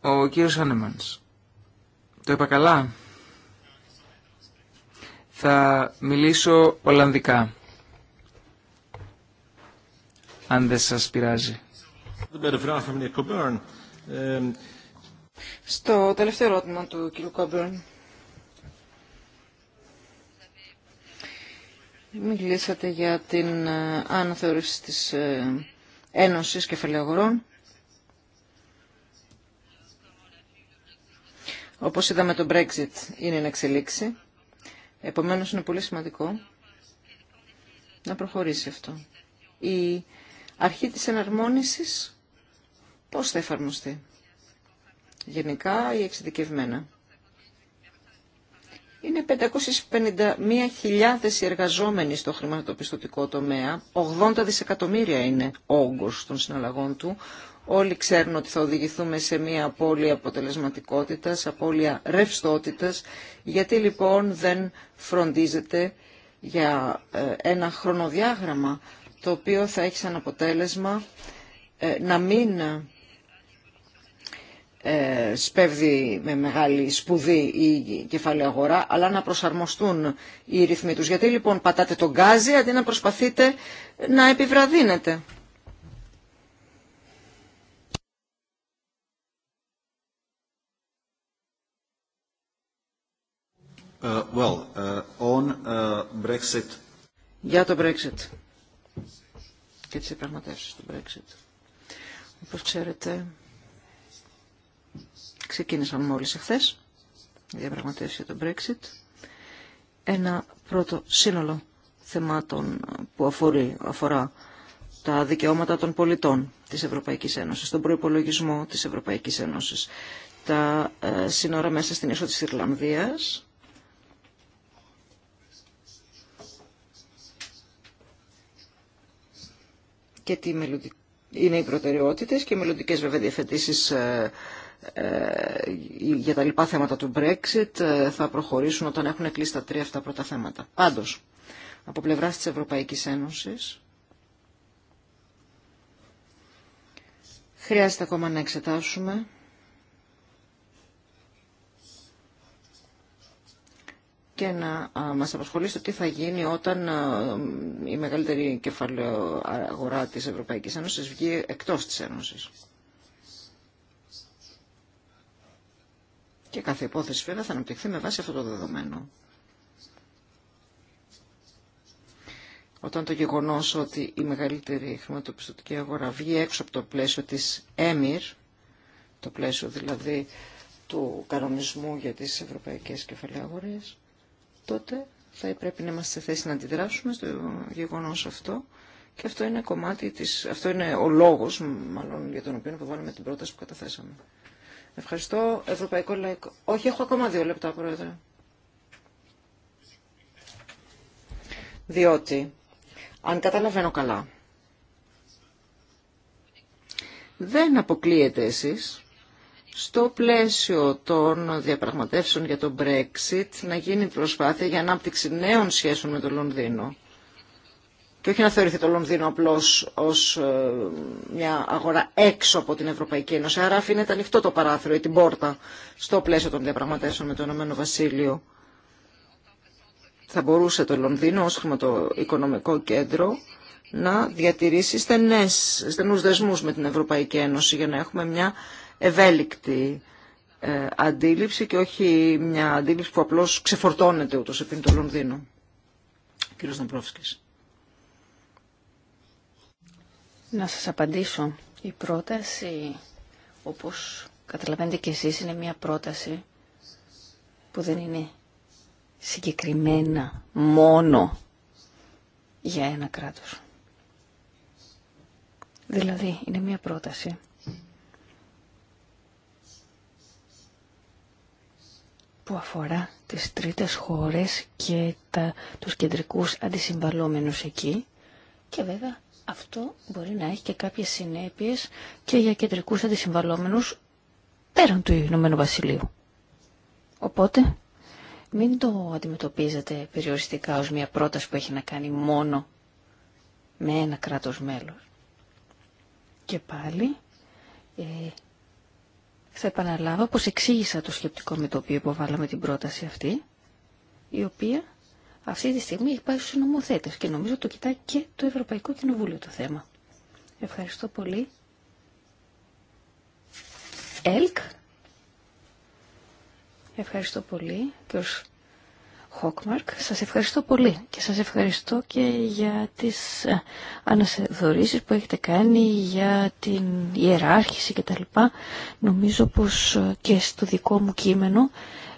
Speaker 3: ο κύριος Άνεμανς. Το είπα καλά. Θα μιλήσω Ολλανδικά. Αν δεν σας πειράζει.
Speaker 2: Στο τελευταίο ερώτημα του κύριου Κόμπερν. Μιλήσατε για την ε, αναθεώρηση της ε, Ένωσης κεφαλαιογορών, Όπως είδαμε το Brexit είναι να εξελίξη. Επομένως είναι πολύ σημαντικό να προχωρήσει αυτό. Η αρχή της εναρμόνισης πώς θα εφαρμοστεί. Γενικά ή εξειδικευμένα. Είναι 551.000 οι εργαζόμενοι στο χρηματοπιστωτικό τομέα. 80 δισεκατομμύρια είναι ο όγκος των συναλλαγών του. Όλοι ξέρουν ότι θα οδηγηθούμε σε μια απώλεια αποτελεσματικότητας, απώλεια ρευστότητα, Γιατί λοιπόν δεν φροντίζεται για ε, ένα χρονοδιάγραμμα το οποίο θα έχει σαν αποτέλεσμα ε, να μην ε, σπέβδει με μεγάλη σπουδή η κεφάλαια αγορά, αλλά να προσαρμοστούν οι ρυθμοί τους. Γιατί λοιπόν πατάτε τον γκάζι αντί να προσπαθείτε να επιβραδύνετε.
Speaker 4: Ε, well, ε, on, Brexit.
Speaker 2: Για το Brexit και τι επραγματεύσεις του Brexit. Όπως ξέρετε, Ξεκίνησαν μόλις εχθές η διαπραγματεύση για τον Brexit. Ένα πρώτο σύνολο θεμάτων που αφορεί, αφορά τα δικαιώματα των πολιτών της Ευρωπαϊκής Ένωσης, τον προϋπολογισμό της Ευρωπαϊκής Ένωσης, τα ε, σύνορα μέσα στην ίσο της Ιρλανδίας, και τι είναι οι προτεραιότητες και οι μελλοντικέ βέβαια ε, ε, για τα λοιπά θέματα του Brexit ε, θα προχωρήσουν όταν έχουν κλείσει τα τρία αυτά πρώτα θέματα. Πάντως, από πλευράς της Ευρωπαϊκής Ένωσης, χρειάζεται ακόμα να εξετάσουμε και να μας απασχολήσει στο τι θα γίνει όταν η μεγαλύτερη κεφαλαία αγορά της Ευρωπαϊκής Ένωσης βγει εκτός της Ένωσης. Και κάθε υπόθεση βέβαια θα αναπτυχθεί με βάση αυτό το δεδομένο. Όταν το γεγονός ότι η μεγαλύτερη χρηματοπιστωτική αγορά βγει έξω από το πλαίσιο της ΕΜΙΡ, το πλαίσιο δηλαδή του κανονισμού για τις ευρωπαϊκές κεφαλαίες Αγόρε, τότε θα πρέπει να είμαστε σε θέση να αντιδράσουμε στο γεγονός αυτό και αυτό είναι, κομμάτι της, αυτό είναι ο λόγος μάλλον για τον οποίο αποβάλλουμε την πρόταση που καταθέσαμε. Ευχαριστώ. Ευρωπαϊκό Λαϊκό. Όχι, έχω ακόμα δύο λεπτά, Πρόεδρε. Διότι, αν καταλαβαίνω καλά, δεν αποκλείεται εσείς στο πλαίσιο των διαπραγματεύσεων για το Brexit να γίνει προσπάθεια για ανάπτυξη νέων σχέσεων με το Λονδίνο και όχι να θεωρηθεί το Λονδίνο απλώς ως ε, μια αγορά έξω από την Ευρωπαϊκή Ένωση. Άρα αφήνεται ανοιχτό το παράθυρο ή την πόρτα στο πλαίσιο των διαπραγματεύσεων με το Ηνωμένο Βασίλειο. Θα μπορούσε το Λονδίνο ως χρηματοοικονομικό κέντρο να διατηρήσει στενές, στενούς δεσμούς με την Ευρωπαϊκή Ένωση για να έχουμε μια ευέλικτη ε, αντίληψη και όχι μια αντίληψη που απλώς ξεφορτώνεται ούτως επί το Λονδίνο. Κύριο Ναπρόφσκης.
Speaker 1: Να σας απαντήσω. Η πρόταση, όπως καταλαβαίνετε και εσείς, είναι μια πρόταση που δεν είναι συγκεκριμένα
Speaker 2: μόνο
Speaker 1: για ένα κράτος. Δηλαδή, είναι μια πρόταση που αφορά τις τρίτες χώρες και τα, τους κεντρικούς αντισυμβαλόμενους εκεί και βέβαια αυτό μπορεί να έχει και κάποιες συνέπειες και για κεντρικούς αντισυμβαλόμενους πέραν του Ηνωμένου Βασιλείου. Οπότε, μην το αντιμετωπίζετε περιοριστικά ως μια πρόταση που έχει να κάνει μόνο με ένα κράτος μέλος. Και πάλι, ε, θα επαναλάβω πως εξήγησα το σκεπτικό με το οποίο υποβάλαμε την πρόταση αυτή, η οποία αυτή τη στιγμή έχει πάει στους νομοθέτες και νομίζω το κοιτάει και το Ευρωπαϊκό Κοινοβούλιο το θέμα. Ευχαριστώ πολύ. ΕΛΚ. Ευχαριστώ πολύ. Και Χόκμαρκ, σας ευχαριστώ πολύ και σας ευχαριστώ και για τις ε, αναθεωρήσεις που έχετε κάνει για την ιεράρχηση κτλ. Νομίζω πως ε, και στο δικό μου κείμενο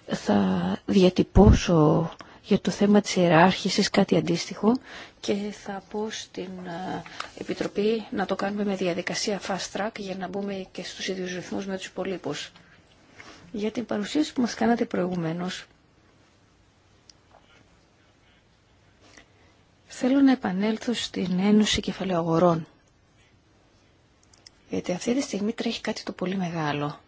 Speaker 1: θα διατυπώσω για το θέμα της ιεράρχησης, κάτι αντίστοιχο και θα πω στην Επιτροπή να το κάνουμε με διαδικασία fast track για να μπούμε και στους ίδιους ρυθμούς με τους υπολείπους. Για την παρουσίαση που μας κάνατε προηγουμένως, θέλω να επανέλθω στην Ένωση Κεφαλαιογορών. Γιατί αυτή τη στιγμή τρέχει κάτι το πολύ μεγάλο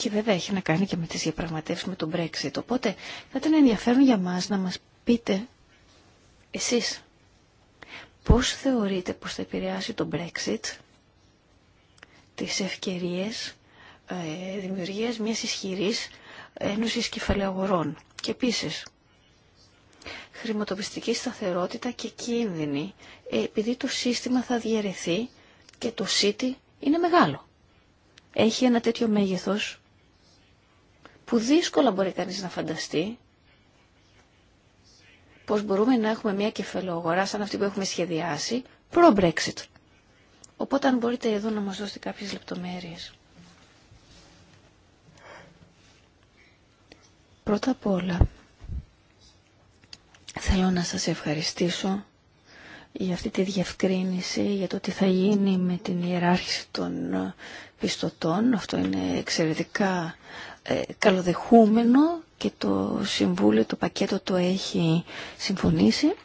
Speaker 1: και βέβαια έχει να κάνει και με τις διαπραγματεύσεις με τον Brexit. Οπότε θα ήταν ενδιαφέρον για μας να μας πείτε εσείς πώς θεωρείτε πως θα επηρεάσει το Brexit τις ευκαιρίες ε, δημιουργίας μιας ισχυρής ένωσης Και επίσης, χρηματοπιστική σταθερότητα και κίνδυνη ε, επειδή το σύστημα θα διαιρεθεί και το city είναι μεγάλο. Έχει ένα τέτοιο μέγεθος που δύσκολα μπορεί κανείς να φανταστεί πως μπορούμε να έχουμε μια κεφαλογορά σαν αυτή που έχουμε σχεδιάσει προ-Brexit. Οπότε αν μπορείτε εδώ να μας δώσετε κάποιες λεπτομέρειες. Πρώτα απ' όλα, θέλω να σας ευχαριστήσω για αυτή τη διευκρίνηση για το τι θα γίνει με την ιεράρχηση των πιστωτών. Αυτό είναι εξαιρετικά ε, καλοδεχούμενο και το Συμβούλιο το πακέτο το έχει συμφωνήσει.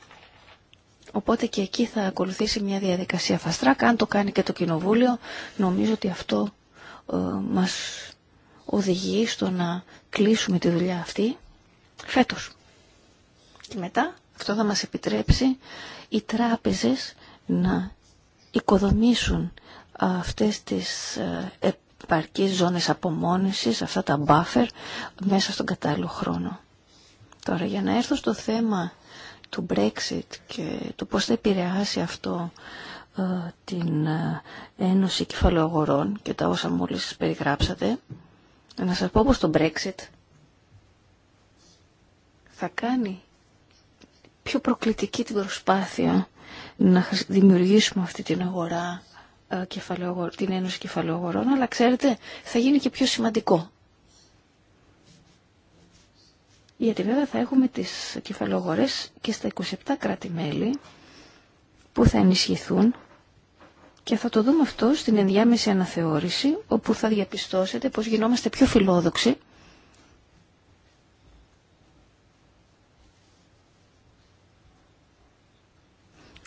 Speaker 1: Οπότε και εκεί θα ακολουθήσει μια διαδικασία φαστρά Αν το κάνει και το Κοινοβούλιο, νομίζω ότι αυτό ε, μας οδηγεί στο να κλείσουμε τη δουλειά αυτή φέτος. Και μετά αυτό θα μας επιτρέψει οι τράπεζες να οικοδομήσουν αυτές τις ε, επαρκείς ζώνες απομόνησης, αυτά τα buffer, μέσα στον κατάλληλο χρόνο. Τώρα, για να έρθω στο θέμα του Brexit και του πώς θα επηρεάσει αυτό ε, την ε, Ένωση Κεφαλαιογορών και τα όσα μόλις περιγράψατε, να σας πω πως το Brexit θα κάνει πιο προκλητική την προσπάθεια να δημιουργήσουμε αυτή την αγορά ε, την Ένωση Κεφαλαιογορών αλλά ξέρετε, θα γίνει και πιο σημαντικό. Γιατί βέβαια θα έχουμε τις κεφαλογορές και στα 27 κράτη-μέλη που θα ενισχυθούν και θα το δούμε αυτό στην ενδιάμεση αναθεώρηση όπου θα διαπιστώσετε πως γινόμαστε πιο φιλόδοξοι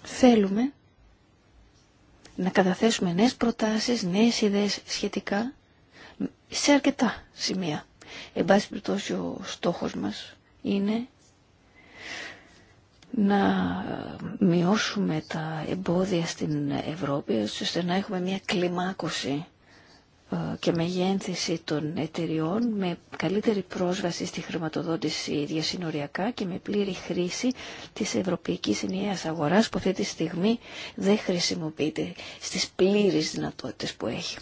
Speaker 1: Θέλουμε να καταθέσουμε νέες προτάσεις, νέες ιδέες σχετικά σε αρκετά σημεία. Εν πάση περιπτώσει ο στόχος μας είναι να μειώσουμε τα εμπόδια στην Ευρώπη ώστε να έχουμε μια κλιμάκωση και μεγένθηση των εταιριών με καλύτερη πρόσβαση στη χρηματοδότηση διασυνοριακά και με πλήρη χρήση της ευρωπαϊκής ενιαίας αγοράς που αυτή τη στιγμή δεν χρησιμοποιείται στις πλήρεις δυνατότητες που έχει.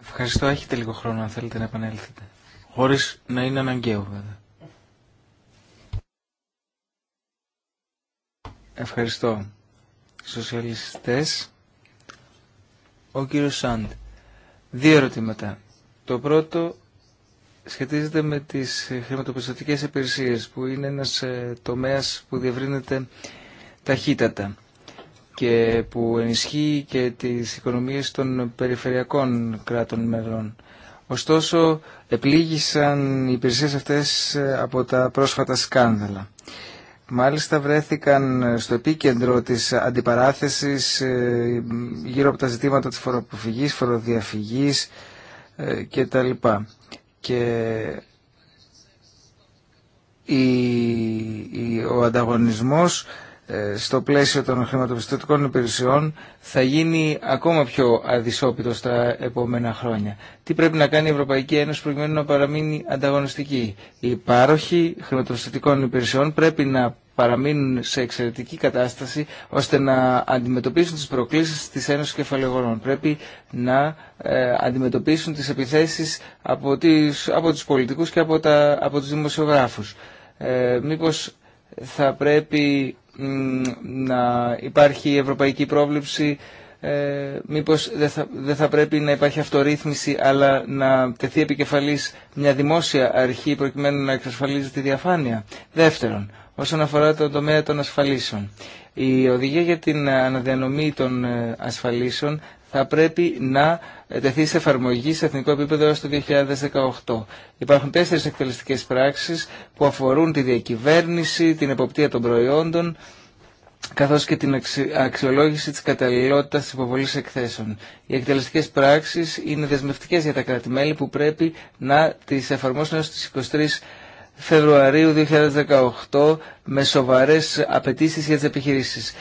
Speaker 3: Ευχαριστώ. Έχετε λίγο χρόνο αν θέλετε να επανέλθετε. Χωρίς να είναι αναγκαίο βέβαια. Ευχαριστώ. Σοσιαλιστές ο κύριος Σάντ. Δύο ερωτήματα. Το πρώτο σχετίζεται με τις χρηματοπιστωτικές υπηρεσίες που είναι ένας ε, τομέας που διευρύνεται ταχύτατα και που ενισχύει και τις οικονομίες των περιφερειακών κράτων μελών. Ωστόσο, επλήγησαν οι υπηρεσίες αυτές ε, από τα πρόσφατα σκάνδαλα. Μάλιστα βρέθηκαν στο επίκεντρο της αντιπαράθεσης ε, γύρω από τα ζητήματα της φοροποφυγής, φοροδιαφυγής ε, και τα λοιπά. Και ο ανταγωνισμός ε, στο πλαίσιο των χρηματοπιστωτικών υπηρεσιών θα γίνει ακόμα πιο αδυσόπιτο στα επόμενα χρόνια. Τι πρέπει να κάνει η Ευρωπαϊκή Ένωση προκειμένου να παραμείνει ανταγωνιστική. Οι πάροχοι χρηματοπιστωτικών υπηρεσιών πρέπει να παραμείνουν σε εξαιρετική κατάσταση ώστε να αντιμετωπίσουν τις προκλήσεις της Ένωσης Κεφαλαιογορών. Πρέπει να ε, αντιμετωπίσουν τις επιθέσεις από, τις, από τους πολιτικούς και από, τα, από τους δημοσιογράφους. Ε, μήπως θα πρέπει να υπάρχει ευρωπαϊκή πρόβλεψη ε, μήπως δεν θα, θα πρέπει να υπάρχει αυτορύθμιση αλλά να τεθεί επικεφαλής μια δημόσια αρχή προκειμένου να εξασφαλίζει τη διαφάνεια. Δεύτερον, όσον αφορά το τομέα των ασφαλίσεων. Η οδηγία για την αναδιανομή των ε, ασφαλίσεων θα πρέπει να τεθεί σε εφαρμογή σε εθνικό επίπεδο έως το 2018. Υπάρχουν τέσσερις εκτελεστικές πράξεις που αφορούν τη διακυβέρνηση, την εποπτεία των προϊόντων, καθώς και την αξιολόγηση της καταλληλότητας της υποβολής εκθέσεων. Οι εκτελεστικές πράξεις είναι δεσμευτικές για τα κράτη-μέλη που πρέπει να τις εφαρμόσουν έως τις 23 Φεβρουαρίου 2018 με σοβαρές απαιτήσεις για τις επιχειρήσεις.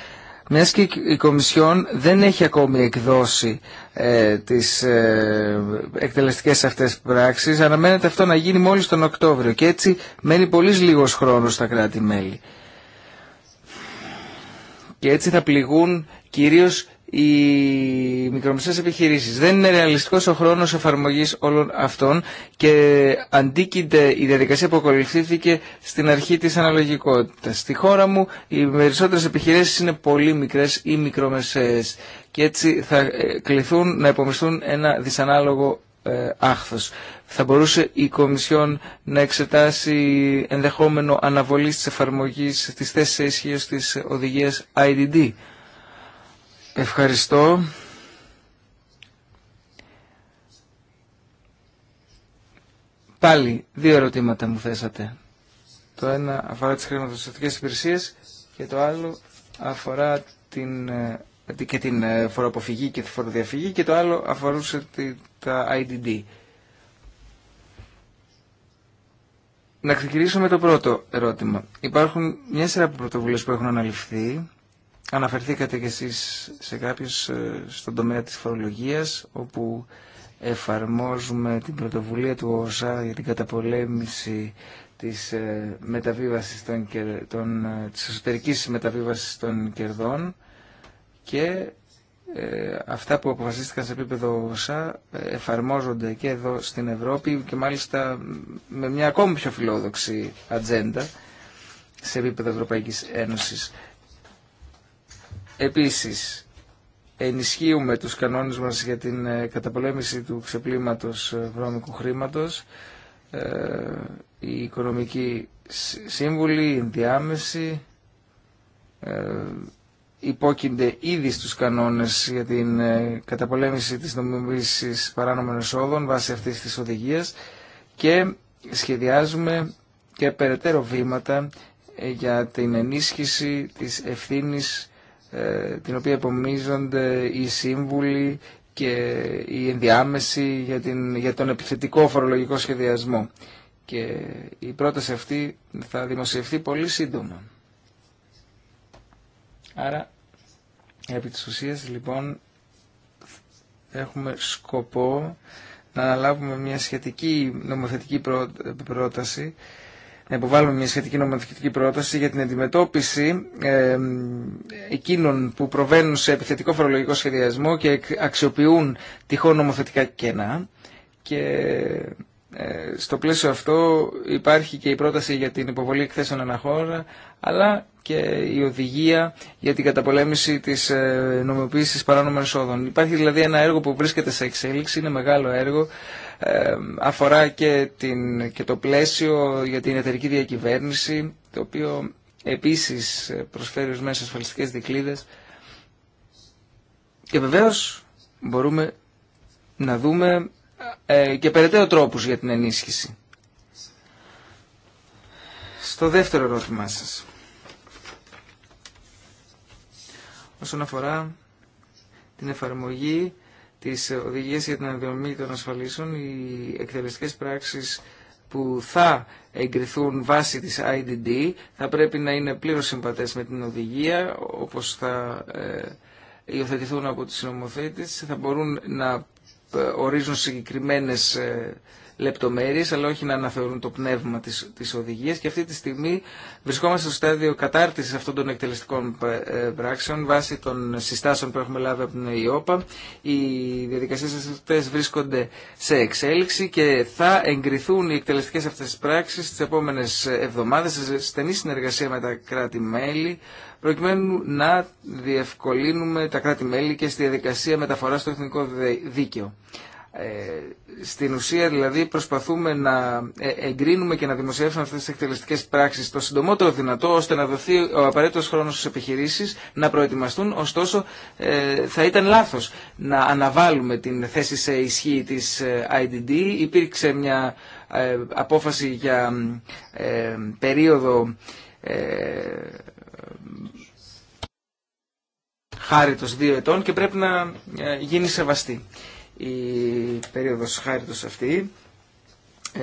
Speaker 3: Μιας και η Κομισιόν δεν έχει ακόμη εκδώσει ε, τις ε, εκτελεστικές αυτές πράξεις, αναμένεται αυτό να γίνει μόλις τον Οκτώβριο και έτσι μένει πολύ λίγος χρόνος στα κράτη-μέλη. Και έτσι θα πληγούν κυρίως οι μικρομεσαίες επιχειρήσεις. Δεν είναι ρεαλιστικός ο χρόνος εφαρμογής όλων αυτών και αντίκειται η διαδικασία που ακολουθήθηκε στην αρχή της αναλογικότητας. Στη χώρα μου οι περισσότερες επιχειρήσεις είναι πολύ μικρές ή μικρομεσαίες και έτσι θα ε, κληθούν να υπομισθούν ένα δυσανάλογο ε, άχθος. Θα μπορούσε η Κομισιόν να εξετάσει ενδεχόμενο αναβολή της εφαρμογής της θέσης ισχύω της οδηγίας IDD. Ευχαριστώ. Πάλι δύο ερωτήματα μου θέσατε. Το ένα αφορά τις χρηματοδοτικές υπηρεσίες και το άλλο αφορά την, ε, και την ε, φοροαποφυγή και τη φοροδιαφυγή και το άλλο αφορούσε τα IDD. Να ξεκινήσω με το πρώτο ερώτημα. Υπάρχουν μια σειρά από πρωτοβουλίες που έχουν αναλυφθεί Αναφερθήκατε κι εσείς σε κάποιους ε, στον τομέα της φορολογίας, όπου εφαρμόζουμε την πρωτοβουλία του ΟΣΑ για την καταπολέμηση της, ε, μεταβίβασης των, των, ε, της εσωτερικής μεταβίβασης των κερδών και αυτά που αποφασίστηκαν σε επίπεδο ΟΣΑ εφαρμόζονται και εδώ στην Ευρώπη και μάλιστα με μια ακόμη πιο φιλόδοξη ατζέντα σε επίπεδο Ευρωπαϊκής Ένωσης. Επίσης, ενισχύουμε τους κανόνες μας για την ε, καταπολέμηση του ξεπλήματος ε, βρώμικου χρήματος. Ε, η οικονομική σύμβουλη, η ενδιάμεση, υπόκεινται ήδη στους κανόνες για την καταπολέμηση της νομιμοποίησης παράνομων εσόδων βάσει αυτής της οδηγίας και σχεδιάζουμε και περαιτέρω βήματα για την ενίσχυση της ευθύνης ε, την οποία επομίζονται οι σύμβουλοι και η ενδιάμεση για, για τον επιθετικό φορολογικό σχεδιασμό. Και η πρόταση αυτή θα δημοσιευθεί πολύ σύντομα. Άρα, επί της ουσίας, λοιπόν, έχουμε σκοπό να αναλάβουμε μια σχετική νομοθετική πρόταση να υποβάλουμε μια σχετική νομοθετική πρόταση για την αντιμετώπιση ε, εκείνων που προβαίνουν σε επιθετικό φορολογικό σχεδιασμό και αξιοποιούν τυχόν νομοθετικά κενά. Και ε, στο πλαίσιο αυτό υπάρχει και η πρόταση για την υποβολή εκθέσεων αναχώρα, αλλά και η οδηγία για την καταπολέμηση της ε, νομιμοποίησης παράνομων Υπάρχει δηλαδή ένα έργο που βρίσκεται σε εξέλιξη, είναι μεγάλο έργο, ε, αφορά και, την, και το πλαίσιο για την εταιρική διακυβέρνηση, το οποίο επίσης προσφέρει ως μέσα ασφαλιστικές δικλείδες. Και βεβαίως μπορούμε να δούμε ε, και περαιτέρω τρόπους για την ενίσχυση. Στο δεύτερο ερώτημά σας. Όσον αφορά την εφαρμογή τι οδηγίες για την αναδρομή των ασφαλίσεων, οι εκτελεστικές πράξεις που θα εγκριθούν βάσει της IDD θα πρέπει να είναι πλήρως συμπατές με την οδηγία, όπως θα ε, υιοθετηθούν από τους συνομοθέτες, θα μπορούν να ε, ορίζουν συγκεκριμένες ε, λεπτομέρειες αλλά όχι να αναθεωρούν το πνεύμα της, της οδηγίας και αυτή τη στιγμή βρισκόμαστε στο στάδιο κατάρτισης αυτών των εκτελεστικών ε, ε, πράξεων βάσει των συστάσεων που έχουμε λάβει από την ΕΙΟΠΑ. Οι διαδικασίες αυτές βρίσκονται σε εξέλιξη και θα εγκριθούν οι εκτελεστικές αυτές τις πράξεις τις επόμενες εβδομάδες σε στενή συνεργασία με τα κράτη-μέλη προκειμένου να διευκολύνουμε τα κράτη-μέλη και στη διαδικασία μεταφοράς στο εθνικό δίκαιο. Ε, στην ουσία δηλαδή προσπαθούμε να ε, εγκρίνουμε και να δημοσιεύσουμε αυτές τις εκτελεστικές πράξεις το συντομότερο δυνατό ώστε να δοθεί ο απαραίτητος χρόνος στις επιχειρήσεις να προετοιμαστούν ωστόσο ε, θα ήταν λάθος να αναβάλουμε την θέση σε ισχύ της IDD υπήρξε μια απόφαση για περίοδο χάριτος δύο ετών και πρέπει να γίνει σεβαστή η περίοδος χάριτος αυτή ε,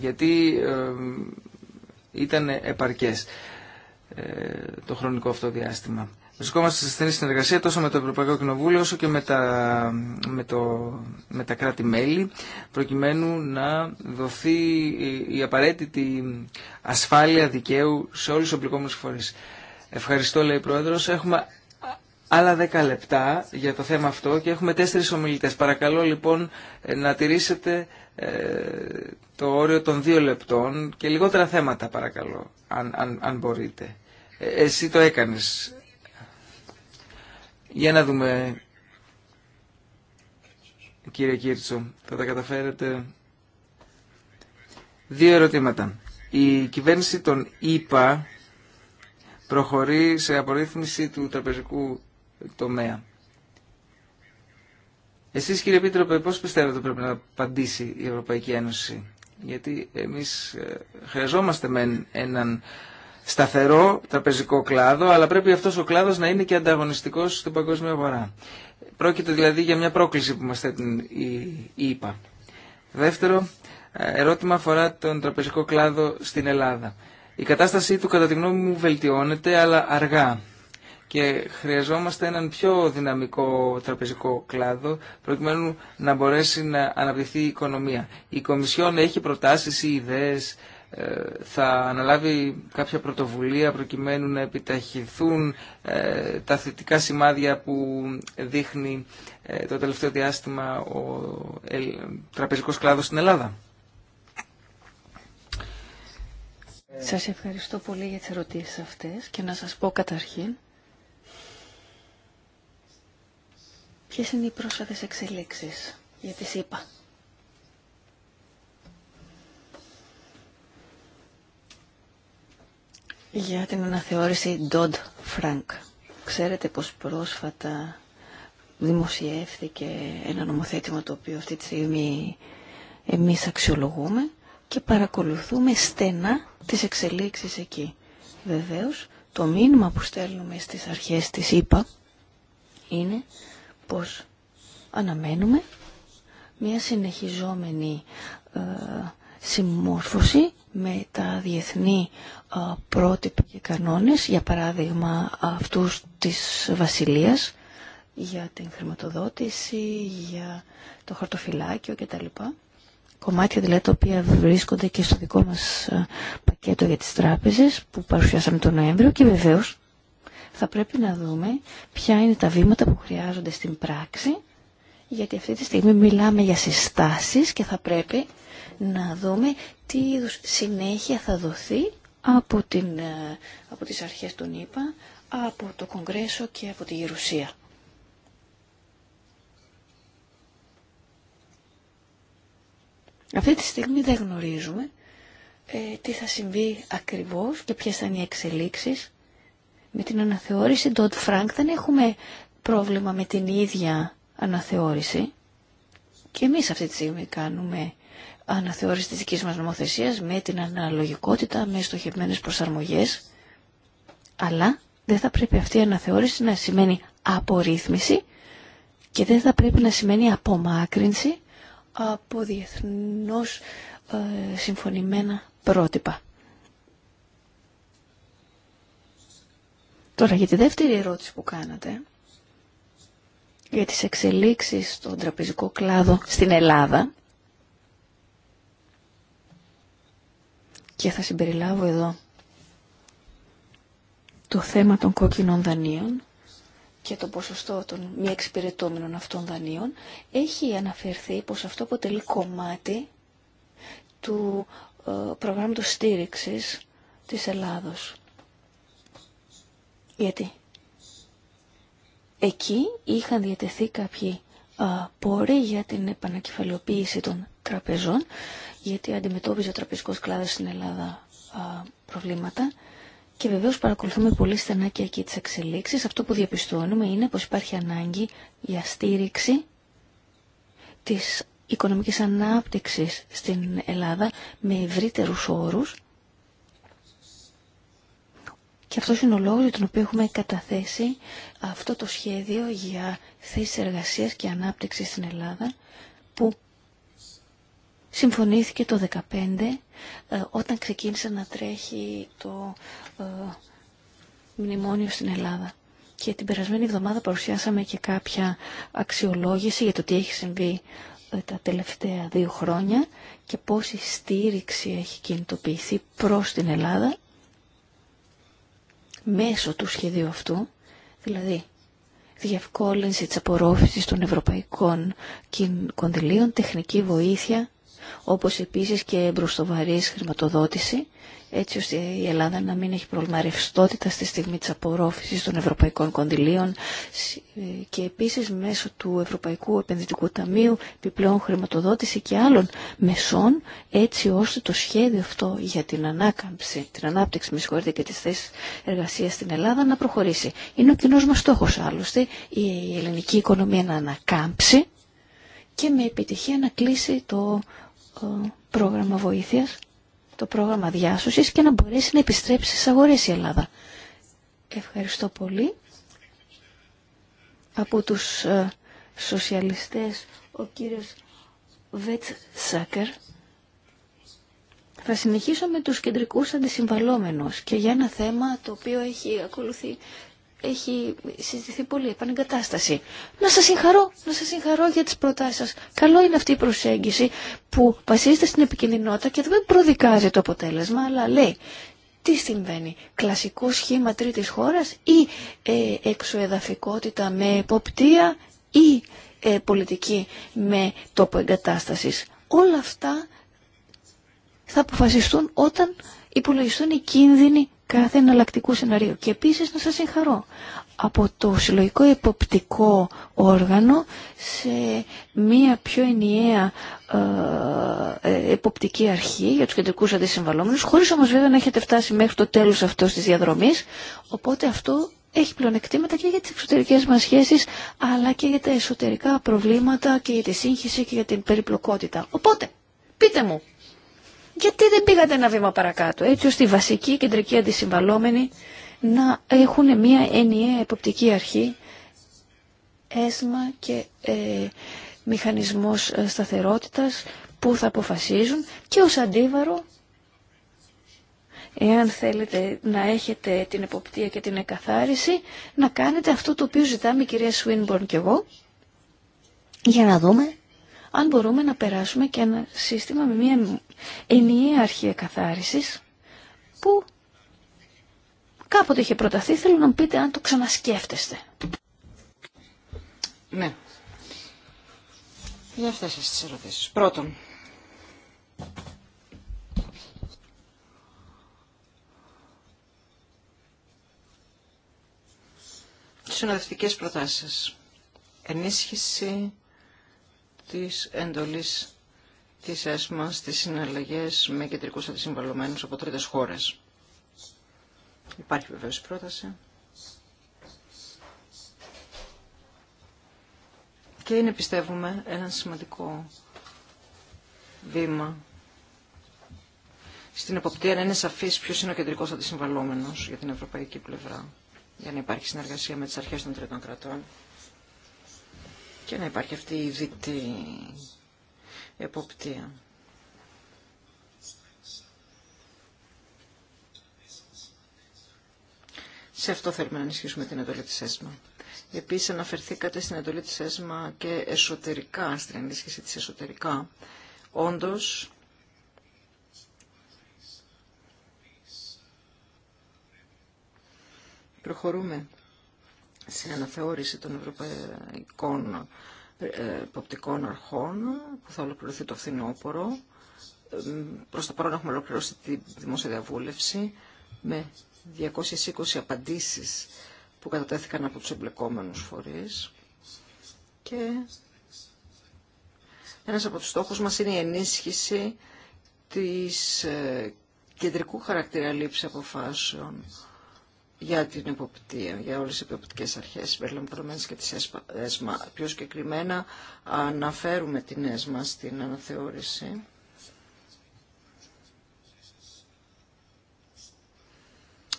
Speaker 3: γιατί ε, ήταν επαρκές ε, το χρονικό αυτό διάστημα. Βρισκόμαστε σε στενή συνεργασία τόσο με το Ευρωπαϊκό Κοινοβούλιο όσο και με τα, με το, με τα κράτη-μέλη προκειμένου να δοθεί η, απαραίτητη ασφάλεια δικαίου σε όλους τους εμπλικόμενους φορείς. Ευχαριστώ λέει η Πρόεδρος. Έχουμε άλλα 10 λεπτά για το θέμα αυτό και έχουμε τέσσερις ομιλητές. Παρακαλώ λοιπόν ε, να τηρήσετε ε, το όριο των δύο λεπτών και λιγότερα θέματα παρακαλώ, αν, αν, μπορείτε. Ε, εσύ το έκανες. Για να δούμε, κύριε Κίρτσο, θα τα καταφέρετε. Δύο ερωτήματα. Η κυβέρνηση των ΙΠΑ προχωρεί σε απορρίθμιση του τραπεζικού τομέα. Εσείς κύριε Πίτροπε, πώς πιστεύετε πρέπει να απαντήσει η Ευρωπαϊκή Ένωση. Γιατί εμείς ε, χρειαζόμαστε με έναν σταθερό τραπεζικό κλάδο, αλλά πρέπει αυτός ο κλάδος να είναι και ανταγωνιστικός στην παγκόσμια αγορά. Πρόκειται δηλαδή για μια πρόκληση που μας θέτει η ΕΠΑ. Δεύτερο, ε, ερώτημα αφορά τον τραπεζικό κλάδο στην Ελλάδα. Η κατάστασή του κατά τη γνώμη μου βελτιώνεται, αλλά αργά και χρειαζόμαστε έναν πιο δυναμικό τραπεζικό κλάδο προκειμένου να μπορέσει να αναπτυχθεί η οικονομία. Η Κομισιόν έχει προτάσεις ή ιδέες, ε, θα αναλάβει κάποια πρωτοβουλία προκειμένου να επιταχυνθούν ε, τα θετικά σημάδια που δείχνει ε, το τελευταίο διάστημα ο τραπεζικός κλάδος στην Ελλάδα.
Speaker 2: Σας
Speaker 1: ευχαριστώ πολύ για τις ερωτήσεις αυτές και να σας πω καταρχήν Ποιες είναι οι πρόσφατες εξελίξεις για τη ΣΥΠΑ. Για την αναθεώρηση Dodd Frank. Ξέρετε πως πρόσφατα δημοσιεύθηκε ένα νομοθέτημα το οποίο αυτή τη στιγμή εμείς αξιολογούμε και παρακολουθούμε στενά τις εξελίξεις εκεί. Βεβαίως, το μήνυμα που στέλνουμε στις αρχές της ΕΠΑ είναι πως αναμένουμε μια συνεχιζόμενη ε, συμμόρφωση με τα διεθνή ε, πρότυπα και κανόνες, για παράδειγμα αυτούς της Βασιλείας, για την χρηματοδότηση, για το χαρτοφυλάκιο κτλ. Κομμάτια δηλαδή τα οποία βρίσκονται και στο δικό μας ε, πακέτο για τις τράπεζες που παρουσιάσαμε τον Νοέμβριο και βεβαίως θα πρέπει να δούμε ποια είναι τα βήματα που χρειάζονται στην πράξη, γιατί αυτή τη στιγμή μιλάμε για συστάσεις και θα πρέπει να δούμε τι είδου συνέχεια θα δοθεί από, την, ε, από τις αρχές των ΙΠΑ, από το Κογκρέσο και από τη Γερουσία. Αυτή τη στιγμή δεν γνωρίζουμε ε, τι θα συμβεί ακριβώς και ποιες θα είναι οι εξελίξεις με την αναθεώρηση Dodd Frank δεν έχουμε πρόβλημα με την ίδια αναθεώρηση. Και εμείς αυτή τη στιγμή κάνουμε αναθεώρηση της δικής μας νομοθεσίας με την αναλογικότητα, με στοχευμένες προσαρμογές. Αλλά δεν θα πρέπει αυτή η αναθεώρηση να σημαίνει απορρίθμιση και δεν θα πρέπει να σημαίνει απομάκρυνση από διεθνώς ε, συμφωνημένα πρότυπα. Τώρα για τη δεύτερη ερώτηση που κάνατε, για τις εξελίξεις στον τραπεζικό κλάδο στην Ελλάδα, και θα συμπεριλάβω εδώ το θέμα των κόκκινων δανείων και το ποσοστό των μη εξυπηρετώμενων αυτών δανείων, έχει αναφερθεί πως αυτό αποτελεί κομμάτι του ε, προγράμματος στήριξης της Ελλάδος. Γιατί εκεί είχαν διατεθεί κάποιοι πόροι για την επανακεφαλαιοποίηση των τραπεζών, γιατί αντιμετώπιζε ο τραπεζικός κλάδος στην Ελλάδα προβλήματα. Και βεβαίως παρακολουθούμε πολύ στενά και εκεί τις εξελίξεις. Αυτό που διαπιστώνουμε είναι πως υπάρχει ανάγκη για στήριξη της οικονομικής ανάπτυξης στην Ελλάδα με ευρύτερους όρους και αυτό είναι ο λόγος για τον οποίο έχουμε καταθέσει αυτό το σχέδιο για θέσει εργασίας και ανάπτυξη στην Ελλάδα που συμφωνήθηκε το 2015 ε, όταν ξεκίνησε να τρέχει το ε, μνημόνιο στην Ελλάδα. Και την περασμένη εβδομάδα παρουσιάσαμε και κάποια αξιολόγηση για το τι έχει συμβεί ε, τα τελευταία δύο χρόνια και πόση στήριξη έχει κινητοποιηθεί προς την Ελλάδα μέσω του σχεδίου αυτού, δηλαδή διευκόλυνση της απορρόφησης των ευρωπαϊκών κονδυλίων, τεχνική βοήθεια όπως επίσης και μπροστοβαρής χρηματοδότηση, έτσι ώστε η Ελλάδα να μην έχει πρόβλημα ρευστότητα στη στιγμή της απορρόφησης των ευρωπαϊκών κονδυλίων ε, και επίσης μέσω του Ευρωπαϊκού Επενδυτικού Ταμείου επιπλέον χρηματοδότηση και άλλων μεσών, έτσι ώστε το σχέδιο αυτό για την ανάκαμψη, την ανάπτυξη, με συγχωρείτε, και τις θέσεις εργασίας στην Ελλάδα να προχωρήσει. Είναι ο κοινό μας στόχος άλλωστε, η ελληνική οικονομία να ανακάμψει και με επιτυχία να κλείσει το ε, πρόγραμμα βοήθειας, το πρόγραμμα διάσωσης και να μπορέσει να επιστρέψει στις αγορές η Ελλάδα. Ευχαριστώ πολύ. Από τους ε, σοσιαλιστές ο κύριος Βέτσακερ. Σάκερ. Θα συνεχίσω με τους κεντρικούς αντισυμβαλόμενους και για ένα θέμα το οποίο έχει ακολουθεί έχει συζητηθεί πολύ επανεγκατάσταση. Να σας συγχαρώ, να σας συγχαρώ για τις προτάσεις σας. Καλό είναι αυτή η προσέγγιση που βασίζεται στην επικινδυνότητα και δεν προδικάζει το αποτέλεσμα, αλλά λέει τι συμβαίνει, κλασικό σχήμα τρίτης χώρας ή ε, με υποπτία ή ε, πολιτική με τόπο εγκατάστασης. Όλα αυτά θα αποφασιστούν όταν υπολογιστούν οι κίνδυνοι κάθε εναλλακτικού σενάριου. Και επίσης να σας συγχαρώ από το συλλογικό υποπτικό όργανο σε μία πιο ενιαία ε, ε, εποπτική υποπτική αρχή για τους κεντρικούς αντισυμβαλόμενους, χωρίς όμως βέβαια να έχετε φτάσει μέχρι το τέλος αυτός της διαδρομής, οπότε αυτό έχει πλεονεκτήματα και για τις εξωτερικές μας σχέσεις, αλλά και για τα εσωτερικά προβλήματα και για τη σύγχυση και για την περιπλοκότητα. Οπότε, πείτε μου, γιατί δεν πήγατε ένα βήμα παρακάτω, έτσι ώστε οι βασικοί κεντρικοί αντισυμβαλόμενοι να έχουν μια ενιαία εποπτική αρχή, έσμα και ε, μηχανισμός ε, σταθερότητας που θα αποφασίζουν και ως αντίβαρο εάν θέλετε να έχετε την εποπτεία και την εκαθάριση, να κάνετε αυτό το οποίο ζητάμε η κυρία Σουίνμπορν και εγώ, για να δούμε αν μπορούμε να περάσουμε και ένα σύστημα με μια ενιαία αρχή εκαθάρισης που κάποτε είχε προταθεί. Θέλω να μου πείτε αν το ξανασκέφτεστε.
Speaker 2: Ναι. Για αυτές σας τις ερωτήσεις. Πρώτον, συνοδευτικές προτάσεις. Ενίσχυση της εντολής της συναλλαγέ στις συναλλαγές με κεντρικούς αντισυμβαλωμένους από τρίτες χώρες. Υπάρχει βεβαίως πρόταση. Και είναι, πιστεύουμε, ένα σημαντικό βήμα στην εποπτεία να είναι σαφής ποιος είναι ο κεντρικός αντισυμβαλόμενος για την ευρωπαϊκή πλευρά, για να υπάρχει συνεργασία με τις αρχές των τρίτων κρατών και να υπάρχει αυτή η δίκτυ εποπτεία. Σε αυτό θέλουμε να ενισχύσουμε την εντολή της ΕΣΜΑ. Επίσης αναφερθήκατε στην εντολή της ΕΣΜΑ και εσωτερικά, στην ενίσχυση της εσωτερικά. Όντως, προχωρούμε σε αναθεώρηση των ευρωπαϊκών εποπτικών αρχών που θα ολοκληρωθεί το φθινόπωρο. Προς το παρόν έχουμε ολοκληρώσει τη δημόσια διαβούλευση με 220 απαντήσεις που κατατέθηκαν από του εμπλεκόμενου φορείς και ένας από του στόχου μας είναι η ενίσχυση της ε, κεντρικού χαρακτήρα λήψη αποφάσεων για την εποπτεία, για όλες τις εποπτικές αρχές, περιλαμβανομένες και τις ΕΣΜΑ. Πιο συγκεκριμένα αναφέρουμε την ΕΣΜΑ στην αναθεώρηση.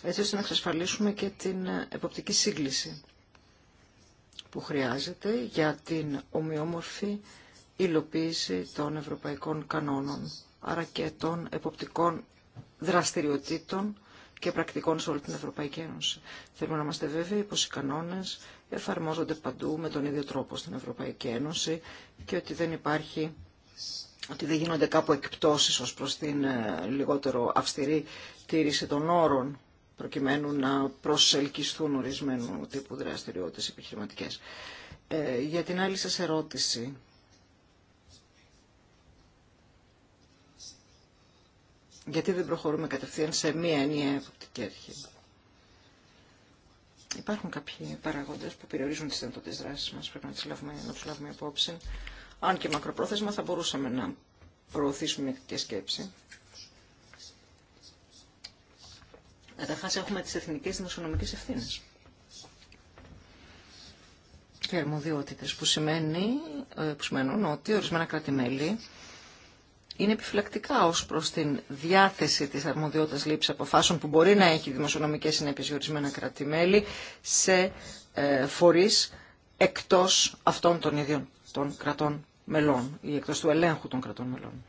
Speaker 2: έτσι ώστε να εξασφαλίσουμε και την εποπτική σύγκληση που χρειάζεται για την ομοιόμορφη υλοποίηση των ευρωπαϊκών κανόνων, άρα και των εποπτικών δραστηριοτήτων και πρακτικών σε όλη την Ευρωπαϊκή Ένωση. Θέλουμε να είμαστε βέβαιοι πως οι κανόνες εφαρμόζονται παντού με τον ίδιο τρόπο στην Ευρωπαϊκή Ένωση και ότι δεν υπάρχει ότι δεν γίνονται κάπου εκπτώσεις ως προς την ε, λιγότερο αυστηρή τήρηση των όρων προκειμένου να προσελκυστούν ορισμένου τύπου δραστηριότητες επιχειρηματικές. Ε, για την άλλη σας ερώτηση Γιατί δεν προχωρούμε κατευθείαν σε μία ενιαία εποπτική αρχή. Υπάρχουν κάποιοι παραγόντες που περιορίζουν τις δυνατότητες δράσης μας, πρέπει να τους λάβουμε, υπόψη. Αν και μακροπρόθεσμα θα μπορούσαμε να προωθήσουμε και σκέψη. Καταρχάς έχουμε τις εθνικές δημοσιονομικές ευθύνες και αρμοδιότητες που, σημαίνει, ε, που σημαίνουν ότι ορισμένα κράτη-μέλη είναι επιφυλακτικά ως προς την διάθεση της αρμοδιότητας λήψης αποφάσεων που μπορεί να έχει δημοσιονομικές συνέπειε για ορισμένα σε ε, φορείς εκτός αυτών των ίδιων των κρατών μελών ή εκτός του ελέγχου των κρατών μελών.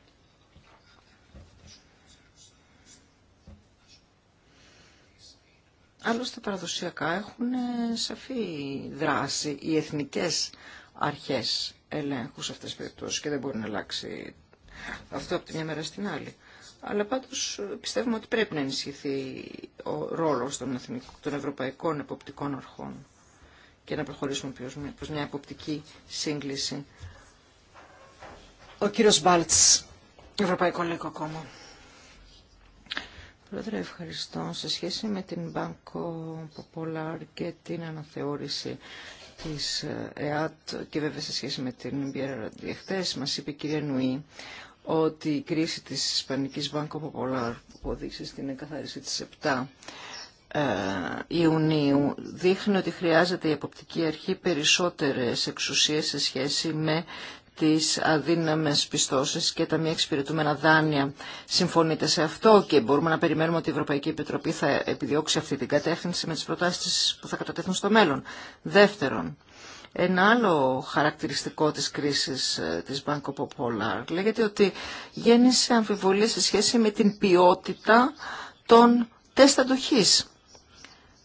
Speaker 2: Άλλωστε παραδοσιακά έχουν ε, σαφή δράση οι εθνικές αρχές ελέγχου σε αυτές τις και δεν μπορεί να αλλάξει αυτό από τη μια μέρα στην άλλη. Αλλά πάντως πιστεύουμε ότι πρέπει να ενισχυθεί ο ρόλος των, των ευρωπαϊκών εποπτικών αρχών και να προχωρήσουμε προς μια εποπτική σύγκληση. Ο κύριος Μπάλτς, Ευρωπαϊκό Λαϊκό Κόμμα. Πρόεδρε, ευχαριστώ. Σε σχέση με την Banco Popular και την αναθεώρηση της ε, ΕΑΤ και βέβαια σε σχέση με την BRD χθε μας είπε η κυρία Νουή ότι η κρίση της Ισπανικής Banco Popular που οδήγησε στην εγκαθάριση της 7 ε, Ιουνίου δείχνει ότι χρειάζεται η εποπτική αρχή περισσότερες εξουσίες σε σχέση με τις αδύναμες πιστώσεις και τα μη εξυπηρετούμενα δάνεια. Συμφωνείτε σε αυτό και μπορούμε να περιμένουμε ότι η Ευρωπαϊκή Επιτροπή θα επιδιώξει αυτή την κατεύθυνση με τις προτάσεις που θα κατατεθούν στο μέλλον. Δεύτερον, ένα άλλο χαρακτηριστικό της κρίσης ε, της Banco Popular λέγεται ότι γέννησε αμφιβολία σε σχέση με την ποιότητα των τεστ αντοχής.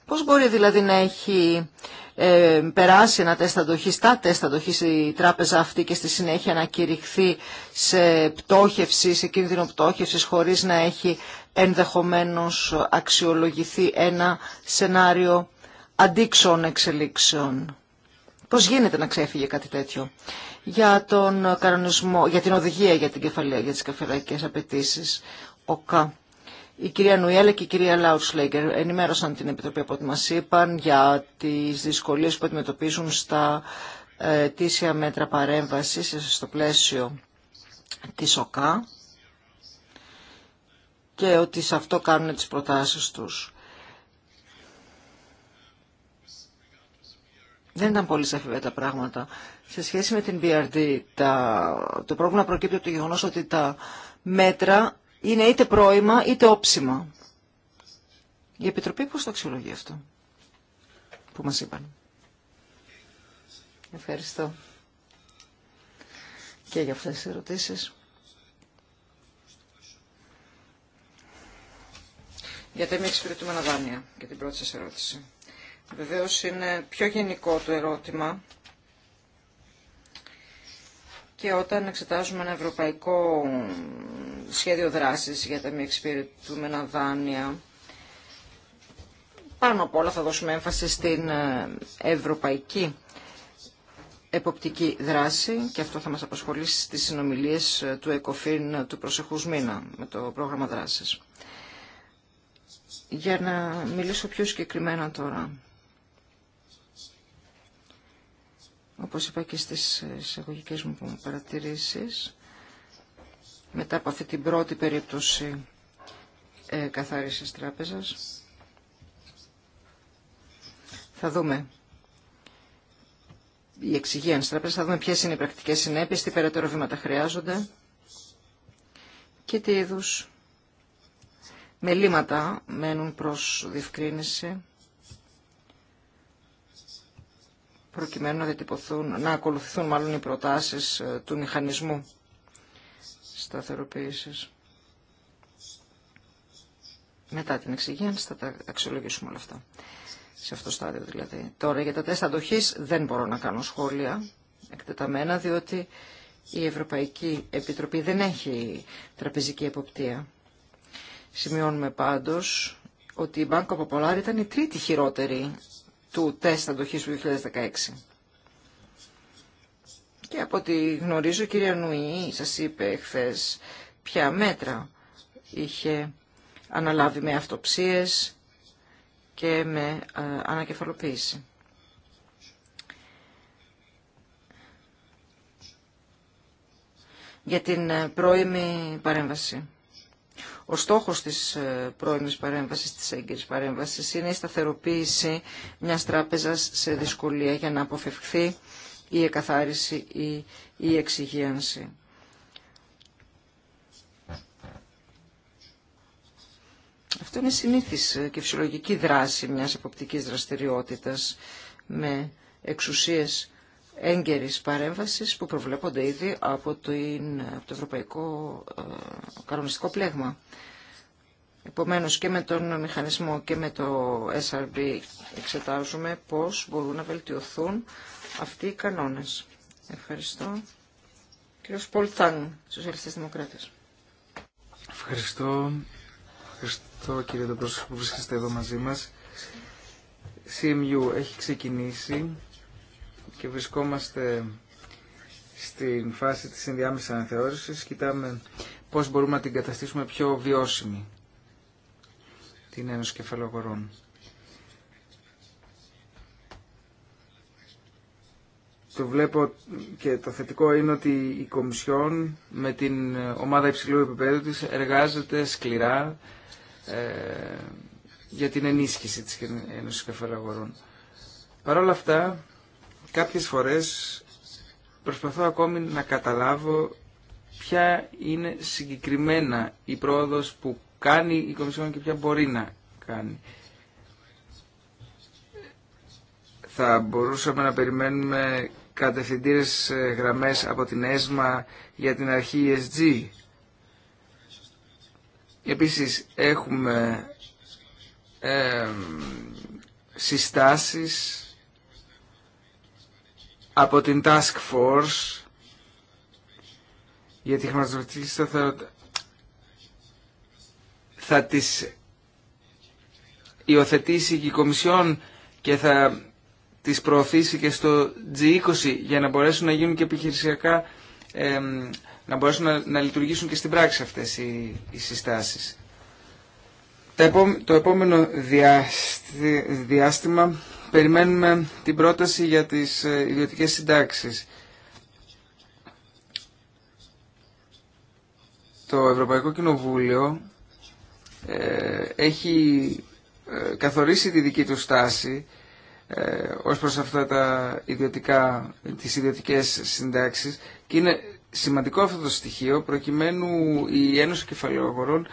Speaker 2: Πώς μπορεί δηλαδή να έχει ε, περάσει ένα τεστ αντοχής, τα τεστ αντοχής η τράπεζα αυτή και στη συνέχεια να κηρυχθεί σε πτώχευση, σε κίνδυνο πτώχευση, χωρίς να έχει ενδεχομένως αξιολογηθεί ένα σενάριο αντίξων εξελίξεων. Πώς γίνεται να ξέφυγε κάτι τέτοιο. Για τον κανονισμό, για την οδηγία για την κεφαλαία, για τις κεφαλαϊκές απαιτήσει. Ο ΚΑ. Η κυρία Νουιέλα και η κυρία Λάουτσλέγκερ ενημέρωσαν την Επιτροπή από ό,τι μας είπαν για τις δυσκολίες που αντιμετωπίζουν στα ε, τήσια μέτρα παρέμβασης στο πλαίσιο της ΟΚΑ και ότι σε αυτό κάνουν τις προτάσεις τους. Δεν ήταν πολύ σαφή τα πράγματα. Σε σχέση με την BRD, τα... το πρόβλημα προκύπτει από το γεγονό ότι τα μέτρα είναι είτε πρόημα είτε όψιμα. Η Επιτροπή πώς το αξιολογεί αυτό που μας είπαν. Ευχαριστώ και για αυτές τις ερωτήσεις. Γιατί μην εξυπηρετούμε εξυπηρετούμενα δάνεια για την πρώτη σας ερώτηση. Βεβαίως είναι πιο γενικό το ερώτημα και όταν εξετάζουμε ένα ευρωπαϊκό σχέδιο δράσης για τα μη εξυπηρετούμενα δάνεια, πάνω απ' όλα θα δώσουμε έμφαση στην ε, ευρωπαϊκή εποπτική δράση και αυτό θα μας απασχολήσει στις συνομιλίες ε, του ΕΚΟΦΗΝ ε, του προσεχούς μήνα με το πρόγραμμα δράσης. Για να μιλήσω πιο συγκεκριμένα τώρα όπως είπα και στις εισαγωγικέ μου παρατηρήσεις, μετά από αυτή την πρώτη περίπτωση ε, καθάρισης τράπεζας, θα δούμε η της τράπεζα, θα δούμε ποιες είναι οι πρακτικές συνέπειες, τι περαιτέρω βήματα χρειάζονται και τι είδους μελήματα μένουν προς διευκρίνηση προκειμένου να, να ακολουθηθούν μάλλον οι προτάσεις ε, του μηχανισμού σταθεροποίησης. Μετά την εξυγένση θα τα αξιολογήσουμε όλα αυτά. Σε αυτό το στάδιο δηλαδή. Τώρα για τα τεστ αντοχής δεν μπορώ να κάνω σχόλια εκτεταμένα διότι η Ευρωπαϊκή Επιτροπή δεν έχει τραπεζική εποπτεία. Σημειώνουμε πάντως ότι η Banco Popular ήταν η τρίτη χειρότερη του τεστ αντοχής του 2016. Και από ό,τι γνωρίζω, κυρία Νουή σας είπε χθε ποια μέτρα είχε αναλάβει με αυτοψίες και με ε, ανακεφαλοποίηση. Για την ε, πρώιμη παρέμβαση. Ο στόχος της ε, πρώιμης παρέμβασης, της έγκυρης παρέμβασης, είναι η σταθεροποίηση μιας τράπεζας σε δυσκολία για να αποφευχθεί η εκαθάριση ή η εξυγίανση. Αυτό είναι συνήθις ε, και φυσιολογική δράση μιας εποπτικής δραστηριότητας με εξουσίες έγκαιρης παρέμβασης που προβλέπονται ήδη από το, Ευρωπαϊκό ε, Κανονιστικό Πλέγμα. Επομένως και με τον μηχανισμό και με το SRB εξετάζουμε πώς μπορούν να βελτιωθούν αυτοί οι κανόνες. Ευχαριστώ. Κύριος Πολ Τάν, Σοσιαλιστής Δημοκράτες.
Speaker 3: Ευχαριστώ. Ευχαριστώ κύριε Δεπρόσωπο που βρίσκεστε εδώ μαζί μας. CMU έχει ξεκινήσει και βρισκόμαστε στην φάση της ενδιάμεσης αναθεώρησης. Κοιτάμε πώς μπορούμε να την καταστήσουμε πιο βιώσιμη, την Ένωση Κεφαλογορών. Το βλέπω και το θετικό είναι ότι η Κομισιόν με την ομάδα υψηλού επίπεδου της εργάζεται σκληρά ε, για την ενίσχυση της Ένωσης Κεφαλαγορών. Παρ' όλα αυτά, κάποιες φορές προσπαθώ ακόμη να καταλάβω ποια είναι συγκεκριμένα η πρόοδος που κάνει η Κομισιόν και ποια μπορεί να κάνει. Θα μπορούσαμε να περιμένουμε κατευθυντήρες ε, γραμμές από την ΕΣΜΑ για την αρχή ESG. Επίσης έχουμε ε, συστάσεις από την Task Force γιατί τη χρηματοδοτήση θα, θα τις υιοθετήσει και η Κομισιόν και θα τις προωθήσει και στο G20 για να μπορέσουν να γίνουν και επιχειρησιακά να μπορέσουν να, λειτουργήσουν και στην πράξη αυτές οι, οι συστάσεις. Το επόμενο διάστημα περιμένουμε την πρόταση για τις ε, ιδιωτικές συντάξεις. Το Ευρωπαϊκό Κοινοβούλιο ε, έχει ε, καθορίσει τη δική του στάση ως προς αυτά τα ιδιωτικά, τις ιδιωτικές συντάξεις και είναι σημαντικό αυτό το στοιχείο προκειμένου η Ένωση Κεφαλαιογορών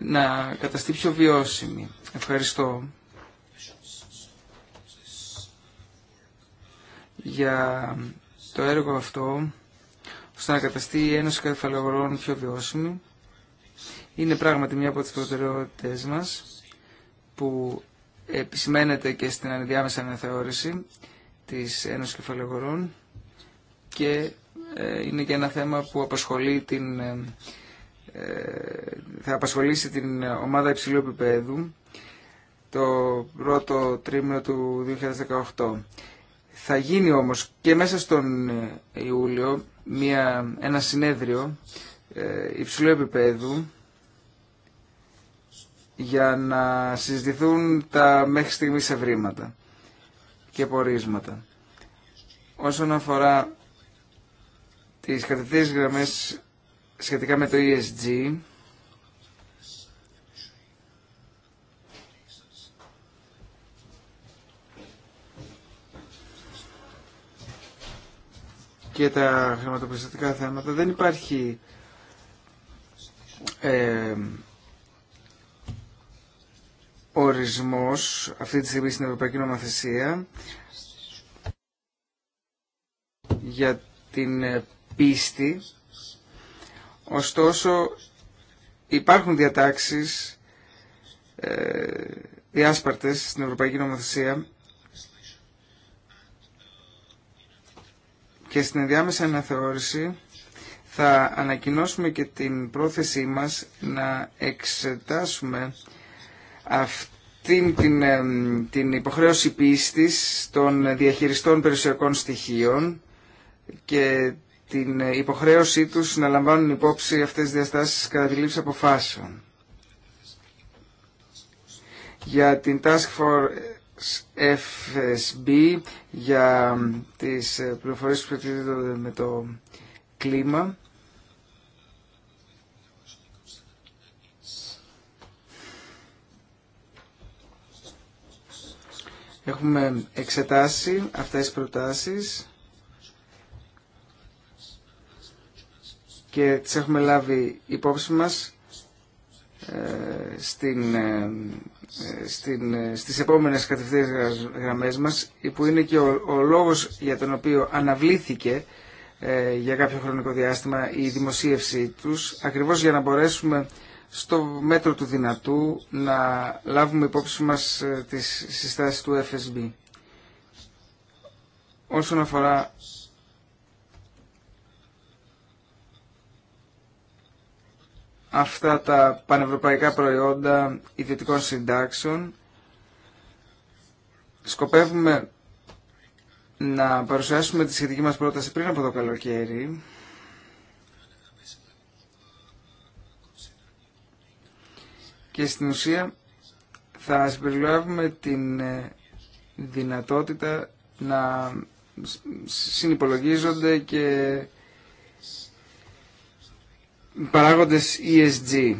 Speaker 3: να καταστεί πιο βιώσιμη. Ευχαριστώ. για το έργο αυτό ώστε να καταστεί η Ένωση πιο βιώσιμη. Είναι πράγματι μια από τις προτεραιότητες μας που επισημαίνεται και στην ανεδιάμεσα αναθεώρηση της Ένωσης Κεφαλαιογορών και ε, είναι και ένα θέμα που απασχολεί την, ε, ε, θα απασχολήσει την ομάδα υψηλού επίπεδου το πρώτο τρίμηνο του 2018. Θα γίνει όμως και μέσα στον ε, Ιούλιο μια, ένα συνέδριο ε, υψηλού επίπεδου για να συζητηθούν τα μέχρι στιγμής ευρήματα και πορίσματα. Όσον αφορά τις κατευθύνσεις γραμμές σχετικά με το ESG, και τα χρηματοπιστωτικά θέματα δεν υπάρχει ε, ορισμός αυτή τη στιγμή στην Ευρωπαϊκή Νομοθεσία για την ε, πίστη. Ωστόσο υπάρχουν διατάξεις ε, διάσπαρτες στην Ευρωπαϊκή Νομοθεσία Και στην ενδιάμεσα αναθεώρηση θα ανακοινώσουμε και την πρόθεσή μας να εξετάσουμε αυτήν την, την υποχρέωση πίστης των διαχειριστών περιουσιακών στοιχείων και την υποχρέωσή τους να λαμβάνουν υπόψη αυτές τις διαστάσεις κατά τη λήψη αποφάσεων. Για την Task Force FSB για τις ε, πληροφορίες που σχετίζονται με το κλίμα. Έχουμε εξετάσει αυτές τις προτάσεις και τις έχουμε λάβει υπόψη μας στην, ε, στην, ε, στις επόμενες μα, γραμμές μας που είναι και ο, ο λόγος για τον οποίο αναβλήθηκε ε, για κάποιο χρονικό διάστημα η δημοσίευση τους ακριβώς για να μπορέσουμε στο μέτρο του δυνατού να λάβουμε υπόψη μας τις συστάσεις του FSB. Όσον αφορά αυτά τα πανευρωπαϊκά προϊόντα ιδιωτικών συντάξεων. Σκοπεύουμε να παρουσιάσουμε τη σχετική μας πρόταση πριν από το καλοκαίρι. Και στην ουσία θα συμπεριλάβουμε την δυνατότητα να συνυπολογίζονται και παράγοντες ESG.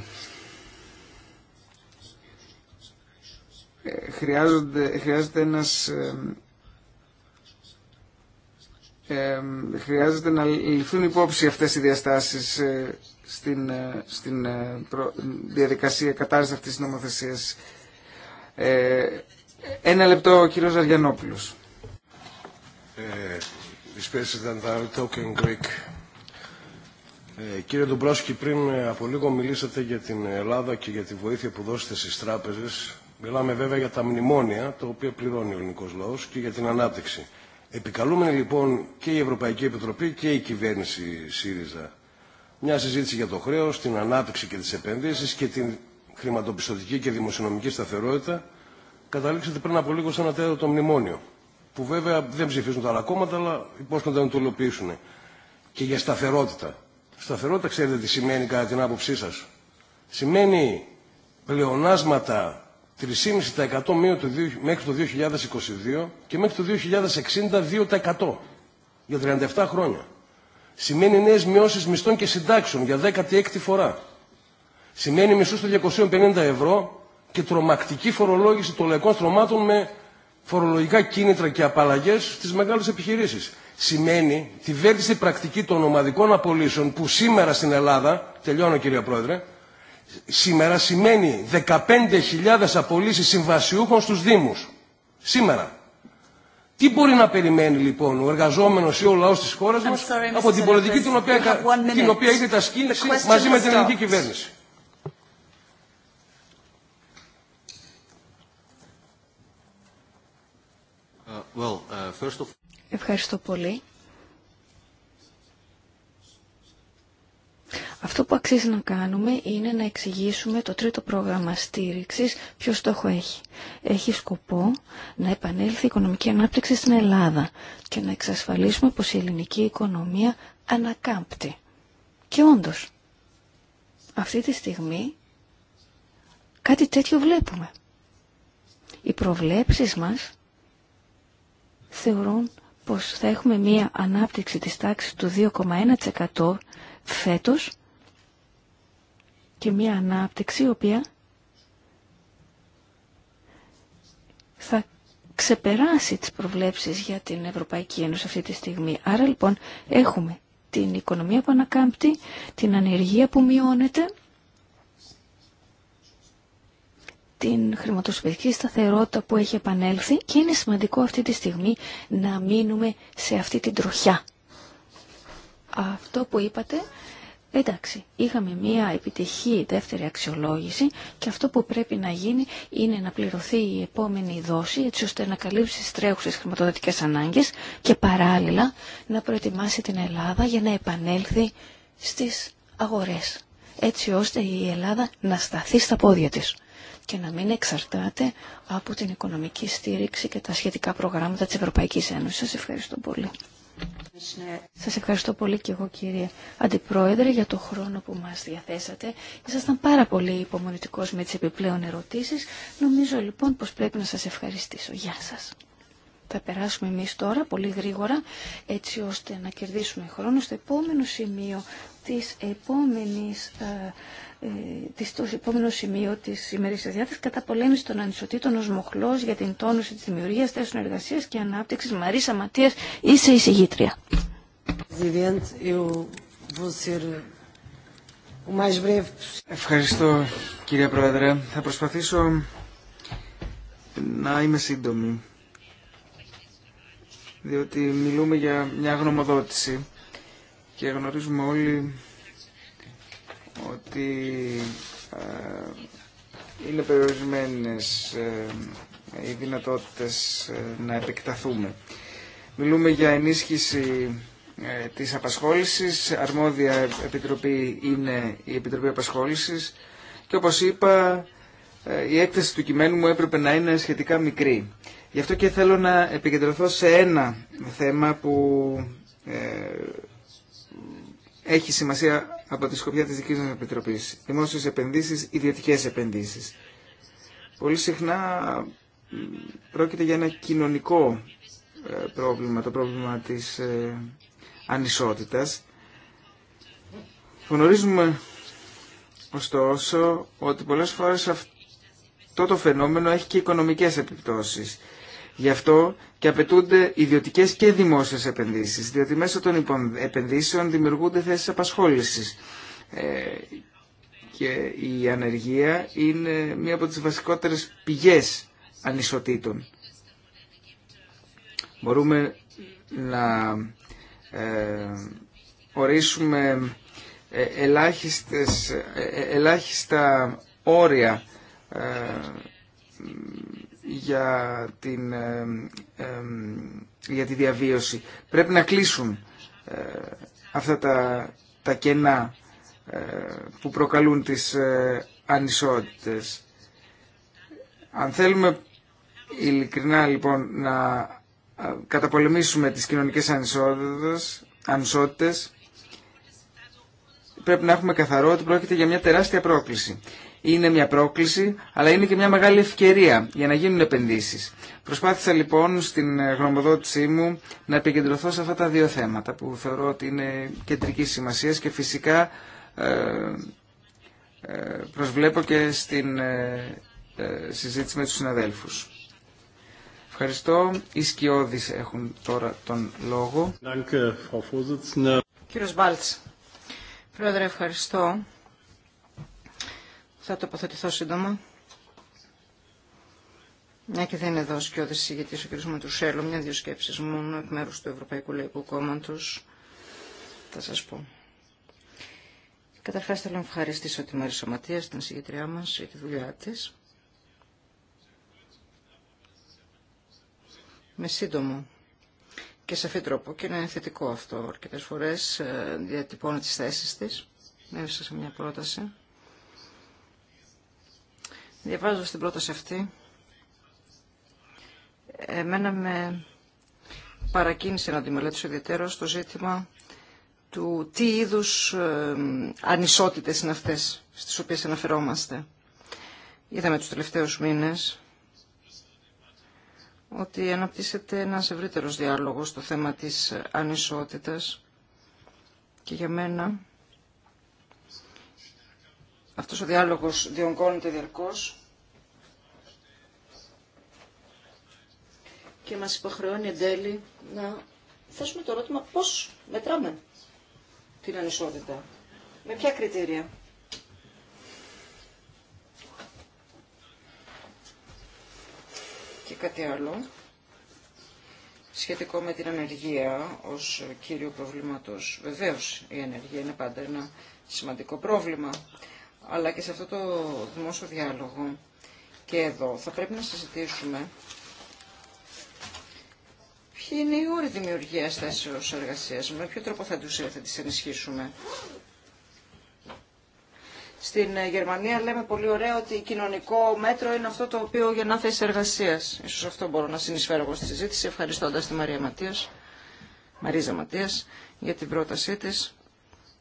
Speaker 3: Ε, χρειάζονται, χρειάζεται ένας ε, ε, χρειάζεται να ληφθούν υπόψη αυτές οι διαστάσεις ε, στην, ε, στην ε, προ, διαδικασία κατάρρισης αυτής της νομοθεσίας. ένα λεπτό ο κύριος Αργιανόπουλος.
Speaker 5: Ε, ε, κύριε Ντομπρόσκη, πριν ε, από λίγο μιλήσατε για την Ελλάδα και για τη βοήθεια που δώσετε στις τράπεζες. Μιλάμε βέβαια για τα μνημόνια, τα οποία πληρώνει ο ελληνικός λαός, και για την ανάπτυξη. Επικαλούμενη λοιπόν και η Ευρωπαϊκή Επιτροπή και η κυβέρνηση ΣΥΡΙΖΑ μια συζήτηση για το χρέος, την ανάπτυξη και τις επενδύσεις και την χρηματοπιστωτική και δημοσιονομική σταθερότητα καταλήξατε πριν από λίγο σε ένα τέταρτο μνημόνιο που βέβαια δεν ψηφίζουν τα άλλα κόμματα αλλά υπόσχονται να το υλοποιήσουν και για σταθερότητα. Σταθερότητα ξέρετε τι σημαίνει κατά την άποψή σα. Σημαίνει πλεονάσματα 3,5% μέχρι το 2022 και μέχρι το 2060 2% για 37 χρόνια. Σημαίνει νέες μειώσεις μισθών και συντάξεων για 16η φορά. Σημαίνει μισού των 250 ευρώ και τρομακτική φορολόγηση των λαϊκών στρωμάτων με φορολογικά κίνητρα και απαλλαγές στις μεγάλες επιχειρήσεις σημαίνει τη βέλτιστη πρακτική των ομαδικών απολύσεων που σήμερα στην Ελλάδα, τελειώνω κύριε Πρόεδρε, σήμερα σημαίνει 15.000 απολύσεις συμβασιούχων στους Δήμους. Σήμερα. Τι μπορεί να περιμένει λοιπόν ο εργαζόμενο ή ο λαό τη χώρα μα από την πολιτική την οποία, την οποία τα σκήνηση μαζί με την ελληνική κυβέρνηση.
Speaker 4: Uh, well, uh, first of...
Speaker 1: Ευχαριστώ πολύ. Αυτό που αξίζει να κάνουμε είναι να εξηγήσουμε το τρίτο πρόγραμμα στήριξης ποιο στόχο έχει. Έχει σκοπό να επανέλθει η οικονομική ανάπτυξη στην Ελλάδα και να εξασφαλίσουμε πως η ελληνική οικονομία ανακάμπτει. Και όντως, αυτή τη στιγμή κάτι τέτοιο βλέπουμε. Οι προβλέψεις μας θεωρούν πως θα έχουμε μία ανάπτυξη της τάξης του 2,1% φέτος και μία ανάπτυξη η οποία θα ξεπεράσει τις προβλέψεις για την Ευρωπαϊκή Ένωση αυτή τη στιγμή. Άρα λοιπόν έχουμε την οικονομία που ανακάμπτει, την ανεργία που μειώνεται την χρηματοσφαιρική σταθερότητα που έχει επανέλθει και είναι σημαντικό αυτή τη στιγμή να μείνουμε σε αυτή την τροχιά. Αυτό που είπατε, εντάξει, είχαμε μία επιτυχή δεύτερη αξιολόγηση και αυτό που πρέπει να γίνει είναι να πληρωθεί η επόμενη δόση έτσι ώστε να καλύψει τις τρέχουσες χρηματοδοτικές ανάγκες και παράλληλα να προετοιμάσει την Ελλάδα για να επανέλθει στις αγορές έτσι ώστε η Ελλάδα να σταθεί στα πόδια της και να μην εξαρτάται από την οικονομική στήριξη και τα σχετικά προγράμματα της Ευρωπαϊκής Ένωσης. Σας ευχαριστώ πολύ. Σας ευχαριστώ πολύ και εγώ κύριε Αντιπρόεδρε για το χρόνο που μας διαθέσατε. Ήσασταν πάρα πολύ υπομονητικός με τις επιπλέον ερωτήσεις. Νομίζω λοιπόν πως πρέπει να σας ευχαριστήσω. Γεια σας. Θα περάσουμε εμείς τώρα πολύ γρήγορα έτσι ώστε να κερδίσουμε χρόνο στο επόμενο σημείο της επόμενης ε, ε, το επόμενο σημείο τη ημερήσια κατά πολέμηση των ανισοτήτων ω μοχλός για την τόνωση της δημιουργία θέσεων εργασία και ανάπτυξης Μαρίσα Ματίας, είσαι εισηγήτρια.
Speaker 3: Ευχαριστώ κυρία Πρόεδρε. Θα προσπαθήσω να είμαι σύντομη. Διότι μιλούμε για μια γνωμοδότηση και γνωρίζουμε όλοι ότι ε, είναι περιορισμένες ε, οι δυνατότητες ε, να επεκταθούμε. Μιλούμε για ενίσχυση της απασχόλησης, αρμόδια επιτροπή είναι η Επιτροπή Απασχόλησης και όπως είπα η έκθεση του κειμένου μου έπρεπε να είναι σχετικά μικρή. Γι' αυτό και θέλω να επικεντρωθώ σε ένα θέμα που έχει σημασία από τη σκοπιά της δικής μας Επιτροπής. Δημόσιες επενδύσεις, ιδιωτικές επενδύσεις. Πολύ συχνά πρόκειται για ένα κοινωνικό ε, πρόβλημα, το πρόβλημα της ε, ανισότητας. Γνωρίζουμε ωστόσο ότι πολλές φορές αυτό το φαινόμενο έχει και οικονομικές επιπτώσεις. Γι' αυτό και απαιτούνται ιδιωτικέ και δημόσιε επενδύσει, διότι μέσω των επενδύσεων δημιουργούνται θέσει απασχόληση. Ε, και η ανεργία είναι μία από τις βασικότερες πηγές ανισοτήτων. Μπορούμε να ε, ορίσουμε ε, ελάχιστες, ε, ελάχιστα όρια ε, για, την, ε, ε, για τη διαβίωση. Πρέπει να κλείσουν ε, αυτά τα, τα κενά που προκαλούν τις ανισότητες. Αν θέλουμε ειλικρινά λοιπόν να καταπολεμήσουμε τις κοινωνικές ανισότητες, ανισότητες πρέπει να έχουμε καθαρό ότι πρόκειται για μια τεράστια πρόκληση είναι μια πρόκληση, αλλά είναι και μια μεγάλη ευκαιρία για να γίνουν επενδύσεις. Προσπάθησα λοιπόν στην γνωμοδότησή μου να επικεντρωθώ σε αυτά τα δύο θέματα που θεωρώ ότι είναι κεντρική σημασία και φυσικά ε, ε, προσβλέπω και στην ε, συζήτηση με τους συναδέλφους. Ευχαριστώ. Οι σκιώδεις έχουν τώρα τον
Speaker 5: λόγο.
Speaker 2: Κύριος Μπάλτς. Πρόεδρε, ευχαριστώ. Θα τοποθετηθώ σύντομα. Μια και δεν είναι εδώ και ο δισηγητής ο κ. μαντουσελο μια μια-δυο σκέψεις μου εκ μέρου του Ευρωπαϊκού Λαϊκού Κόμματος. Θα σας πω. Καταρχάς θέλω να ευχαριστήσω τη Μαρή Σωματεία, την συγγετριά μας, για τη δουλειά της. Με σύντομο και σαφή τρόπο και είναι θετικό αυτό. Αρκετές φορές ε, διατυπώνω τις θέσεις της μέσα σε μια πρόταση. Διαβάζω στην πρόταση αυτή. Εμένα με παρακίνησε να μελέτησω ιδιαίτερα στο ζήτημα του τι είδους ε, ανισότητες είναι αυτές στις οποίες αναφερόμαστε. Είδαμε τους τελευταίους μήνες ότι αναπτύσσεται ένας ευρύτερος διάλογος στο θέμα της ανισότητας και για μένα αυτός ο διάλογος διονκώνεται διαρκώς και μας υποχρεώνει εν τέλει να θέσουμε το ερώτημα πώς μετράμε την ανισότητα. Με ποια κριτήρια. Και κάτι άλλο σχετικό με την ανεργία ως κύριο προβλήματος. Βεβαίως η ανεργία είναι πάντα ένα σημαντικό πρόβλημα αλλά και σε αυτό το δημόσιο διάλογο και εδώ θα πρέπει να συζητήσουμε ποιοι είναι οι όροι δημιουργίας θέσεως εργασίας, με ποιο τρόπο θα, τους, θα τις ενισχύσουμε. Στην ε, Γερμανία λέμε πολύ ωραία ότι κοινωνικό μέτρο είναι αυτό το οποίο γεννά θέσει εργασία. Ίσως αυτό μπορώ να συνεισφέρω εγώ στη συζήτηση, ευχαριστώντας τη Μαρία Μαρίζα Ματίας για την πρότασή της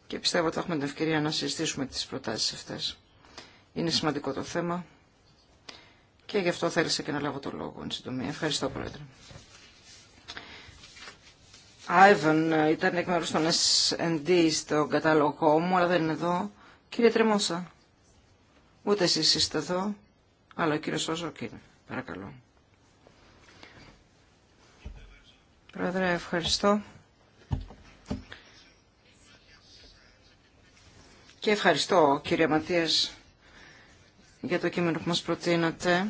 Speaker 2: και πιστεύω ότι θα έχουμε την ευκαιρία να συζητήσουμε τις προτάσεις αυτές. Είναι σημαντικό το θέμα και γι' αυτό θέλησα και να λάβω το λόγο εν συντομία. Ευχαριστώ Πρόεδρε. Άιβαν ε, ήταν εκ μέρους των S&D στο κατάλογό μου, αλλά δεν είναι εδώ. Κύριε Τρεμόσα, ούτε εσείς είστε εδώ, αλλά ο κύριος Όζοκ είναι. Παρακαλώ. Πρόεδρε, ευχαριστώ. Και ευχαριστώ κύριε Ματίας για το κείμενο που μας προτείνατε.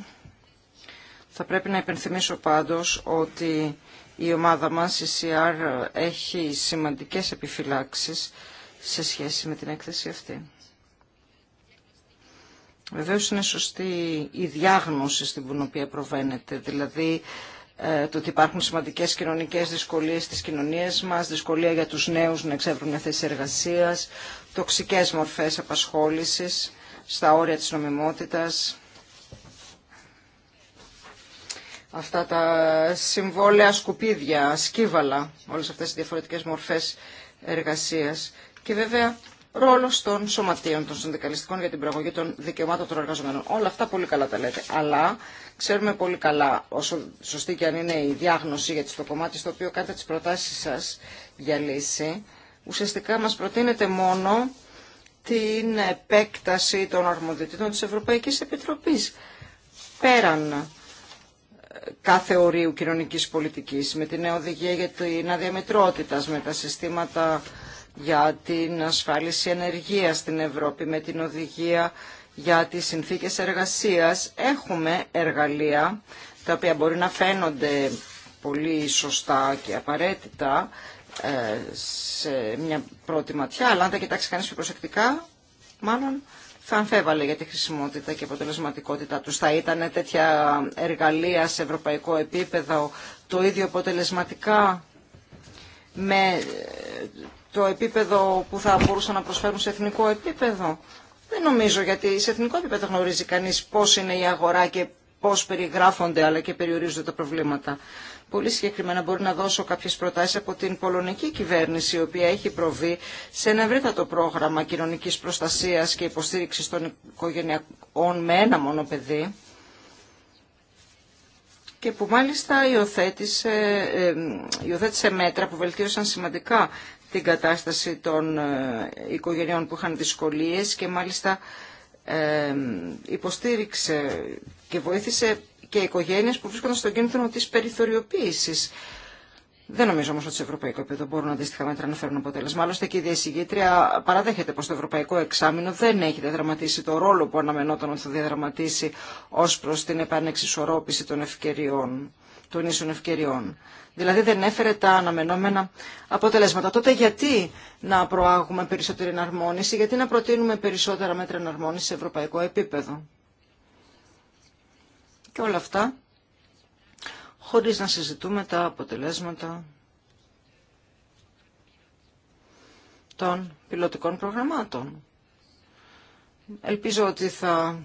Speaker 2: Θα πρέπει να υπενθυμίσω πάντως ότι η ομάδα μας, η CR, έχει σημαντικές επιφυλάξεις σε σχέση με την έκθεση αυτή. Βεβαίως είναι σωστή η διάγνωση στην οποία προβαίνεται, δηλαδή ε, το ότι υπάρχουν σημαντικές κοινωνικές δυσκολίες στις κοινωνίες μας, δυσκολία για τους νέους να εξεύρουν μια θέση εργασίας, τοξικές μορφές απασχόλησης στα όρια της νομιμότητας. Αυτά τα συμβόλαια σκουπίδια, σκύβαλα, όλες αυτές οι διαφορετικές μορφές εργασίας. Και βέβαια ρόλο των σωματείων των συνδικαλιστικών για την πραγωγή των δικαιωμάτων των εργαζομένων. Όλα αυτά πολύ καλά τα λέτε. Αλλά ξέρουμε πολύ καλά, όσο σωστή και αν είναι η διάγνωση για το κομμάτι στο οποίο κάνετε τις προτάσεις σας για λύση, ουσιαστικά μας προτείνεται μόνο την επέκταση των αρμοδιοτήτων της Ευρωπαϊκής Επιτροπής πέραν ε, κάθε ορίου κοινωνικής πολιτικής, με την νέα οδηγία για την αδιαμετρότητα, με τα συστήματα για την ασφάλιση ενεργείας στην Ευρώπη, με την οδηγία για τις συνθήκες εργασίας. Έχουμε εργαλεία τα οποία μπορεί να φαίνονται πολύ σωστά και απαραίτητα, ε, σε μια πρώτη ματιά, αλλά αν τα κοιτάξει κανείς πιο προσεκτικά, μάλλον θα αμφέβαλε για τη χρησιμότητα και αποτελεσματικότητά τους. Θα ήταν τέτοια εργαλεία σε ευρωπαϊκό επίπεδο το ίδιο αποτελεσματικά με ε, το επίπεδο που θα μπορούσαν να προσφέρουν σε εθνικό επίπεδο. Δεν νομίζω, γιατί σε εθνικό επίπεδο γνωρίζει κανείς πώς είναι η αγορά και πώς περιγράφονται αλλά και περιορίζονται τα προβλήματα. Πολύ συγκεκριμένα μπορεί να δώσω κάποιες προτάσεις από την πολωνική κυβέρνηση, η οποία έχει προβεί σε ένα ευρύτατο πρόγραμμα κοινωνικής προστασίας και υποστήριξης των οικογενειακών με ένα μόνο παιδί και που μάλιστα υιοθέτησε, ε, ε, υιοθέτησε μέτρα που βελτίωσαν σημαντικά την κατάσταση των ε, οικογενειών που είχαν δυσκολίες και μάλιστα υποστήριξε και βοήθησε και οικογένειε που βρίσκονται στον κίνδυνο τη περιθωριοποίηση. Δεν νομίζω όμω ότι σε ευρωπαϊκό επίπεδο μπορούν αντίστοιχα μέτρα να φέρουν αποτέλεσμα. Άλλωστε και η Διασηγήτρια παραδέχεται πω το ευρωπαϊκό εξάμεινο δεν έχει διαδραματίσει το ρόλο που αναμενόταν ότι θα διαδραματίσει ω προ την επανεξισορρόπηση των ευκαιριών, των ίσων ευκαιριών. Δηλαδή δεν έφερε τα αναμενόμενα αποτελέσματα. Τότε γιατί να προάγουμε περισσότερη εναρμόνιση, γιατί να προτείνουμε περισσότερα μέτρα εναρμόνιση σε ευρωπαϊκό επίπεδο. Και όλα αυτά χωρίς να συζητούμε τα αποτελέσματα των πιλωτικών προγραμμάτων. Ελπίζω ότι θα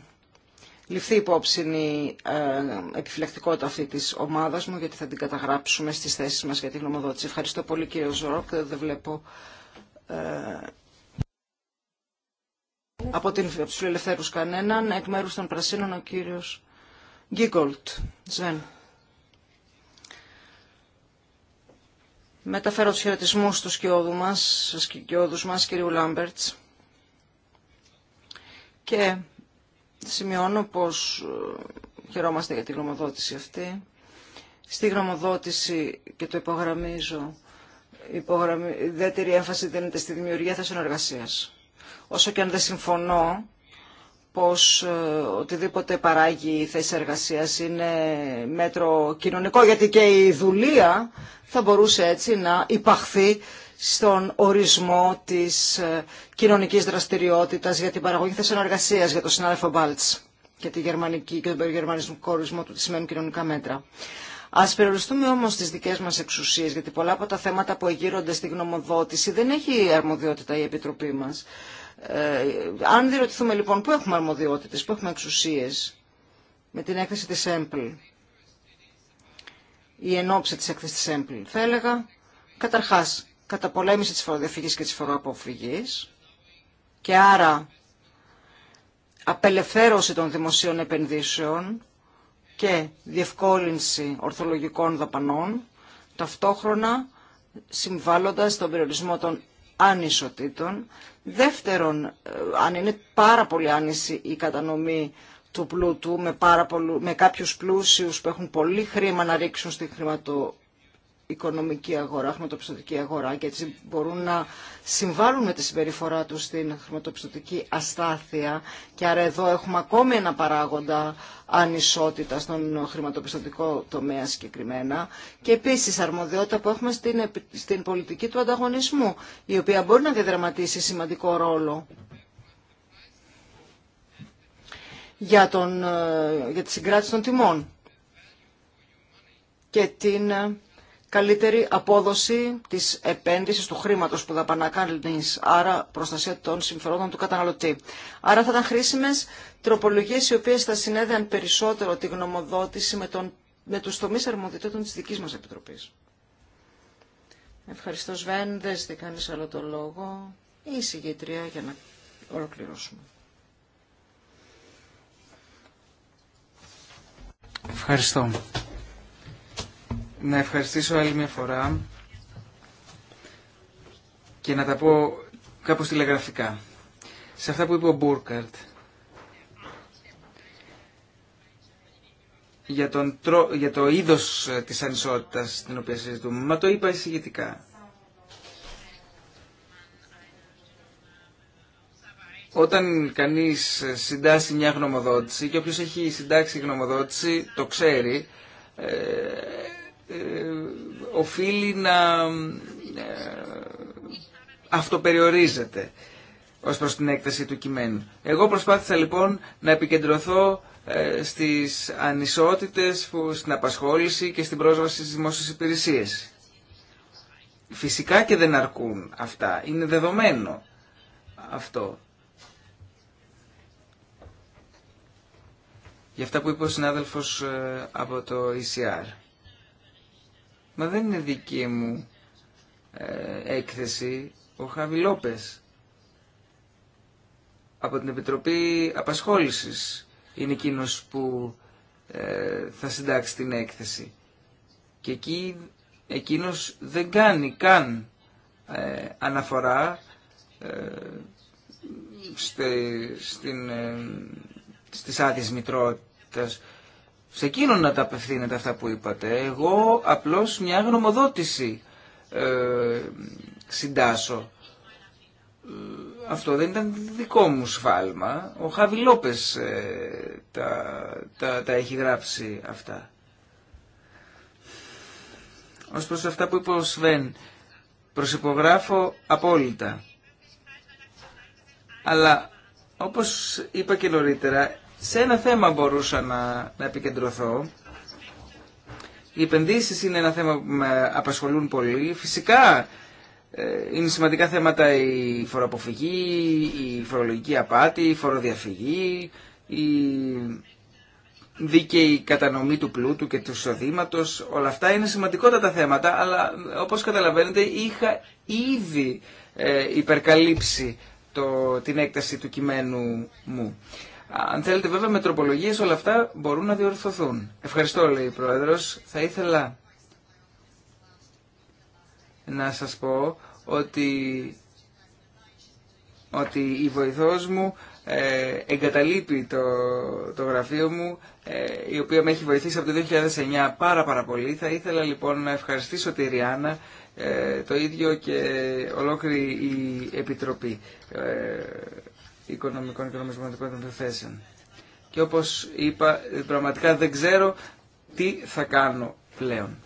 Speaker 2: ληφθεί υπόψη η ε, επιφυλακτικότητα αυτή της ομάδας μου, γιατί θα την καταγράψουμε στις θέσεις μας για τη γνωμοδότηση. Ευχαριστώ πολύ κύριο Ζωρόκ, δεν βλέπω ε, από, την, από κανέναν. Εκ μέρους των Πρασίνων ο κύριος Γκίγκολτ, Ζέν. Μεταφέρω τους χαιρετισμού στους σκιώδου μας, στους σκιώδους μας, κυρίου Λάμπερτς. Και σημειώνω πως ε, χαιρόμαστε για τη γνωμοδότηση αυτή. Στη γνωμοδότηση, και το υπογραμμίζω, υπογραμμ... ιδιαίτερη έμφαση δίνεται στη δημιουργία θέσεων εργασία. Όσο και αν δεν συμφωνώ πως ε, οτιδήποτε παράγει η θέση εργασίας είναι μέτρο κοινωνικό, γιατί και η δουλεία θα μπορούσε έτσι να υπαχθεί στον ορισμό της ε, κοινωνικής δραστηριότητας για την παραγωγή θέσεων εργασίας για το συνάδελφο Μπάλτς και, τη γερμανική, και τον περιγερμανισμικό ορισμό του τι σημαίνουν κοινωνικά μέτρα. Α περιοριστούμε όμω στι δικέ μα εξουσίε, γιατί πολλά από τα θέματα που εγείρονται στη γνωμοδότηση δεν έχει αρμοδιότητα η Επιτροπή μα. Ε, αν διερωτηθούμε λοιπόν πού έχουμε αρμοδιότητες, πού έχουμε εξουσίες με την έκθεση της ΕΜΠΛ ή ενόψε της έκθεσης της ΕΜΠΛ, θα έλεγα καταρχάς καταπολέμηση της φοροδιαφυγής και της φοροαποφυγής και άρα απελευθέρωση των δημοσίων επενδύσεων και διευκόλυνση ορθολογικών δαπανών, ταυτόχρονα συμβάλλοντας στον περιορισμό των ανισοτήτων. Δεύτερον, ε, αν είναι πάρα πολύ άνηση η κατανομή του πλούτου με, πάρα πολλού, με κάποιους πλούσιους που έχουν πολύ χρήμα να ρίξουν στη χρηματο οικονομική αγορά, χρηματοπιστωτική αγορά και έτσι μπορούν να συμβάλλουν με τη συμπεριφορά τους στην χρηματοπιστωτική αστάθεια και άρα εδώ έχουμε ακόμη ένα παράγοντα ανισότητα στον χρηματοπιστωτικό τομέα συγκεκριμένα και επίσης αρμοδιότητα που έχουμε στην, στην πολιτική του ανταγωνισμού η οποία μπορεί να διαδραματίσει σημαντικό ρόλο για, τον, ε, για τη συγκράτηση των τιμών και την ε, καλύτερη απόδοση της επένδυσης του χρήματος που δαπανά κανείς, άρα προστασία των συμφερόντων του καταναλωτή. Άρα θα ήταν χρήσιμες τροπολογίες οι οποίες θα συνέδεαν περισσότερο τη γνωμοδότηση με, τον, με τους τομείς αρμοδιότητων της δικής μας Επιτροπής. Ευχαριστώ Σβέν, δεν ζητεί κανείς άλλο το λόγο. Η εισηγήτρια για να ολοκληρώσουμε.
Speaker 5: Ευχαριστώ
Speaker 3: να ευχαριστήσω άλλη μια φορά και να τα πω κάπως τηλεγραφικά. Σε αυτά που είπε ο Μπούρκαρτ, για, τον, για το είδος ε, της ανισότητας την οποία συζητούμε, μα το είπα εισηγητικά. Όταν κανείς ε, συντάσσει μια γνωμοδότηση και όποιος έχει συντάξει γνωμοδότηση το ξέρει, ε, ε, οφείλει να ε, αυτοπεριορίζεται ως προς την έκταση του κειμένου. Εγώ προσπάθησα λοιπόν να επικεντρωθώ ε, στις ανισότητες, στην απασχόληση και στην πρόσβαση στις δημόσιες υπηρεσίες. Φυσικά και δεν αρκούν αυτά. Είναι δεδομένο αυτό. Για αυτά που είπε ο συνάδελφος από το ECR. Μα δεν είναι δική μου ε, έκθεση ο Χάβι Από την Επιτροπή Απασχόλησης είναι εκείνο που ε, θα συντάξει την έκθεση. Και εκεί εκείνος δεν κάνει καν ε, αναφορά στε, στην, στις άδειες μητρότητας σε εκείνον να τα απευθύνετε αυτά που είπατε. Εγώ απλώς μια γνωμοδότηση ε, συντάσω. Ε, αυτό δεν ήταν δικό μου σφάλμα. Ο Χάβι ε, τα, τα, έχει γράψει αυτά. Ως προς αυτά που είπε ο Σβέν, προσυπογράφω απόλυτα. Αλλά όπως είπα και νωρίτερα, σε ένα θέμα μπορούσα να, να επικεντρωθώ. Οι επενδύσεις είναι ένα θέμα που με απασχολούν πολύ. Φυσικά ε, είναι σημαντικά θέματα η φοροαποφυγή, η φορολογική απάτη, η φοροδιαφυγή, η δίκαιη κατανομή του πλούτου και του εισοδήματο. Όλα αυτά είναι σημαντικότατα θέματα, αλλά όπως καταλαβαίνετε είχα ήδη ε, υπερκαλύψει το, την έκταση του κειμένου μου. Αν θέλετε βέβαια με τροπολογίες όλα αυτά μπορούν να διορθωθούν. Ευχαριστώ λέει η Πρόεδρος. Θα ήθελα να σας πω ότι, ότι η βοηθός μου ε, εγκαταλείπει το, το γραφείο μου ε, η οποία με έχει βοηθήσει από το 2009 πάρα πάρα πολύ. Θα ήθελα λοιπόν να ευχαριστήσω τη Ριάννα ε, το ίδιο και ολόκληρη η Επιτροπή. Ε, Οικονομικών και Νομισματικών Επιθέσεων. Και όπως είπα, πραγματικά δεν ξέρω τι θα κάνω πλέον.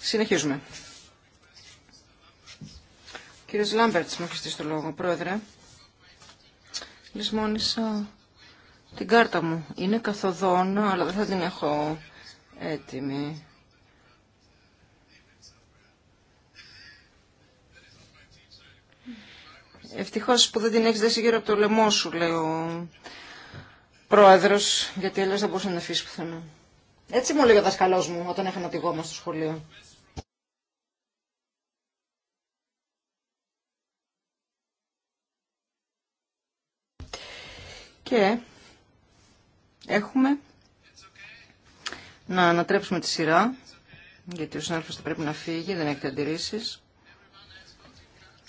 Speaker 2: Συνεχίζουμε. Ο κύριος Λάμπερτς μου έχει το λόγο, πρόεδρε. Λυσμόνισα την κάρτα μου. Είναι καθοδόν, αλλά δεν θα την έχω έτοιμη. Ευτυχώς που δεν την έχεις δέσει γύρω από το λαιμό σου, λέει ο πρόεδρος, γιατί αλλιώ δεν μπορούσε να την αφήσει πουθενά. Έτσι μου λέει ο δασκαλό μου όταν έχανα τη γόμα στο σχολείο. Και έχουμε να ανατρέψουμε τη σειρά, γιατί ο συνάδελφος θα πρέπει να φύγει, δεν έχετε αντιρρήσεις.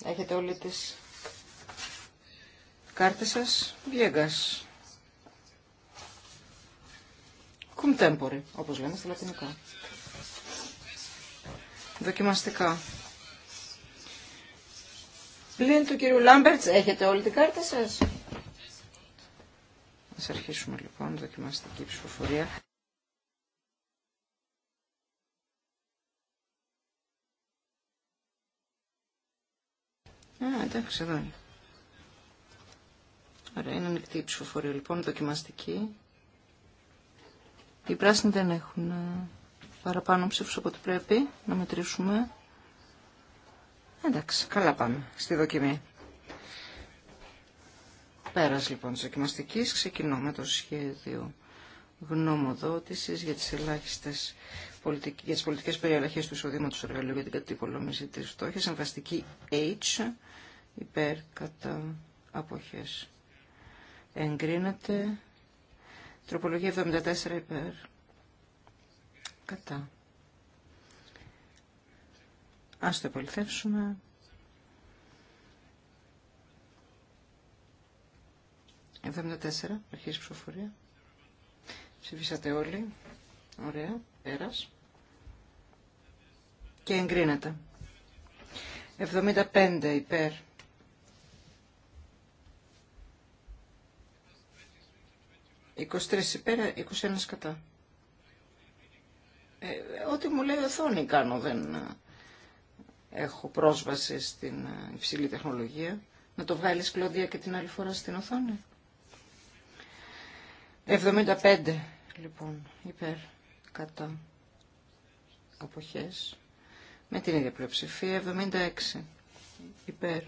Speaker 2: Έχετε όλοι τις κάρτες σας, βιέγκας. cum tempore, όπως λέμε στα λατινικά. Δοκιμαστικά. Πλην του κύριου Λάμπερτς, έχετε όλη την κάρτα σας. Ας αρχίσουμε λοιπόν δοκιμαστική ψηφοφορία. Α, εντάξει, εδώ είναι. Ωραία, είναι ανοιχτή η ψηφοφορία λοιπόν, δοκιμαστική. Οι πράσινοι δεν έχουν ε, παραπάνω ψήφους από ό,τι πρέπει να μετρήσουμε. Εντάξει, καλά πάμε στη δοκιμή. Πέρας λοιπόν της δοκιμαστικής, με το σχέδιο γνωμοδότησης για τις ελάχιστες πολιτικές, για τις πολιτικές περιαλλαχές του εισοδήματος του εργαλείου για την κατοικολόμηση της φτώχειας, Εμβαστική H, υπέρ κατά αποχές. Εγκρίνεται Τροπολογία 74 υπέρ. Κατά. Ας το επαληθεύσουμε. 74, τέσσερα, αρχίζει η ψηφοφορία. Ψηφίσατε όλοι. Ωραία, πέρας. Και εγκρίνεται. 75 υπέρ. 23 υπέρ, 21 κατά. Ε, ό,τι μου λέει οθόνη κάνω, δεν ε, έχω πρόσβαση στην ε, υψηλή τεχνολογία. Να το βγάλεις κλωδία και την άλλη φορά στην οθόνη. 75 λοιπόν υπέρ κατά αποχές με την ίδια πλειοψηφία 76 υπέρ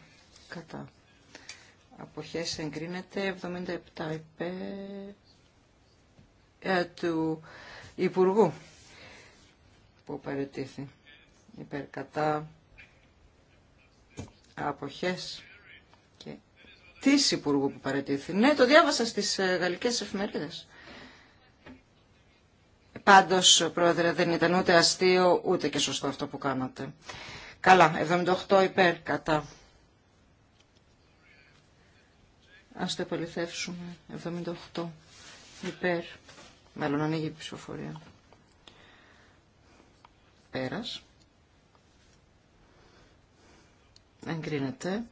Speaker 2: κατά αποχές εγκρίνεται 77 υπέρ ε, του Υπουργού που παρετήθη υπέρ αποχές και της Υπουργού που παρετήθη. Ναι, το διάβασα στις ε, γαλλικές εφημερίδες. Πάντως, Πρόεδρε, δεν ήταν ούτε αστείο, ούτε και σωστό αυτό που κάνατε. Καλά, 78 υπέρ κατά. Ας το επαληθεύσουμε. 78 υπέρ Μάλλον ανοίγει η ψηφοφορία. Πέρας. Εγκρίνεται.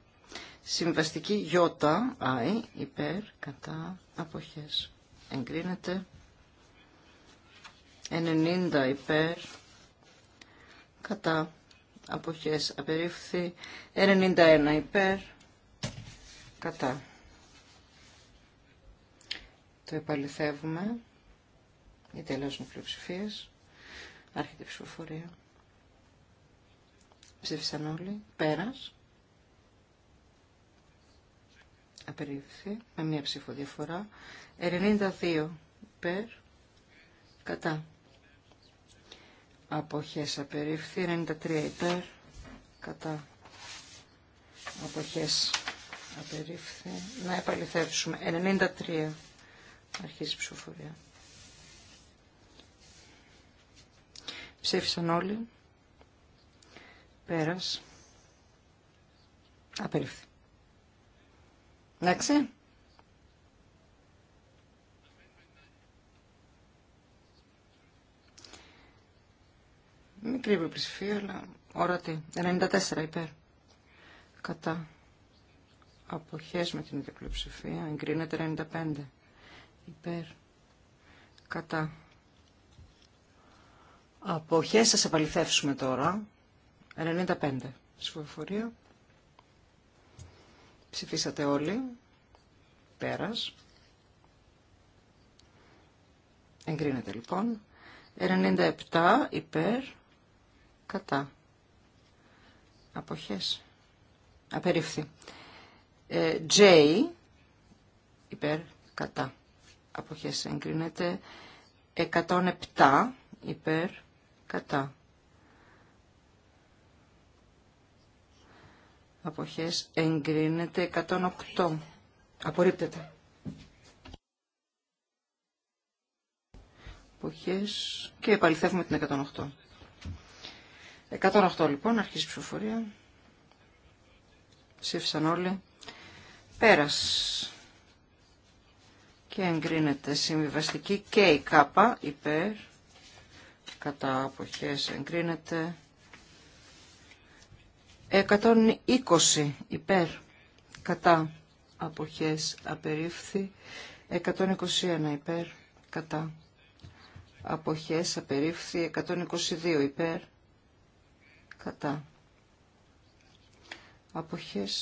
Speaker 2: Συμβαστική γιώτα, αι, υπέρ, κατά, αποχές. Εγκρίνεται. 90 υπέρ, κατά, αποχές. Απερίφθη. 91 υπέρ, κατά. Το επαληθεύουμε ή τελώσουν οι πλειοψηφίες. Άρχεται η αλλάζουν Με μία ψήφο διαφορά. 92 υπέρ. Κατά. Αποχές απερίφθη. 93 υπέρ. Κατά. Αποχές απερίφθη. Να επαληθεύσουμε. 93. Αρχίζει η ψηφοφορία. Ψήφισαν όλοι. Πέρας. Απερίφθη. Εντάξει. Μικρή υπερψηφία, αλλά ορατή. 94 υπέρ. Κατά. Αποχές με την ίδια πλειοψηφία. Εγκρίνεται 95 υπέρ. Κατά Αποχές σας επαληθεύσουμε τώρα. 95. Ψηφοφορία. Ψηφίσατε όλοι. Πέρας. Εγκρίνεται λοιπόν. 97 υπέρ. Κατά. Αποχές. Απερίφθη. Ε, J υπέρ. Κατά. Αποχές εγκρίνεται. 107 υπέρ κατά. Αποχές εγκρίνεται 108. Απορρίπτεται. Αποχές και επαληθεύουμε την 108. 108 λοιπόν, αρχίζει η ψηφοφορία. Ψήφισαν όλοι. Πέρας. Και εγκρίνεται συμβιβαστική και η κάπα υπέρ κατά αποχές εγκρίνεται 120 υπέρ κατά αποχές απερίφθη 121 υπέρ κατά αποχές απερίφθη 122 υπέρ κατά αποχές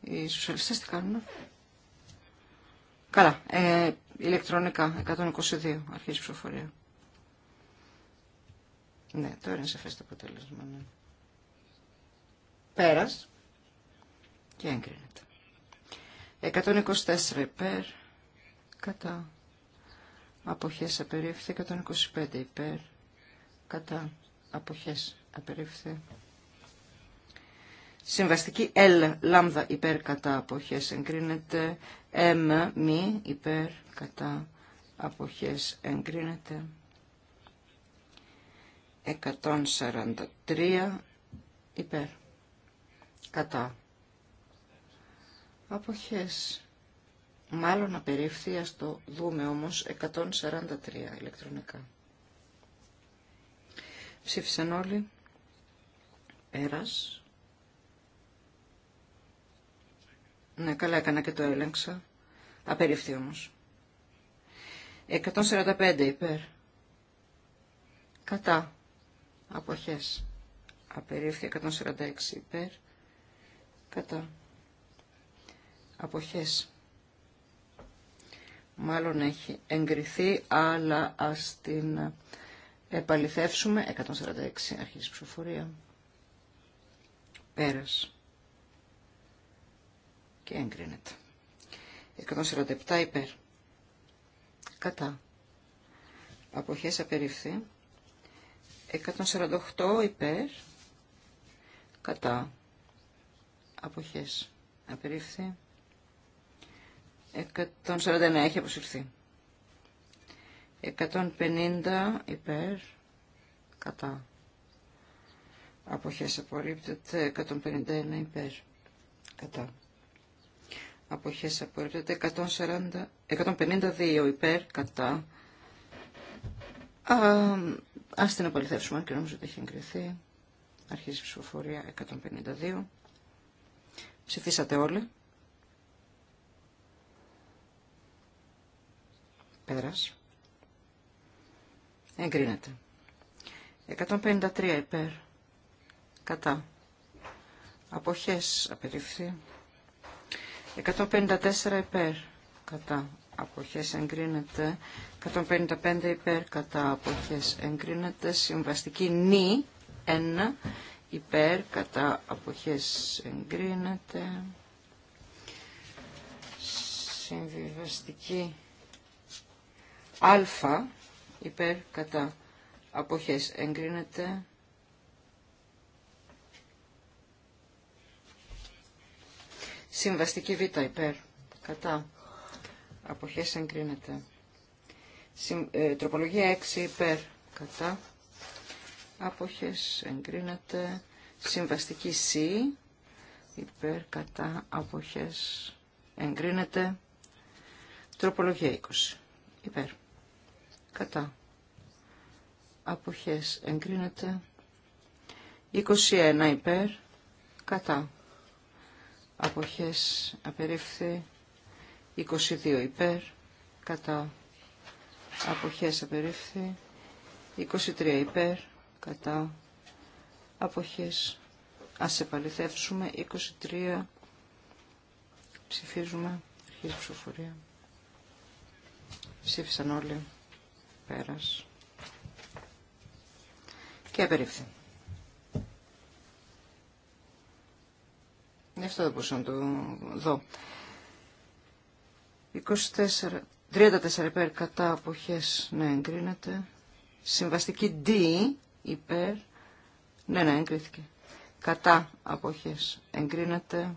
Speaker 2: οι σοσιαλιστές τι κάνουν καλά ε, ηλεκτρονικά 122 αρχής ψηφοφορία ναι, τώρα είναι σαφές το αποτέλεσμα. Ναι. Πέρας και έγκρινεται. 124 υπέρ, κατά. Αποχές απερίφθη 125 υπέρ, κατά. Αποχές απερίφθη. Συμβαστική L λάμδα υπέρ κατά αποχές εγκρίνεται. M μη υπέρ κατά αποχές εγκρίνεται. 143 υπέρ. Κατά. Αποχές. Μάλλον απερίφθη, ας το δούμε όμως, 143 ηλεκτρονικά. Ψήφισαν όλοι. Πέρας. Ναι, καλά έκανα και το έλεγξα. Απερίφθη όμως. 145 υπέρ. Κατά αποχές απερίφθη 146 υπέρ κατά αποχές μάλλον έχει εγκριθεί αλλά ας την επαληθεύσουμε 146 αρχής ψηφοφορία πέρας και εγκρίνεται 147 υπέρ κατά αποχές απερίφθη 148 υπέρ, κατά, αποχές, απερίφθη. 149 έχει αποσυρθεί. 150 υπέρ, κατά. Αποχές απορρίπτεται 151 υπέρ, κατά. Αποχές απορρίπτεται 140, 152 υπέρ, κατά. Α, Α την απολυθεύσουμε και νομίζω ότι έχει εγκριθεί. Αρχίζει η ψηφοφορία 152. Ψηφίσατε όλοι. Πέρας. Εγκρίνεται. 153 υπέρ. Κατά. Αποχές απεριφθεί. 154 υπέρ. Κατά. Αποχές εγκρίνεται. 155 υπέρ κατά αποχές εγκρίνεται. Συμβαστική νη 1 υπέρ κατά αποχές εγκρίνεται. Συμβιβαστική α υπέρ κατά αποχές εγκρίνεται. Συμβαστική β υπέρ κατά αποχές εγκρίνεται. Ε, τροπολογία 6 υπέρ κατά. Αποχές εγκρίνεται. Συμβαστική C υπέρ κατά. Αποχές εγκρίνεται. Τροπολογία 20 υπέρ κατά. Αποχές εγκρίνεται. 21 υπέρ κατά. Αποχές απερίφθη. 22 υπέρ κατά αποχές απερίφθη 23 υπέρ κατά αποχές ας επαληθεύσουμε 23 ψηφίζουμε η ψηφοφορία ψήφισαν όλοι πέρας και απερίφθη αυτό δεν μπορούσα να το δω 24 34 υπέρ κατά αποχές ναι εγκρίνεται. Συμβαστική D υπέρ. Ναι, ναι, εγκρίθηκε. Κατά αποχές εγκρίνεται.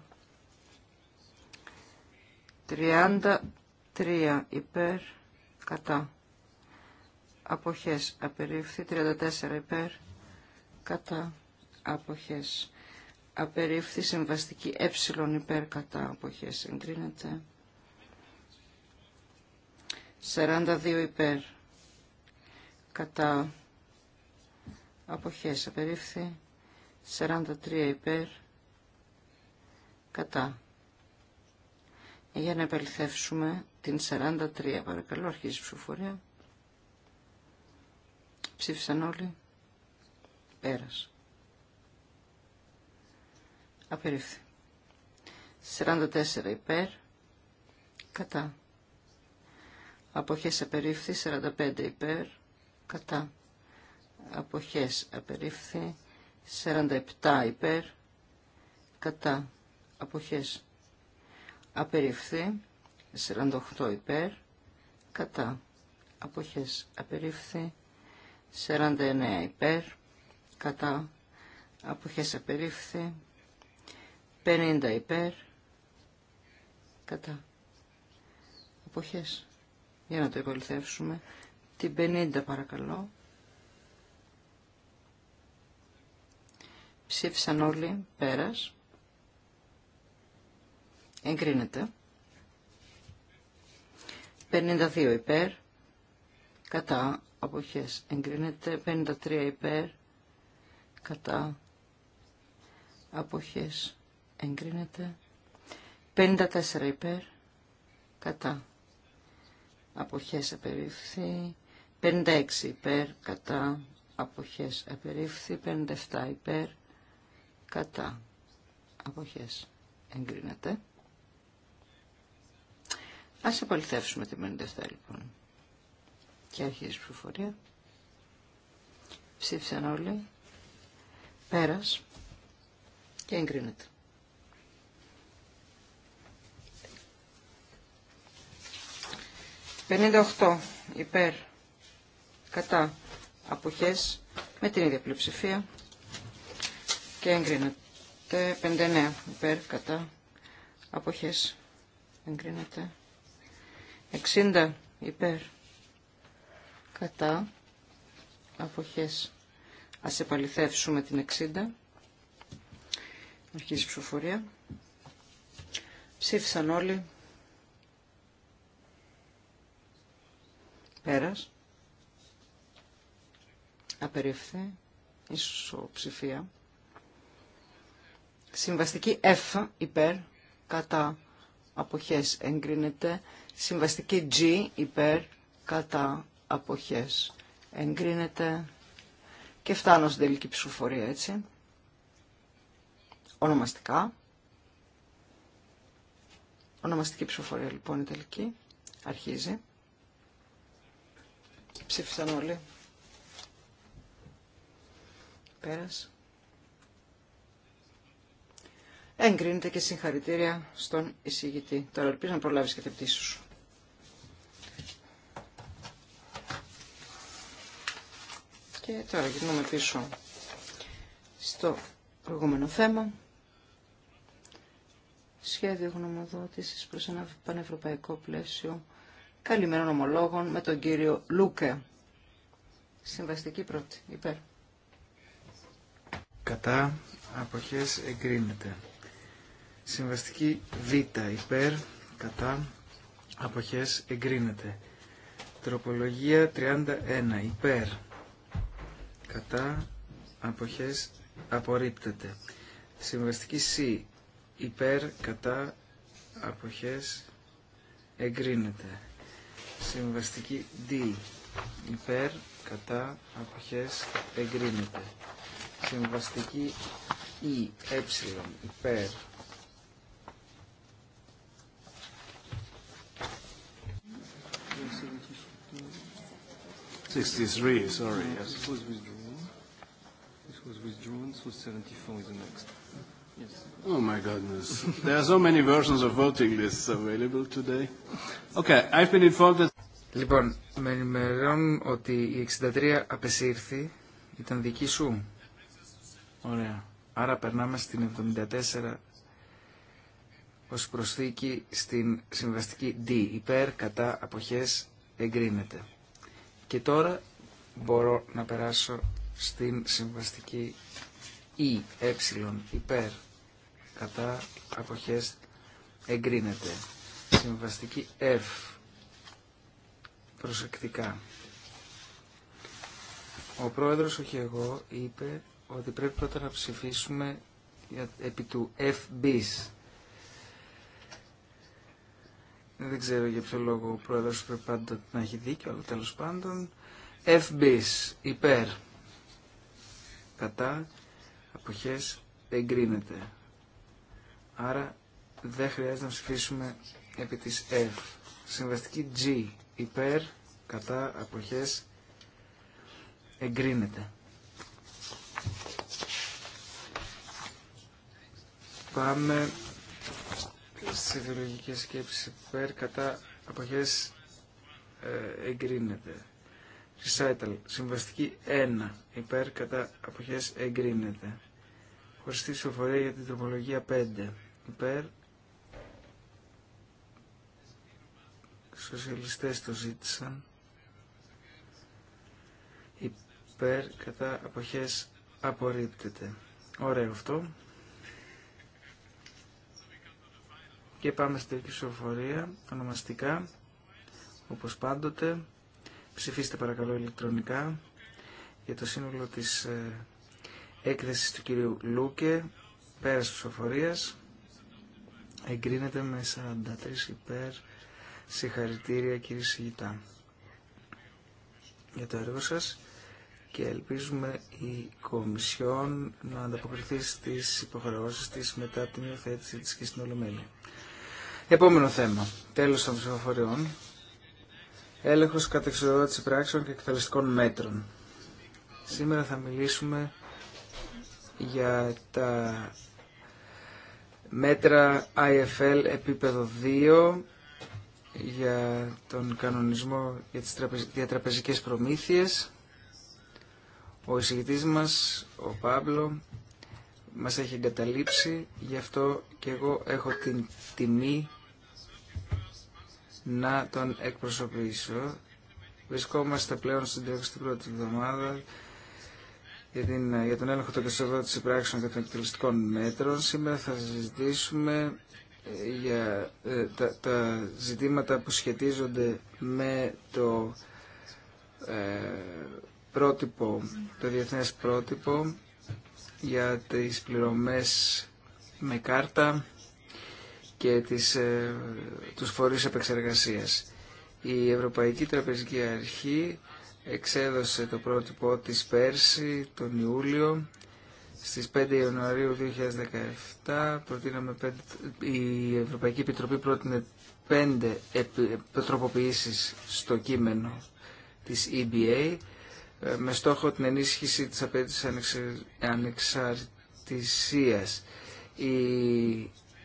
Speaker 2: 33 υπέρ κατά αποχές απερίφθη. 34 υπέρ κατά αποχές απερίφθη. Συμβαστική ε υπέρ κατά αποχές εγκρίνεται. 42 υπέρ. Κατά. Αποχές απερίφθη. 43 υπέρ. Κατά. Για να επαληθεύσουμε την 43 παρακαλώ. Αρχίζει η ψηφοφορία. Ψήφισαν όλοι. Πέρας. Απερίφθη. 44 υπέρ. Κατά αποχές απερίφθη 45 υπέρ κατά αποχές απερίφθη 47 υπέρ κατά αποχές απερίφθη 48 υπέρ κατά αποχές απερίφθη 49 υπέρ κατά αποχές απερίφθη 50 υπέρ κατά αποχές για να το επαληθεύσουμε. Την 50 παρακαλώ. Ψήφισαν όλοι, πέρας. Εγκρίνεται. 52 υπέρ, κατά αποχές εγκρίνεται. 53 υπέρ, κατά αποχές εγκρίνεται. 54 υπέρ, κατά αποχές απερίφθη, 56 υπέρ κατά αποχές απερίφθη, 57 υπέρ κατά αποχές εγκρίνεται. Ας επαληθεύσουμε τη 57 λοιπόν. Και αρχίζει η ψηφοφορία. Ψήφισαν όλοι. Πέρας. Και εγκρίνεται. 58 υπέρ κατά αποχές με την ίδια πλειοψηφία και εγκρίνεται 59 υπέρ κατά αποχές εγκρίνεται 60 υπέρ κατά αποχές ας επαληθεύσουμε την 60 αρχίζει η ψηφοφορία ψήφισαν όλοι Πέρας. Απερίφθη. ψηφία, Συμβαστική F υπέρ. Κατά αποχές εγκρίνεται. Συμβαστική G υπέρ. Κατά αποχές εγκρίνεται. Και φτάνω στην τελική ψηφοφορία έτσι. Ονομαστικά. Ονομαστική ψηφοφορία λοιπόν η τελική. Αρχίζει. Ψήφισαν όλοι. Πέρας. Εγκρίνεται και συγχαρητήρια στον εισηγητή. Τώρα ελπίζω να προλάβεις και την σου. Και τώρα γυρνούμε πίσω στο προηγούμενο θέμα. Σχέδιο γνωμοδότησης προς ένα πανευρωπαϊκό πλαίσιο καλυμμένων ομολόγων με τον κύριο Λούκε. Συμβαστική πρώτη. Υπέρ.
Speaker 3: Κατά αποχές εγκρίνεται. Συμβαστική Β. Υπέρ. Κατά αποχές εγκρίνεται. Τροπολογία 31. Υπέρ. Κατά αποχές απορρίπτεται. Συμβαστική Σ. Υπέρ. Κατά αποχές εγκρίνεται. Συμβαστική D. Υπέρ, κατά, αποχές, εγκρίνεται. Συμβαστική E, ε,
Speaker 5: υπέρ. Sixty-three, sorry, yes. This
Speaker 3: was withdrawn. This was withdrawn, so seventy-four is the next. Yes.
Speaker 5: Oh my goodness. There are so many versions of voting lists available today.
Speaker 3: Okay, I've been informed that Λοιπόν, με ενημερώνουν ότι η 63 απεσήρθη ήταν δική σου. Ωραία. Άρα περνάμε στην 74 ως προσθήκη στην συμβαστική D. Υπέρ, κατά, αποχές, εγκρίνεται. Και τώρα μπορώ να περάσω στην συμβαστική E, ε, υπέρ, κατά, αποχές, εγκρίνεται. Συμβαστική F, προσεκτικά. Ο πρόεδρος, όχι εγώ, είπε ότι πρέπει πρώτα να ψηφίσουμε επί του FBs. Δεν ξέρω για ποιο λόγο ο πρόεδρος πρέπει πάντα να έχει δίκιο, αλλά τέλος πάντων. FBs, υπέρ, κατά, αποχές, εγκρίνεται. Άρα δεν χρειάζεται να ψηφίσουμε επί της F. Συμβαστική G, υπέρ κατά αποχές
Speaker 5: εγκρίνεται.
Speaker 3: Πάμε στις ιδεολογικές σκέψεις υπέρ κατά αποχές ε, εγκρίνεται. Recital. Συμβαστική 1. Υπέρ κατά αποχές εγκρίνεται. Χωριστή ψηφοφορία για την τροπολογία 5. Υπέρ σοσιαλιστές το ζήτησαν. Υπέρ κατά αποχές απορρίπτεται. Ωραίο αυτό. Και πάμε στην τελική ψηφοφορία, ονομαστικά, όπως πάντοτε. Ψηφίστε παρακαλώ ηλεκτρονικά για το σύνολο της ε, έκθεσης του κυρίου Λούκε, πέρας ψηφοφορίας. Εγκρίνεται με 43 υπέρ, Συγχαρητήρια κύριε Σιγητά για το έργο σας και ελπίζουμε η Κομισιόν να ανταποκριθεί στις υποχρεώσεις της μετά την υιοθέτηση της και στην Ολομέλεια. Επόμενο θέμα. Τέλος των ψηφοφοριών. Έλεγχος κατεξοδότηση πράξεων και εκτελεστικών μέτρων. Σήμερα θα μιλήσουμε για τα μέτρα IFL επίπεδο 2 για τον κανονισμό για τις διατραπεζικές προμήθειες. Ο εισηγητής μας, ο Παύλο, μας έχει εγκαταλείψει, γι' αυτό και εγώ έχω την τιμή να τον εκπροσωπήσω. Βρισκόμαστε πλέον στην 31η εβδομάδα για, την, για τον έλεγχο των κεστοδότησης πράξεων και των εκτελεστικών μέτρων. Σήμερα θα συζητήσουμε για ε, τα, ζητήματα που σχετίζονται με το ε, πρότυπο, το διεθνές πρότυπο για τις πληρωμές με κάρτα και τις, ε, τους φορείς επεξεργασίας. Η Ευρωπαϊκή Τραπεζική Αρχή εξέδωσε το πρότυπό της Πέρση, τον Ιούλιο στις 5 Ιανουαρίου 2017 προτείναμε 5, η Ευρωπαϊκή Επιτροπή πρότεινε πέντε τροποποιήσεις στο κείμενο της EBA ε, με στόχο την ενίσχυση της απέτησης ανεξαρτησίας. Η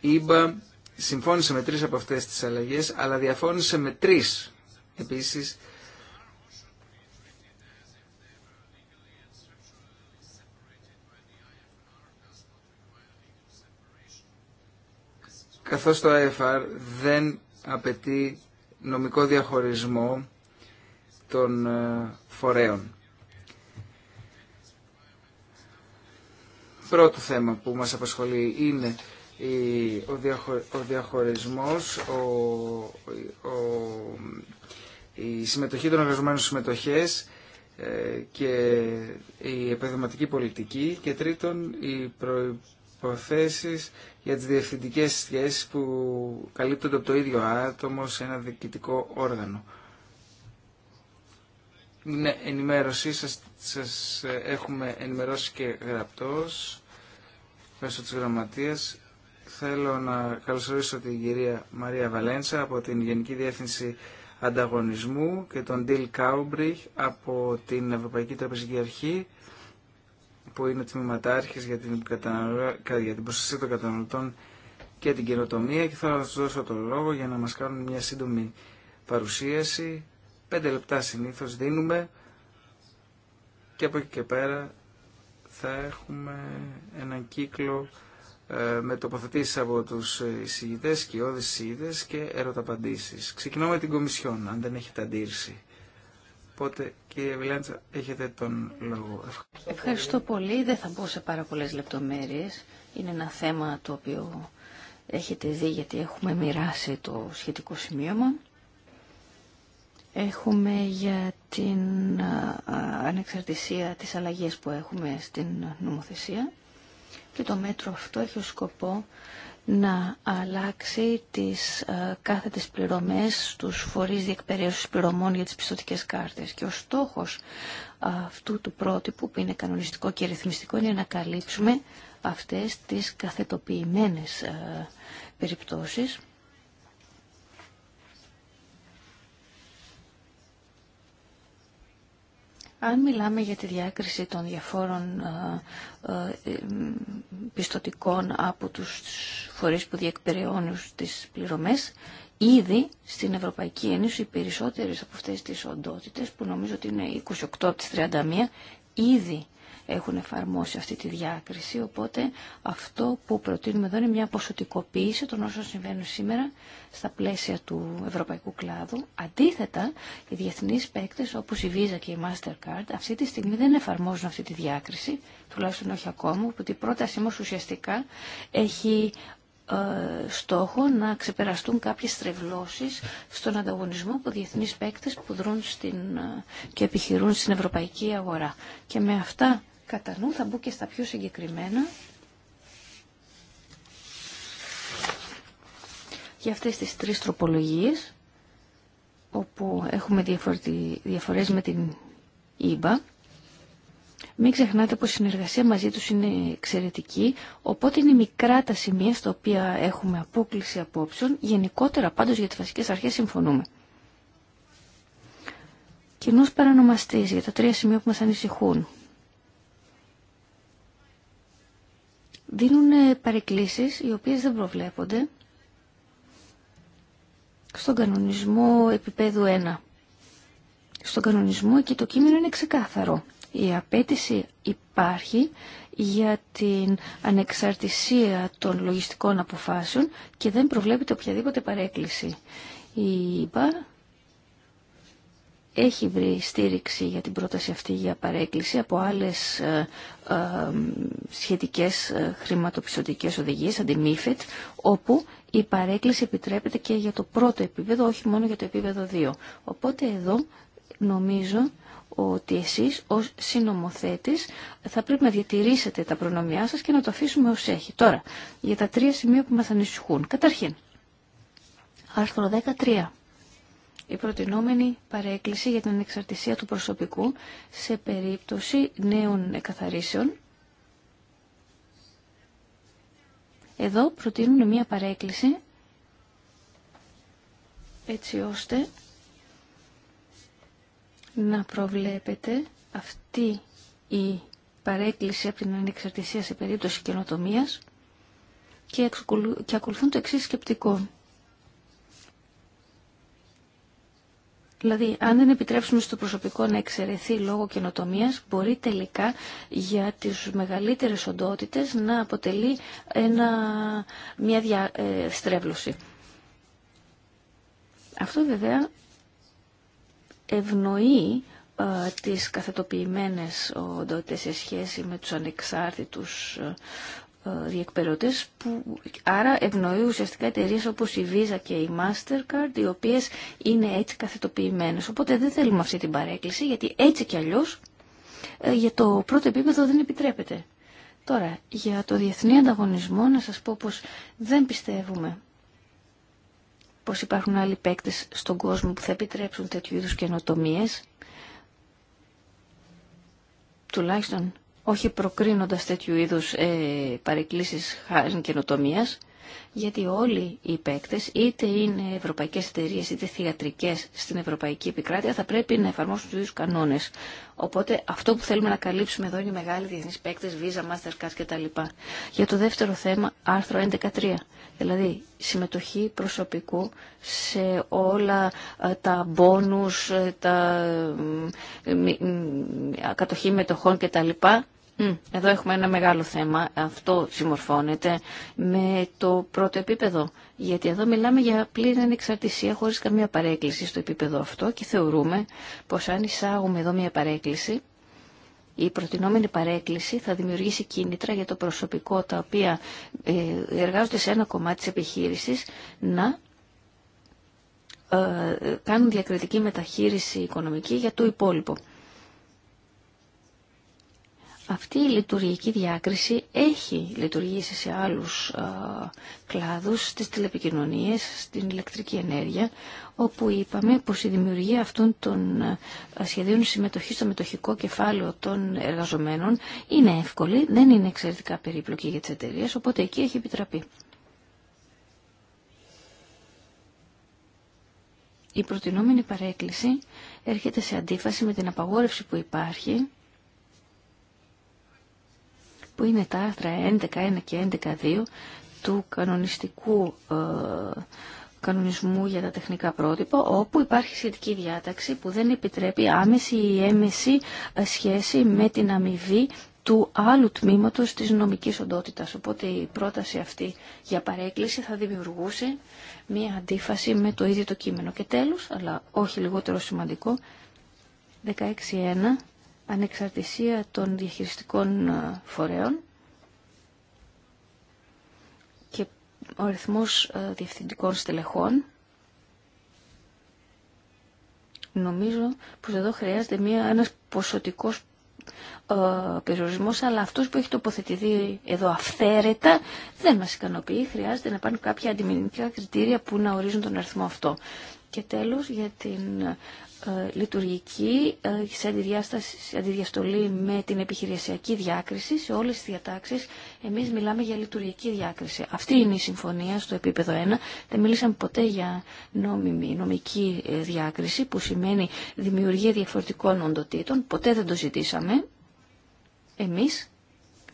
Speaker 3: EBA συμφώνησε με τρεις από αυτές τις αλλαγές, αλλά διαφώνησε με τρεις επίσης καθώς το ΆΕΦΑΡ δεν απαιτεί νομικό διαχωρισμό των ε, φορέων. Πρώτο θέμα που μας απασχολεί είναι ο διαχωρισμός, ο, ο, η συμμετοχή των εργαζομένων συμμετοχές ε, και η επενδυματική πολιτική και τρίτον οι προϋποθέσεις για τις διευθυντικές σχέσεις που καλύπτονται από το ίδιο άτομο σε ένα διοικητικό όργανο. Είναι ενημέρωση, σας, έχουμε ενημερώσει και γραπτός μέσω της γραμματείας. Θέλω να καλωσορίσω την κυρία Μαρία Βαλέντσα από την Γενική Διεύθυνση Ανταγωνισμού και τον Ντίλ Κάουμπριχ από την Ευρωπαϊκή Τραπεζική Αρχή που είναι τμήματάρχης για την, για την προστασία των καταναλωτών και την καινοτομία και θέλω να σας δώσω το λόγο για να μας κάνουν μια σύντομη παρουσίαση. Πέντε λεπτά συνήθως δίνουμε και από εκεί και πέρα θα έχουμε έναν κύκλο ε, με τοποθετήσεις από τους εισηγητές, κοιόδης εισηγητές και ερωταπαντήσεις. Ξεκινώ με την Κομισιόν, αν δεν έχετε αντίρρηση. Οπότε, κύριε Βιλάντσα, έχετε τον λόγο.
Speaker 1: Ευχαριστώ, πολύ. Δεν θα μπω σε πάρα πολλέ λεπτομέρειες. Είναι ένα θέμα το οποίο έχετε δει γιατί έχουμε μοιράσει το σχετικό σημείωμα. Έχουμε για την ανεξαρτησία της αλλαγής που έχουμε στην νομοθεσία και το μέτρο αυτό έχει ως σκοπό να αλλάξει τις ε, κάθετες πληρωμές στους φορείς διεκπαιρέωσης πληρωμών για τις πιστωτικές κάρτες. Και ο στόχος ε, αυτού του πρότυπου που είναι κανονιστικό και ρυθμιστικό είναι να καλύψουμε αυτές τις καθετοποιημένες ε, περιπτώσεις Αν μιλάμε για τη διάκριση των διαφόρων ε, ε, ε, πιστοτικών από τους φορείς που διεκπεραιώνουν τις πληρωμές, ήδη στην Ευρωπαϊκή Ένωση οι περισσότερες από αυτές τις οντότητες, που νομίζω ότι είναι 28 από τις 31, ήδη έχουν εφαρμόσει αυτή τη διάκριση. Οπότε αυτό που προτείνουμε εδώ είναι μια ποσοτικοποίηση των όσων συμβαίνουν σήμερα στα πλαίσια του ευρωπαϊκού κλάδου. Αντίθετα, οι διεθνεί παίκτε όπω η Visa και η Mastercard αυτή τη στιγμή δεν εφαρμόζουν αυτή τη διάκριση, τουλάχιστον όχι ακόμα, οπότε η πρότασή μα ουσιαστικά έχει ε, στόχο να ξεπεραστούν κάποιες στρεβλώσεις στον ανταγωνισμό από διεθνείς παίκτες που δρούν στην, ε, και επιχειρούν στην ευρωπαϊκή αγορά. Και με αυτά κατά νου, θα μπω και στα πιο συγκεκριμένα για αυτές τις τρεις τροπολογίες όπου έχουμε διαφορές με την ΙΜΠΑ. Μην ξεχνάτε πως η συνεργασία μαζί τους είναι εξαιρετική, οπότε είναι μικρά τα σημεία στα οποία έχουμε απόκληση απόψεων, γενικότερα πάντως για τις βασικές αρχές συμφωνούμε. Κοινούς παρανομαστής για τα τρία σημεία που μας ανησυχούν. δίνουν παρεκκλήσεις οι οποίες δεν προβλέπονται στον κανονισμό επίπεδου 1. Στον κανονισμό εκεί το κείμενο είναι ξεκάθαρο. Η απέτηση υπάρχει για την ανεξαρτησία των λογιστικών αποφάσεων και δεν προβλέπεται οποιαδήποτε παρέκκληση. Η έχει βρει στήριξη για την πρόταση αυτή για παρέκκληση από άλλες ε, ε, σχετικές ε, χρηματοπιστωτικές οδηγίες, αντιμήφετ, όπου η παρέκκληση επιτρέπεται και για το πρώτο επίπεδο, όχι μόνο για το επίπεδο 2. Οπότε εδώ νομίζω ότι εσείς ως συνομοθέτης θα πρέπει να διατηρήσετε τα προνομιά σας και να το αφήσουμε ως έχει. Τώρα, για τα τρία σημεία που μας ανησυχούν. Καταρχήν, άρθρο 13 η προτινόμενη παρέκκληση για την ανεξαρτησία του προσωπικού σε περίπτωση νέων εκαθαρίσεων. Εδώ προτείνουν μια παρέκκληση έτσι ώστε να προβλέπετε αυτή η παρέκκληση από την ανεξαρτησία σε περίπτωση καινοτομίας και ακολουθούν το εξής σκεπτικό. Δηλαδή, αν δεν επιτρέψουμε στο προσωπικό να εξαιρεθεί λόγω καινοτομία, μπορεί τελικά για τις μεγαλύτερε οντότητες να αποτελεί ένα, μια δια, ε, στρέβλωση. Αυτό βέβαια ευνοεί τις καθετοποιημένες οντότητες σε σχέση με τους ανεξάρτητους ε, διεκπαιρώτες που άρα ευνοεί ουσιαστικά εταιρείε όπως η Visa και η Mastercard οι οποίες είναι έτσι καθετοποιημένες. Οπότε δεν θέλουμε αυτή την παρέκκληση γιατί έτσι κι αλλιώς ε, για το πρώτο επίπεδο δεν επιτρέπεται. Τώρα, για το διεθνή ανταγωνισμό να σας πω πως δεν πιστεύουμε πως υπάρχουν άλλοι παίκτες στον κόσμο που θα επιτρέψουν τέτοιου είδους καινοτομίες. Τουλάχιστον όχι προκρίνοντας τέτοιου είδους ε, παρεκκλήσεις χάρη καινοτομία, γιατί όλοι οι παίκτες, είτε είναι ευρωπαϊκές εταιρείε είτε θεατρικές στην ευρωπαϊκή επικράτεια, θα πρέπει να εφαρμόσουν τους ίδιους κανόνες. Οπότε αυτό που θέλουμε να καλύψουμε εδώ είναι οι μεγάλοι διεθνείς παίκτες, Visa, Mastercard κτλ. Για το δεύτερο θέμα, άρθρο 11.3, δηλαδή συμμετοχή προσωπικού σε όλα ε, τα μπόνους, ε, τα κατοχή μετοχών κτλ. Εδώ έχουμε ένα μεγάλο θέμα. Αυτό συμμορφώνεται με το πρώτο επίπεδο. Γιατί εδώ μιλάμε για πλήρη ανεξαρτησία χωρίς καμία παρέκκληση στο επίπεδο αυτό και θεωρούμε πως αν εισάγουμε εδώ μια παρέκκληση, η προτινόμενη παρέκκληση θα δημιουργήσει κίνητρα για το προσωπικό τα οποία ε, εργάζονται σε ένα κομμάτι της επιχείρησης να ε, ε, κάνουν διακριτική μεταχείριση οικονομική για το υπόλοιπο. Αυτή η λειτουργική διάκριση έχει λειτουργήσει σε άλλους κλάδους, στις τηλεπικοινωνίες, στην ηλεκτρική ενέργεια, όπου είπαμε πως η δημιουργία αυτών των σχεδίων συμμετοχή στο μετοχικό κεφάλαιο των εργαζομένων είναι εύκολη, δεν είναι εξαιρετικά περίπλοκη για τις εταιρείες, οπότε εκεί έχει επιτραπεί. Η προτινόμενη παρέκκληση έρχεται σε αντίφαση με την απαγόρευση που υπάρχει που είναι τα άρθρα 11.1 και 11.2 του κανονιστικού ε, κανονισμού για τα τεχνικά πρότυπα, όπου υπάρχει σχετική διάταξη που δεν επιτρέπει άμεση ή έμεση ε, σχέση με την αμοιβή του άλλου τμήματος της νομικής οντότητας. Οπότε η πρόταση αυτή για παρέκκληση θα δημιουργούσε μία αντίφαση με το ίδιο το κείμενο. Και τέλος, αλλά όχι λιγότερο σημαντικό, 16.1 ανεξαρτησία των διαχειριστικών ε, φορέων και ο αριθμός ε, διευθυντικών στελεχών. Νομίζω πως εδώ χρειάζεται μια, ένας ποσοτικός ε, περιορισμός, αλλά αυτός που έχει τοποθετηθεί εδώ αυθαίρετα δεν μας ικανοποιεί. Χρειάζεται να πάνε κάποια αντιμηνικά κριτήρια που να ορίζουν τον αριθμό αυτό. Και τέλος για την ε, λειτουργική ε, σε αντιδιαστολή με την επιχειρησιακή διάκριση σε όλες τις διατάξεις εμείς μιλάμε για λειτουργική διάκριση αυτή είναι η συμφωνία στο επίπεδο 1 δεν μίλησαμε ποτέ για νόμιμη, νομική ε, διάκριση που σημαίνει δημιουργία διαφορετικών οντοτήτων ποτέ δεν το ζητήσαμε εμείς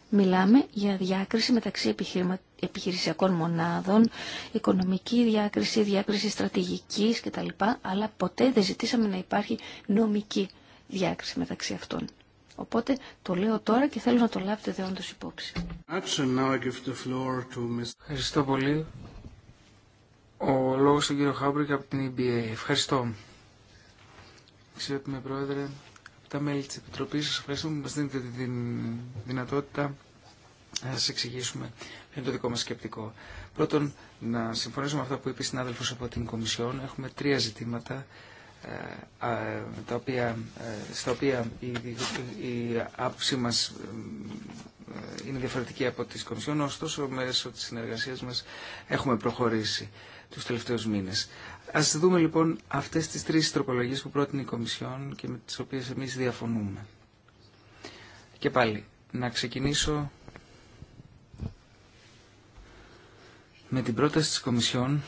Speaker 1: μιλάμε για διάκριση μεταξύ επιχειρηματικών επιχειρησιακών μονάδων, οικονομική διάκριση, διάκριση στρατηγικής κτλ. Αλλά ποτέ δεν ζητήσαμε να υπάρχει νομική διάκριση μεταξύ αυτών. Οπότε το λέω τώρα και θέλω να το λάβετε δεόντως υπόψη.
Speaker 3: Ευχαριστώ πολύ. Ο λόγος του κύριο Χάμπρικ από την EBA. Ευχαριστώ. Ξέρετε πρόεδρε, από τα μέλη της Επιτροπής σας ευχαριστούμε που μας δίνετε τη δυνατότητα να σας εξηγήσουμε είναι το δικό μα σκεπτικό. Πρώτον, να συμφωνήσω με αυτά που είπε η συνάδελφος από την Κομισιόν. Έχουμε τρία ζητήματα ε, ε, τα οποία, ε, στα οποία η, η άποψή μας είναι διαφορετική από τις Κομισιόν, ωστόσο μέσω τη συνεργασία μας έχουμε προχωρήσει τους τελευταίους μήνες. Ας δούμε λοιπόν αυτές τις τρεις τροπολογίε που πρότεινε η Κομισιόν και με τι οποίε εμεί διαφωνούμε. Και πάλι, να ξεκινήσω με την πρόταση της Κομισιόν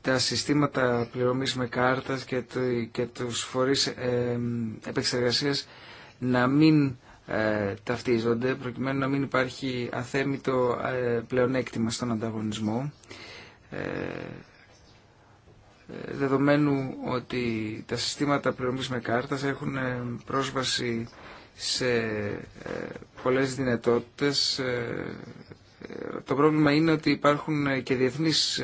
Speaker 3: τα συστήματα πληρωμής με κάρτας και, το, και τους φορείς επεξεργασίας να μην ε, ταυτίζονται προκειμένου να μην υπάρχει αθέμητο ε, πλεονέκτημα στον ανταγωνισμό ε, δεδομένου ότι τα συστήματα πληρωμής με κάρτας έχουν πρόσβαση σε ε, πολλές δυνατότητες. Ε, ε, το πρόβλημα είναι ότι υπάρχουν και διεθνείς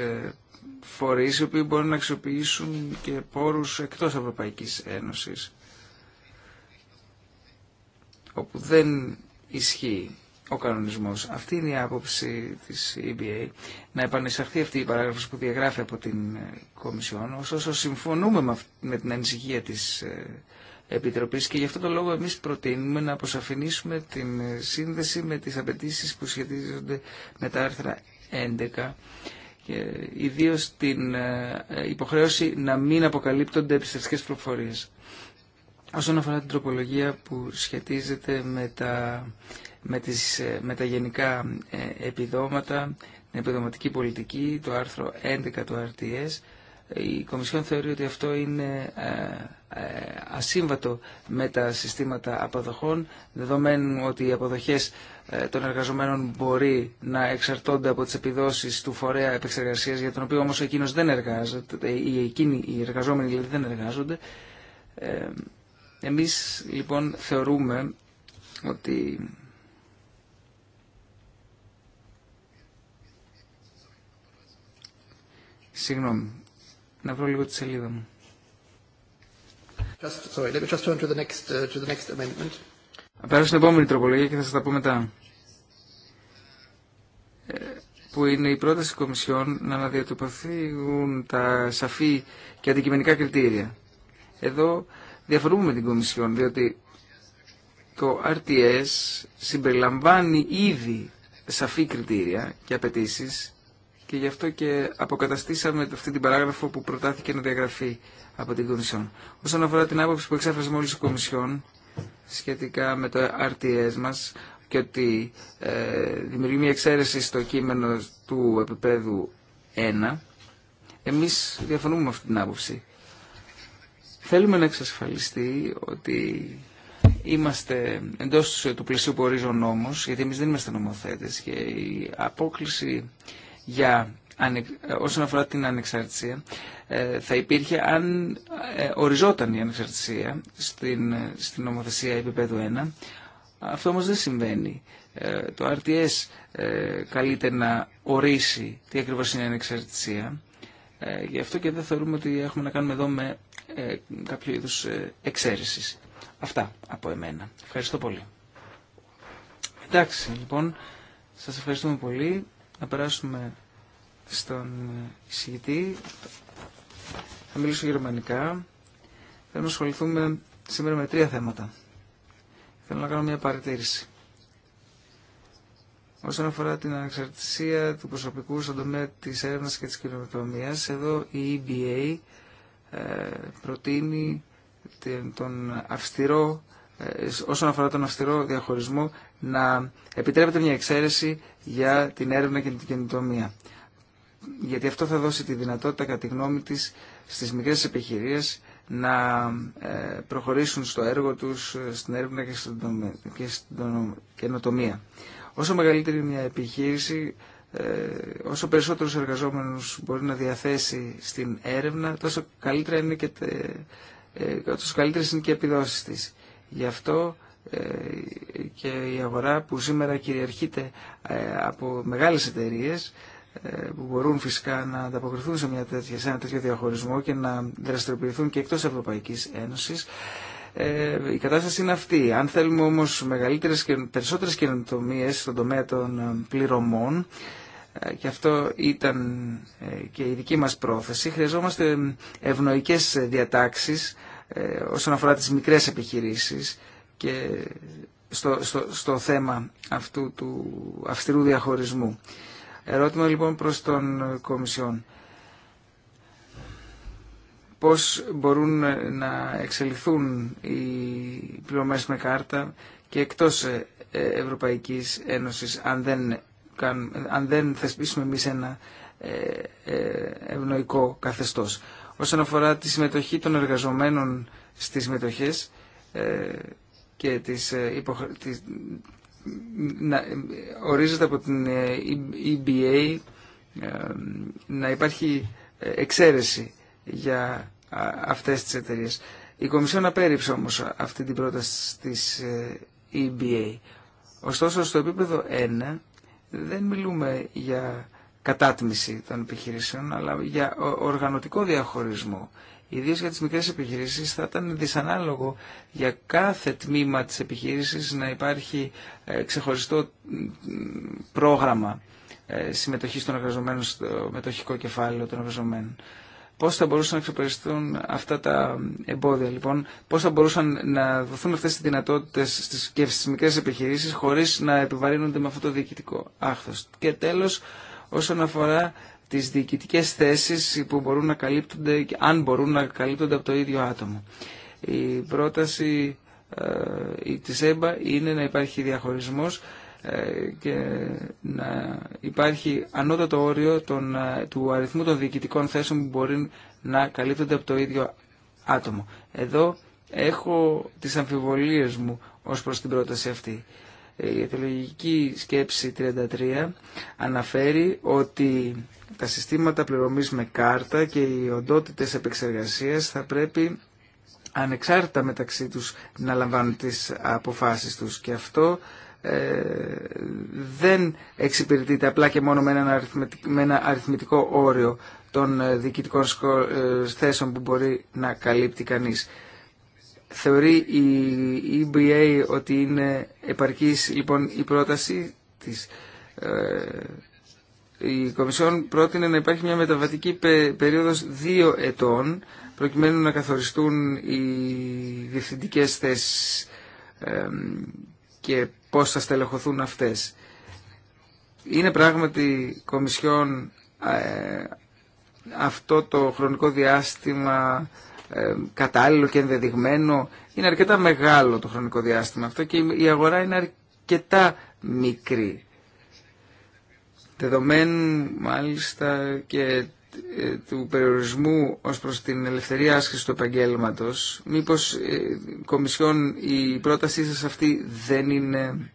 Speaker 3: φορείς οι οποίοι μπορούν να αξιοποιήσουν και πόρους εκτός Ευρωπαϊκής Ένωσης όπου δεν ισχύει ο κανονισμός. Αυτή είναι η άποψη της EBA να επανεισαχθεί αυτή η παράγραφος που διαγράφει από την Κομισιόν ωστόσο συμφωνούμε με την ανησυχία της Επιτροπής και γι' αυτό τον λόγο εμείς προτείνουμε να αποσαφηνίσουμε την ε, σύνδεση με τις απαιτήσει που σχετίζονται με τα άρθρα 11 και ιδίως την ε, υποχρέωση να μην αποκαλύπτονται επιστευτικές προφορίες. Όσον αφορά την τροπολογία που σχετίζεται με τα, με τις, ε, με τα γενικά επιδόματα, την επιδοματική πολιτική, το άρθρο 11 του RTS, η Κομισιόν θεωρεί ότι αυτό είναι ε, ε, ασύμβατο με τα συστήματα αποδοχών, δεδομένου ότι οι αποδοχές ε, των εργαζομένων μπορεί να εξαρτώνται από τις επιδόσεις του φορέα επεξεργασίας, για τον οποίο όμως εκείνος δεν εργάζεται, οι εκείνοι οι εργαζόμενοι δηλαδή δεν εργάζονται. Εμείς λοιπόν θεωρούμε ότι Συγγνώμη
Speaker 4: να βρω λίγο τη σελίδα μου. Just,
Speaker 3: στην επόμενη τροπολογία και θα σας τα πω μετά. Ε, που είναι η πρόταση Κομισιόν να αναδιατοπαθούν τα σαφή και αντικειμενικά κριτήρια. Εδώ διαφορούμε με την Κομισιόν, διότι το RTS συμπεριλαμβάνει ήδη σαφή κριτήρια και απαιτήσει και γι' αυτό και αποκαταστήσαμε αυτή την παράγραφο που προτάθηκε να διαγραφεί από την Κομισιόν. Όσον αφορά την άποψη που εξέφρασε μόλις η Κομισιόν σχετικά με το RTS μας και ότι ε, δημιουργεί μια εξαίρεση στο κείμενο του επίπεδου 1, εμείς διαφωνούμε με αυτή την άποψη. Θέλουμε να εξασφαλιστεί ότι είμαστε εντός του πλαισίου που ορίζει ο νόμος, γιατί εμείς δεν είμαστε νομοθέτες και η απόκληση για, ε, όσον αφορά την ανεξαρτησία ε, θα υπήρχε αν ε, οριζόταν η ανεξαρτησία στην, στην νομοθεσία επίπεδου 1. Αυτό όμως δεν συμβαίνει. Το RTS καλείται να ορίσει τι ακριβώς είναι η ανεξαρτησία. Γι' αυτό και δεν θεωρούμε ότι έχουμε να κάνουμε εδώ με κάποιο είδους εξαίρεσης. Αυτά από εμένα. Ευχαριστώ πολύ. Εντάξει, λοιπόν, σας ευχαριστούμε πολύ να περάσουμε στον εισηγητή. Θα μιλήσω γερμανικά. Θέλω να ασχοληθούμε σήμερα με τρία θέματα. Θέλω να κάνω μια παρατήρηση. Όσον αφορά την ανεξαρτησία του προσωπικού στον τομέα της έρευνας και της κοινοτομία, εδώ η EBA ε, προτείνει τον αυστηρό ε, όσον αφορά τον αυστηρό διαχωρισμό να επιτρέπεται μια εξαίρεση για την έρευνα και την καινοτομία. Γιατί αυτό θα δώσει τη δυνατότητα κατά τη γνώμη της στις μικρές επιχειρήσεις να ε, προχωρήσουν στο έργο τους, ε, στην έρευνα και στην καινοτομία. Όσο μεγαλύτερη μια επιχείρηση, όσο περισσότερους εργαζόμενους μπορεί να διαθέσει στην έρευνα, τόσο καλύτερα είναι και τόσο καλύτερες είναι και οι επιδόσεις της. Γι' αυτό ε, και η αγορά που σήμερα κυριαρχείται ε, από μεγάλες εταιρείες ε, που μπορούν φυσικά να ανταποκριθούν σε, μια τέτοια, ένα τέτοιο διαχωρισμό και να δραστηριοποιηθούν και εκτός Ευρωπαϊκής Ένωσης. η κατάσταση είναι αυτή. Αν θέλουμε όμως μεγαλύτερες και περισσότερες καινοτομίες στον τομέα των πληρωμών, και αυτό ήταν και η δική μας πρόθεση, χρειαζόμαστε ευνοϊκές διατάξεις ε, όσον αφορά τις μικρές επιχειρήσεις και στο, στο, στο θέμα αυτού του αυστηρού διαχωρισμού. Ερώτημα λοιπόν προς τον Κομισιόν. Πώς μπορούν να εξελιχθούν οι πληρωμές με κάρτα και εκτός ε, Ευρωπαϊκής Ένωσης αν δεν, αν δεν θεσπίσουμε εμείς ένα ε, ευνοϊκό καθεστώς όσον αφορά τη συμμετοχή των εργαζομένων στις μετοχές ε, και τις, ε, υποχ... τις... Ε, ορίζεται από την EBA να υπάρχει εξαίρεση για αυτές τις εταιρείες. Η Κομισιόν απέριψε όμως αυτή την πρόταση της EBA. Ωστόσο στο επίπεδο 1 δεν μιλούμε για κατάτμιση των επιχειρήσεων, αλλά για οργανωτικό διαχωρισμό. Ιδίω για τι μικρέ επιχειρήσει θα ήταν δυσανάλογο για κάθε τμήμα τη επιχείρηση να υπάρχει ε, ξεχωριστό πρόγραμμα ε, συμμετοχή των εργαζομένων στο μετοχικό κεφάλαιο των εργαζομένων. Πώ θα μπορούσαν να ξεπεριστούν αυτά τα εμπόδια, λοιπόν, πώ θα μπορούσαν να δοθούν αυτέ τι δυνατότητε και στι μικρέ επιχειρήσει χωρί να επιβαρύνονται με αυτό το διοικητικό άχθο. Και τέλο, όσον αφορά τις διοικητικές θέσεις που μπορούν να καλύπτονται, αν μπορούν να καλύπτονται από το ίδιο άτομο. Η πρόταση ε, της ΕΜΠΑ είναι να υπάρχει διαχωρισμός ε, και να υπάρχει ανώτατο όριο των, ε, του αριθμού των διοικητικών θέσεων που μπορεί να καλύπτονται από το ίδιο άτομο. Εδώ έχω τις αμφιβολίες μου ως προς την πρόταση αυτή η αιτιολογική σκέψη 33 αναφέρει ότι τα συστήματα πληρωμής με κάρτα και οι οντότητες επεξεργασίας θα πρέπει ανεξάρτητα μεταξύ τους να λαμβάνουν τις αποφάσεις τους και αυτό ε, δεν εξυπηρετείται απλά και μόνο με ένα αριθμητικό, όριο των ε, διοικητικών ε, θέσεων που μπορεί να καλύπτει κανείς. Θεωρεί η EBA ότι είναι επαρκής λοιπόν η πρόταση της. Ε, η Κομισιόν πρότεινε να υπάρχει μια μεταβατική περίοδος δύο ετών προκειμένου να καθοριστούν οι διευθυντικές θέσεις και πώς θα στελεχωθούν αυτές. Είναι πράγματι Κομισιόν ε, αυτό το χρονικό διάστημα ε, κατάλληλο και ενδεδειγμένο. Είναι αρκετά μεγάλο το χρονικό διάστημα αυτό και η αγορά είναι αρκετά μικρή. Δεδομένου μάλιστα και ε, του περιορισμού ως προς την ελευθερία άσκηση του επαγγέλματο, μήπως ε, Κομισιόν η πρότασή σας αυτή δεν είναι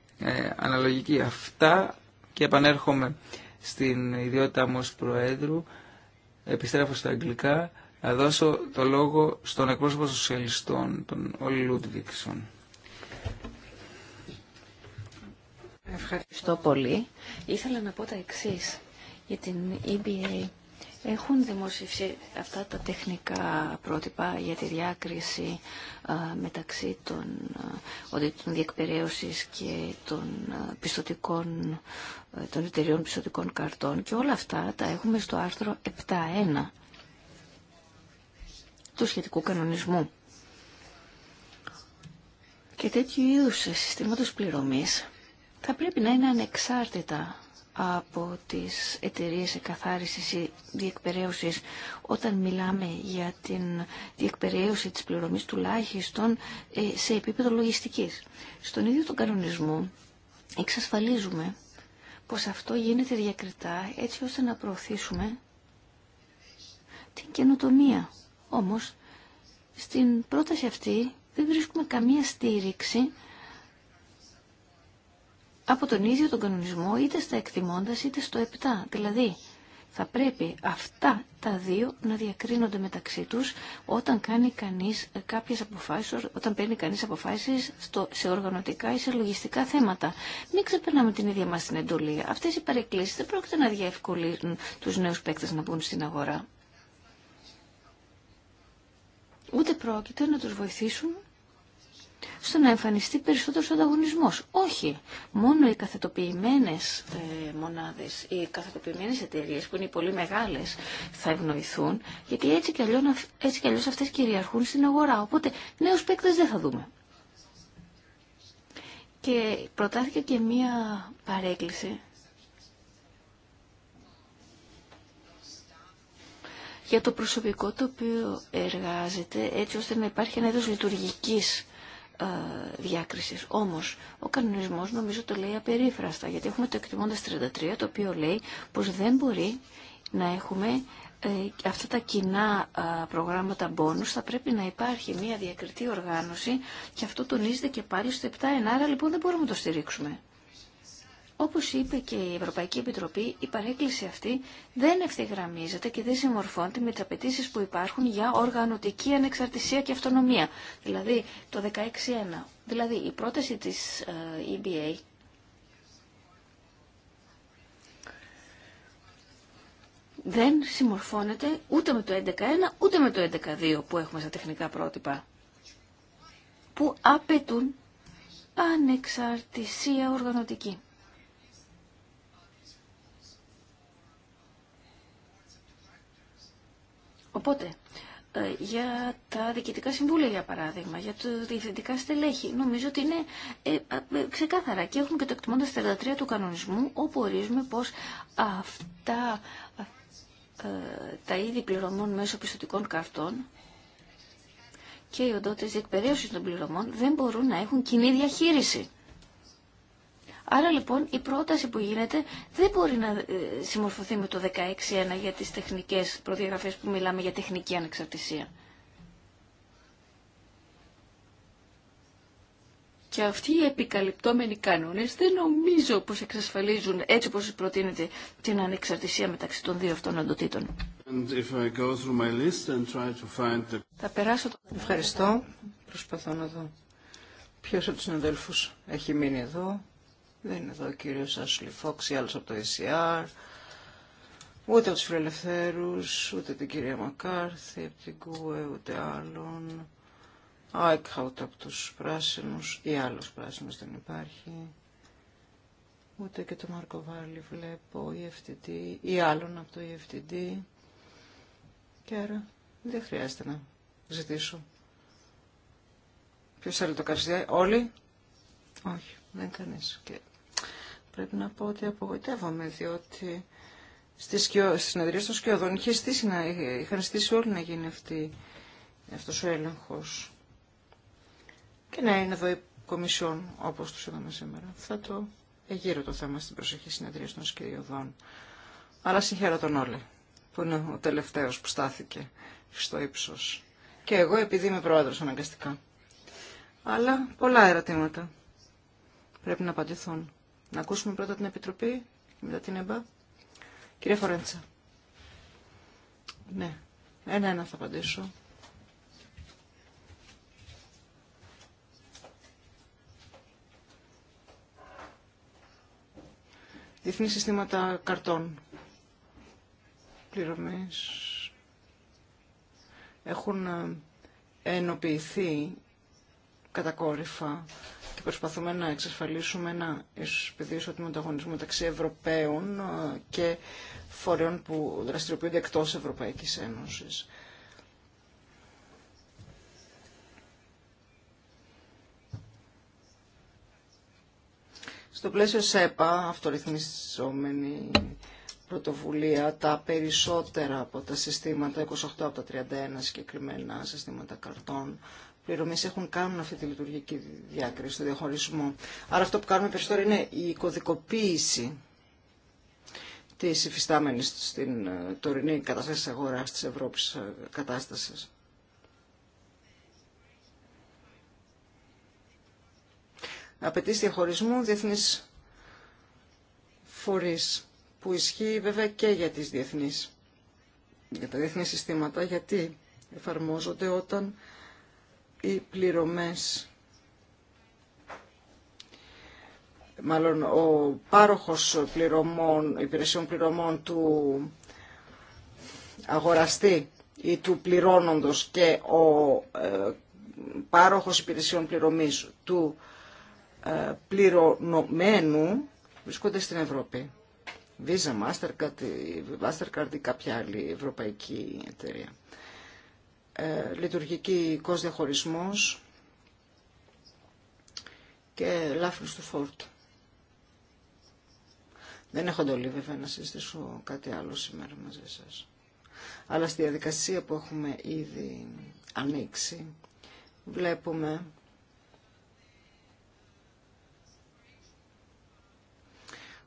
Speaker 3: αναλογική. Αυτά και επανέρχομαι στην ιδιότητά μου ως Προέδρου, επιστρέφω στα αγγλικά να δώσω το λόγο στον εκπρόσωπο σοσιαλιστών, τον Όλη Λούντβικσον. Ευχαριστώ
Speaker 1: πολύ. Ήθελα να πω τα εξή για την EBA. Έχουν δημοσιευθεί αυτά τα τεχνικά πρότυπα για τη διάκριση μεταξύ των οδητών διεκπαιρέωσης και των πιστοτικών ε, των εταιριών πιστοτικών καρτών και όλα αυτά τα έχουμε στο άρθρο 7.1 του σχετικού κανονισμού. Και τέτοιου είδους συστήματος πληρωμής θα πρέπει να είναι ανεξάρτητα από τις εταιρείες εκαθάρισης ή διεκπαιρέωσης όταν μιλάμε για την διεκπαιρέωση της πληρωμής τουλάχιστον ε, σε επίπεδο λογιστικής. Στον ίδιο τον κανονισμό εξασφαλίζουμε πως αυτό γίνεται διακριτά έτσι ώστε να προωθήσουμε την καινοτομία όμως, στην πρόταση αυτή δεν βρίσκουμε καμία στήριξη από τον ίδιο τον κανονισμό είτε στα εκτιμώντας είτε στο 7. Δηλαδή, θα πρέπει αυτά τα δύο να διακρίνονται μεταξύ τους όταν κάνει κανείς κάποιες αποφάσεις, όταν παίρνει κανείς αποφάσεις στο, σε οργανωτικά ή σε λογιστικά θέματα. Μην ξεπερνάμε την ίδια μας την εντολή. Αυτές οι παρεκκλήσεις δεν πρόκειται να διευκολύνουν τους νέους παίκτες να μπουν στην αγορά ούτε πρόκειται να τους βοηθήσουν στο να εμφανιστεί περισσότερος ανταγωνισμός. Όχι. Μόνο οι καθετοποιημένες ε, μονάδες, οι καθετοποιημένες εταιρείε, που είναι οι πολύ μεγάλες θα ευνοηθούν, γιατί έτσι κι, αλλιώς, έτσι κι αλλιώς αυτές κυριαρχούν στην αγορά. Οπότε νέους παίκτες δεν θα δούμε. Και προτάθηκε και μία παρέκκληση για το προσωπικό το οποίο εργάζεται έτσι ώστε να υπάρχει ένα είδος λειτουργικής ε, διάκρισης. Όμως, ο κανονισμός νομίζω το λέει απερίφραστα, γιατί έχουμε το εκτιμώντας 33, το οποίο λέει πως δεν μπορεί να έχουμε ε, αυτά τα κοινά ε, προγράμματα bonus, θα πρέπει να υπάρχει μια διακριτή οργάνωση και αυτό τονίζεται και πάλι στο 7 άρα λοιπόν δεν μπορούμε να το στηρίξουμε. Όπως είπε και η Ευρωπαϊκή Επιτροπή, η παρέκκληση αυτή δεν ευθυγραμμίζεται και δεν συμμορφώνεται με τις απαιτήσει που υπάρχουν για οργανωτική ανεξαρτησία και αυτονομία. Δηλαδή το 16.1. Δηλαδή η πρόταση της EBA ε, δεν συμμορφώνεται ούτε με το 11.1 ούτε με το 11.2 που έχουμε στα τεχνικά πρότυπα που απαιτούν ανεξαρτησία οργανωτική. Οπότε, ε, για τα διοικητικά συμβούλια, για παράδειγμα, για τα διευθυντικά στελέχη. Νομίζω ότι είναι ε, ε, ξεκάθαρα και έχουμε και το εκτιμώντα 43 του κανονισμού, όπου ορίζουμε πως αυτά τα είδη πληρωμών μέσω πιστοτικών καρτών και οι οντότητε διεκπαιρέωσης των πληρωμών δεν μπορούν να έχουν κοινή διαχείριση. Άρα λοιπόν η πρόταση που γίνεται δεν μπορεί να ε, συμμορφωθεί με το 16.1 για τις τεχνικές προδιαγραφές που μιλάμε για τεχνική ανεξαρτησία. Και αυτοί οι επικαλυπτόμενοι κανόνες δεν νομίζω πως εξασφαλίζουν έτσι όπως προτείνεται την ανεξαρτησία μεταξύ των δύο αυτών αντοτήτων.
Speaker 2: Θα περάσω το... Ευχαριστώ. Προσπαθώ να δω ποιος από τους συναδέλφους έχει μείνει εδώ. Δεν είναι εδώ ο κύριος Άσλι Φόξ ή άλλος από το ECR, ούτε από τους φιλελευθέρους, ούτε την κυρία Μακάρθη, από την ΚΟΕ, ούτε άλλον. Άικχαουτ από τους πράσινους ή άλλος πράσινος δεν υπάρχει. Ούτε και το Μάρκο βλέπω, η FTD, ή άλλον από το EFTD. Και άρα δεν χρειάζεται να ζητήσω. Ποιος θέλει το καρσιδιά, όλοι. Όχι, δεν κανείς πρέπει να πω ότι απογοητεύομαι, διότι στις συνεδρίες των Σκιωδών είχε στήσει να, είχαν στήσει όλοι να γίνει αυτή, αυτός ο έλεγχος. Και να είναι εδώ η Κομισιόν, όπως τους είδαμε σήμερα. Θα το εγείρω το θέμα στην προσοχή συνεδρία των Σκιωδών. Αλλά συγχαίρω τον Όλε, που είναι ο τελευταίος που στάθηκε στο ύψος. Και εγώ επειδή είμαι πρόεδρος αναγκαστικά. Αλλά πολλά ερωτήματα πρέπει να απαντηθούν. Να ακούσουμε πρώτα την Επιτροπή και μετά την ΕΜΠΑ. Κυρία Φορέντσα. Ναι, ένα-ένα θα απαντήσω. Διεθνή συστήματα καρτών πλήρωμες, έχουν ε, ενοποιηθεί κατακόρυφα προσπαθούμε να εξασφαλίσουμε ένα πεδίο ισότιμου ανταγωνισμό μεταξύ Ευρωπαίων ε, και φορέων που δραστηριοποιούνται εκτός Ευρωπαϊκής Ένωσης. Στο πλαίσιο ΣΕΠΑ, αυτορυθμιζόμενη πρωτοβουλία, τα περισσότερα από τα συστήματα, 28 από τα 31 συγκεκριμένα συστήματα καρτών, πληρωμές έχουν κάνουν αυτή τη λειτουργική διάκριση, το διαχωρισμό. Άρα αυτό που κάνουμε περισσότερο είναι η κωδικοποίηση της υφιστάμενης στην ε, τωρινή κατάσταση της αγοράς της Ευρώπης ε, κατάστασης. Απαιτήσει διαχωρισμού διεθνής φορείς που ισχύει βέβαια και για τις διεθνείς, για τα διεθνή συστήματα, γιατί εφαρμόζονται όταν οι πληρωμές μάλλον ο πάροχος πληρωμών, υπηρεσιών πληρωμών του αγοραστή ή του πληρώνοντος και ο ε, πάροχος υπηρεσιών πληρωμής του ε, πληρωνομένου βρίσκονται στην Ευρώπη. Visa, Mastercard, Mastercard ή κάποια άλλη ευρωπαϊκή εταιρεία. Ε, Λειτουργική διαχωρισμός και λάφρυνση του φόρτου. Δεν έχω εντολή βέβαια να συζητήσω κάτι άλλο σήμερα μαζί σας. Αλλά στη διαδικασία που έχουμε ήδη ανοίξει βλέπουμε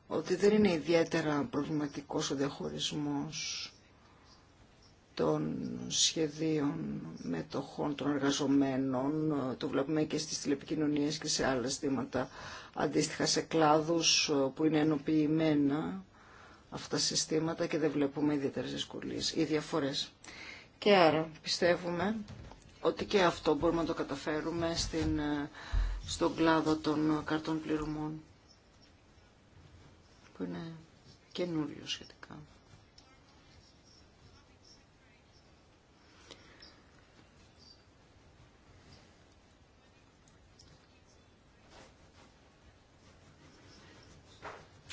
Speaker 2: ότι δεν είναι ιδιαίτερα προβληματικός ο διαχωρισμός των σχεδίων μετοχών των εργαζομένων. Το βλέπουμε και στις τηλεπικοινωνίες και σε άλλα στήματα. Αντίστοιχα σε κλάδους ε, που είναι ενοποιημένα αυτά τα συστήματα και δεν βλέπουμε ιδιαίτερες δυσκολίε ή διαφορές. Και άρα πιστεύουμε ότι και αυτό μπορούμε να το καταφέρουμε στην, ε, στον κλάδο των καρτών πληρωμών που είναι καινούριο σχετικά.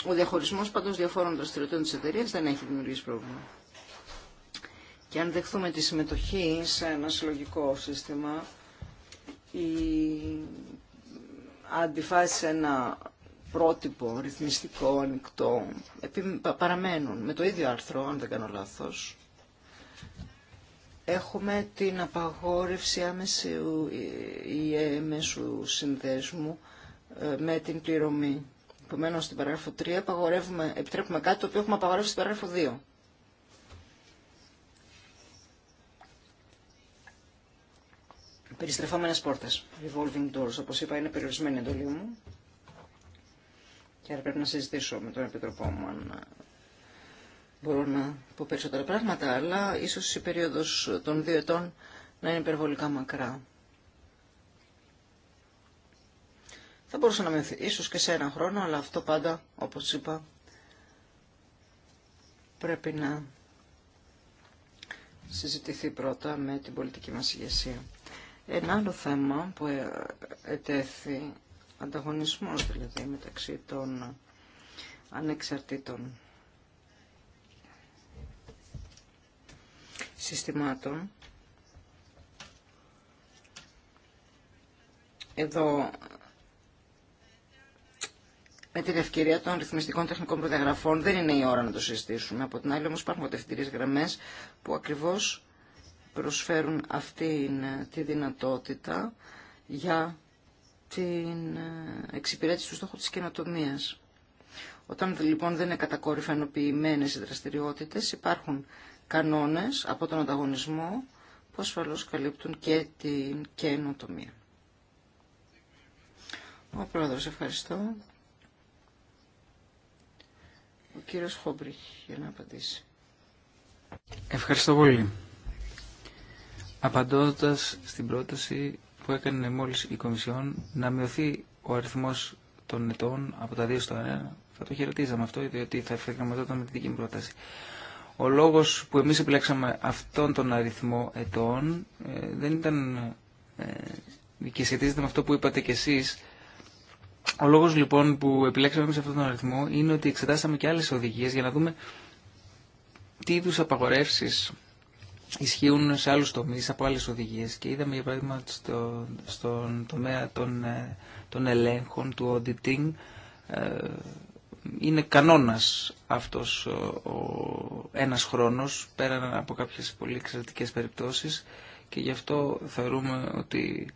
Speaker 2: Ο διαχωρισμός πάντως διαφόρων δραστηριοτήτων της εταιρείας δεν έχει δημιουργήσει πρόβλημα. Και αν δεχθούμε τη συμμετοχή σε ένα συλλογικό σύστημα, ή αντιφάσει σε ένα πρότυπο, ρυθμιστικό, ανοιχτό, παραμένουν με το ίδιο άρθρο, αν δεν κάνω λάθος. Έχουμε την απαγόρευση άμεση ή ε, έμεσου συνδέσμου ε, με την πληρωμή. Επομένω, στην παράγραφο 3 απαγορεύουμε, επιτρέπουμε κάτι το οποίο έχουμε απαγορεύσει στην παράγραφο 2. Περιστρεφόμενες πόρτες, revolving doors, όπως είπα είναι περιορισμένη εντολή μου και άρα πρέπει να συζητήσω με τον Επιτροπό μου αν ε, μπορώ να πω περισσότερα πράγματα, αλλά ίσως η περίοδος των δύο ετών να είναι υπερβολικά μακρά. θα μπορούσε να μειωθεί ίσως και σε έναν χρόνο, αλλά αυτό πάντα, όπως είπα, πρέπει να συζητηθεί πρώτα με την πολιτική μας ηγεσία. Ένα άλλο θέμα που ε, ετέθη ανταγωνισμός δηλαδή μεταξύ των ανεξαρτήτων συστημάτων. Εδώ με την ευκαιρία των ρυθμιστικών τεχνικών προδιαγραφών. Δεν είναι η ώρα να το συζητήσουμε. Από την άλλη όμως υπάρχουν κατευθυντήριες γραμμές που ακριβώς προσφέρουν αυτή ε, τη δυνατότητα για την ε, εξυπηρέτηση του στόχου της καινοτομία. Όταν λοιπόν δεν είναι κατακόρυφα ενοποιημένες οι δραστηριότητες, υπάρχουν κανόνες από τον ανταγωνισμό που ασφαλώς καλύπτουν και την καινοτομία. Ο Πρόεδρος, ευχαριστώ κύριος Χόμπριχ για να απαντήσει.
Speaker 3: Ευχαριστώ πολύ. Απαντώντας στην πρόταση που έκανε μόλις η Κομισιόν να μειωθεί ο αριθμός των ετών από τα δύο στο 1, θα το χαιρετίζαμε αυτό, διότι θα εφαρμοζόταν με την δική μου πρόταση. Ο λόγος που εμείς επιλέξαμε αυτόν τον αριθμό ετών ε, δεν ήταν ε, και σχετίζεται με αυτό που είπατε κι εσείς ο λόγος λοιπόν που επιλέξαμε σε αυτόν τον αριθμό είναι ότι εξετάσαμε και άλλες οδηγίες για να δούμε τι είδου απαγορεύσει ισχύουν σε άλλους τομείς από άλλες οδηγίες και είδαμε για παράδειγμα στο, στον τομέα των, ε, των ελέγχων, του auditing ε, είναι κανόνας αυτός ο, ο, ένας χρόνος πέραν από κάποιες πολύ εξαιρετικές περιπτώσεις και γι' αυτό θεωρούμε ότι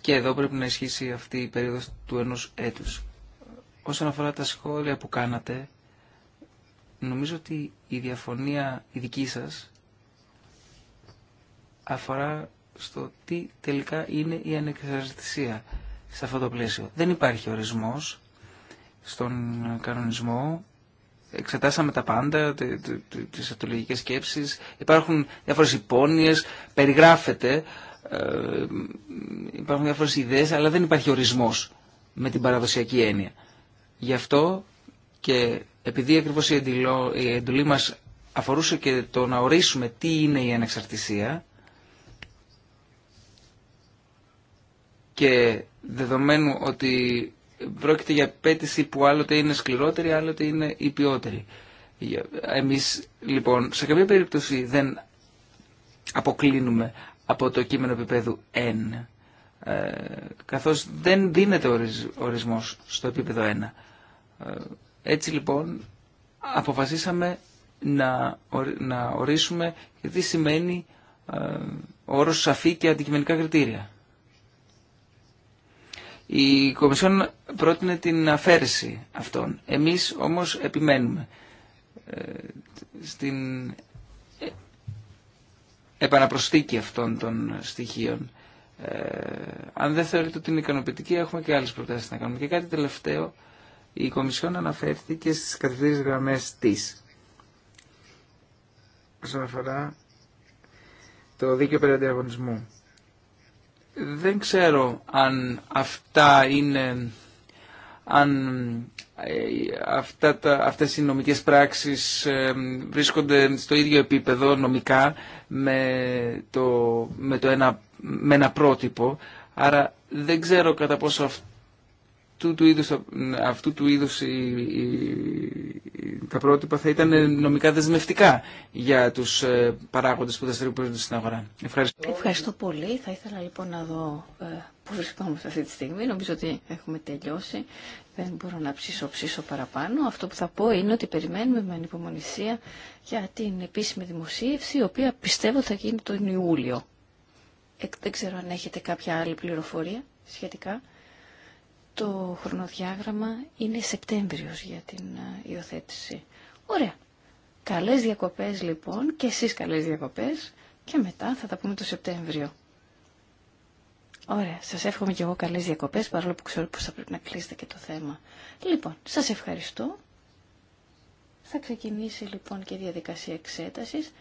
Speaker 3: και εδώ πρέπει να ισχύσει αυτή η περίοδος του ενός έτους. Όσον αφορά τα σχόλια που κάνατε, νομίζω ότι η διαφωνία η δική σας αφορά στο τι τελικά είναι η ανεξαρτησία σε αυτό το πλαίσιο. Δεν υπάρχει ορισμός στον κανονισμό. Εξετάσαμε τα πάντα, τις ατολογικές σκέψεις. Υπάρχουν διάφορες υπόνοιες. Περιγράφεται ε, υπάρχουν διάφορες ιδέες, αλλά δεν υπάρχει ορισμός με την παραδοσιακή έννοια. Γι' αυτό και επειδή ακριβώς η εντολή μας αφορούσε και το να ορίσουμε τι είναι η ανεξαρτησία και δεδομένου ότι πρόκειται για πέτηση που άλλοτε είναι σκληρότερη, άλλοτε είναι υπιότερη. Εμείς λοιπόν σε καμία περίπτωση δεν αποκλίνουμε από το κείμενο επίπεδου 1, ε, καθώς δεν δίνεται ορισμός στο επίπεδο 1. Ε, έτσι λοιπόν αποφασίσαμε να, να ορίσουμε τι σημαίνει ε, όρος σαφή και αντικειμενικά κριτήρια. Η Κομισιόν πρότεινε την αφαίρεση αυτών. Εμείς όμως επιμένουμε στην επαναπροσθήκη αυτών των στοιχείων. Ε, αν δεν θεωρείτε ότι είναι ικανοποιητική, έχουμε και άλλες προτάσεις να κάνουμε. Και κάτι τελευταίο, η Κομισιόν αναφέρθηκε στις κατευθύνσεις γραμμές της. Όσον αφορά το δίκαιο περί αντιαγωνισμού. Δεν ξέρω αν αυτά είναι, αν ε, αυτά τα, αυτές οι νομικές πράξεις ε, βρίσκονται στο ίδιο επίπεδο νομικά με, το, με, το ένα, με ένα πρότυπο. Άρα δεν ξέρω κατά πόσο αυτού του είδους, αυτού του είδους τα πρότυπα θα ήταν νομικά δεσμευτικά για τους ε, παράγοντες που δραστηριοποιούνται στην αγορά. Ευχαριστώ.
Speaker 1: Ευχαριστώ πολύ. Θα ήθελα λοιπόν να δω που βρισκόμαστε αυτή τη στιγμή. Νομίζω ότι έχουμε τελειώσει. Δεν μπορώ να ψήσω ψήσω παραπάνω. Αυτό που θα πω είναι ότι περιμένουμε με ανυπομονησία για την επίσημη δημοσίευση, η οποία πιστεύω θα γίνει τον Ιούλιο. δεν ξέρω αν έχετε κάποια άλλη πληροφορία σχετικά. Το χρονοδιάγραμμα είναι Σεπτέμβριος για την ε, υιοθέτηση. Ωραία. Καλές διακοπές λοιπόν και εσείς καλές διακοπές και μετά θα τα πούμε το Σεπτέμβριο. Ωραία, σας εύχομαι και εγώ καλές διακοπές, παρόλο που ξέρω πως θα πρέπει να κλείσετε και το θέμα. Λοιπόν, σας ευχαριστώ. Θα ξεκινήσει λοιπόν και η διαδικασία εξέτασης,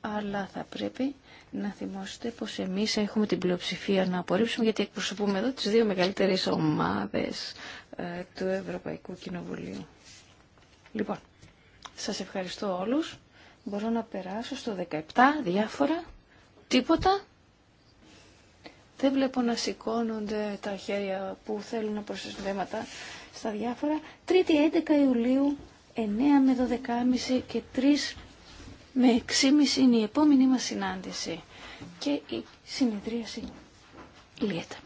Speaker 1: αλλά θα πρέπει να θυμόσαστε πως εμείς έχουμε την πλειοψηφία να απορρίψουμε, γιατί εκπροσωπούμε εδώ τις δύο μεγαλύτερες ομάδες ε, του Ευρωπαϊκού Κοινοβουλίου. Λοιπόν, σας ευχαριστώ όλους. Μπορώ να περάσω στο 17, διάφορα, τίποτα. Δεν βλέπω να σηκώνονται τα χέρια που θέλουν να προσθέσουν θέματα στα διάφορα. Τρίτη 11 Ιουλίου, 9 με 12.30 και 3 με 6.30 είναι η επόμενη μας συνάντηση. Και η συνεδρίαση λύεται.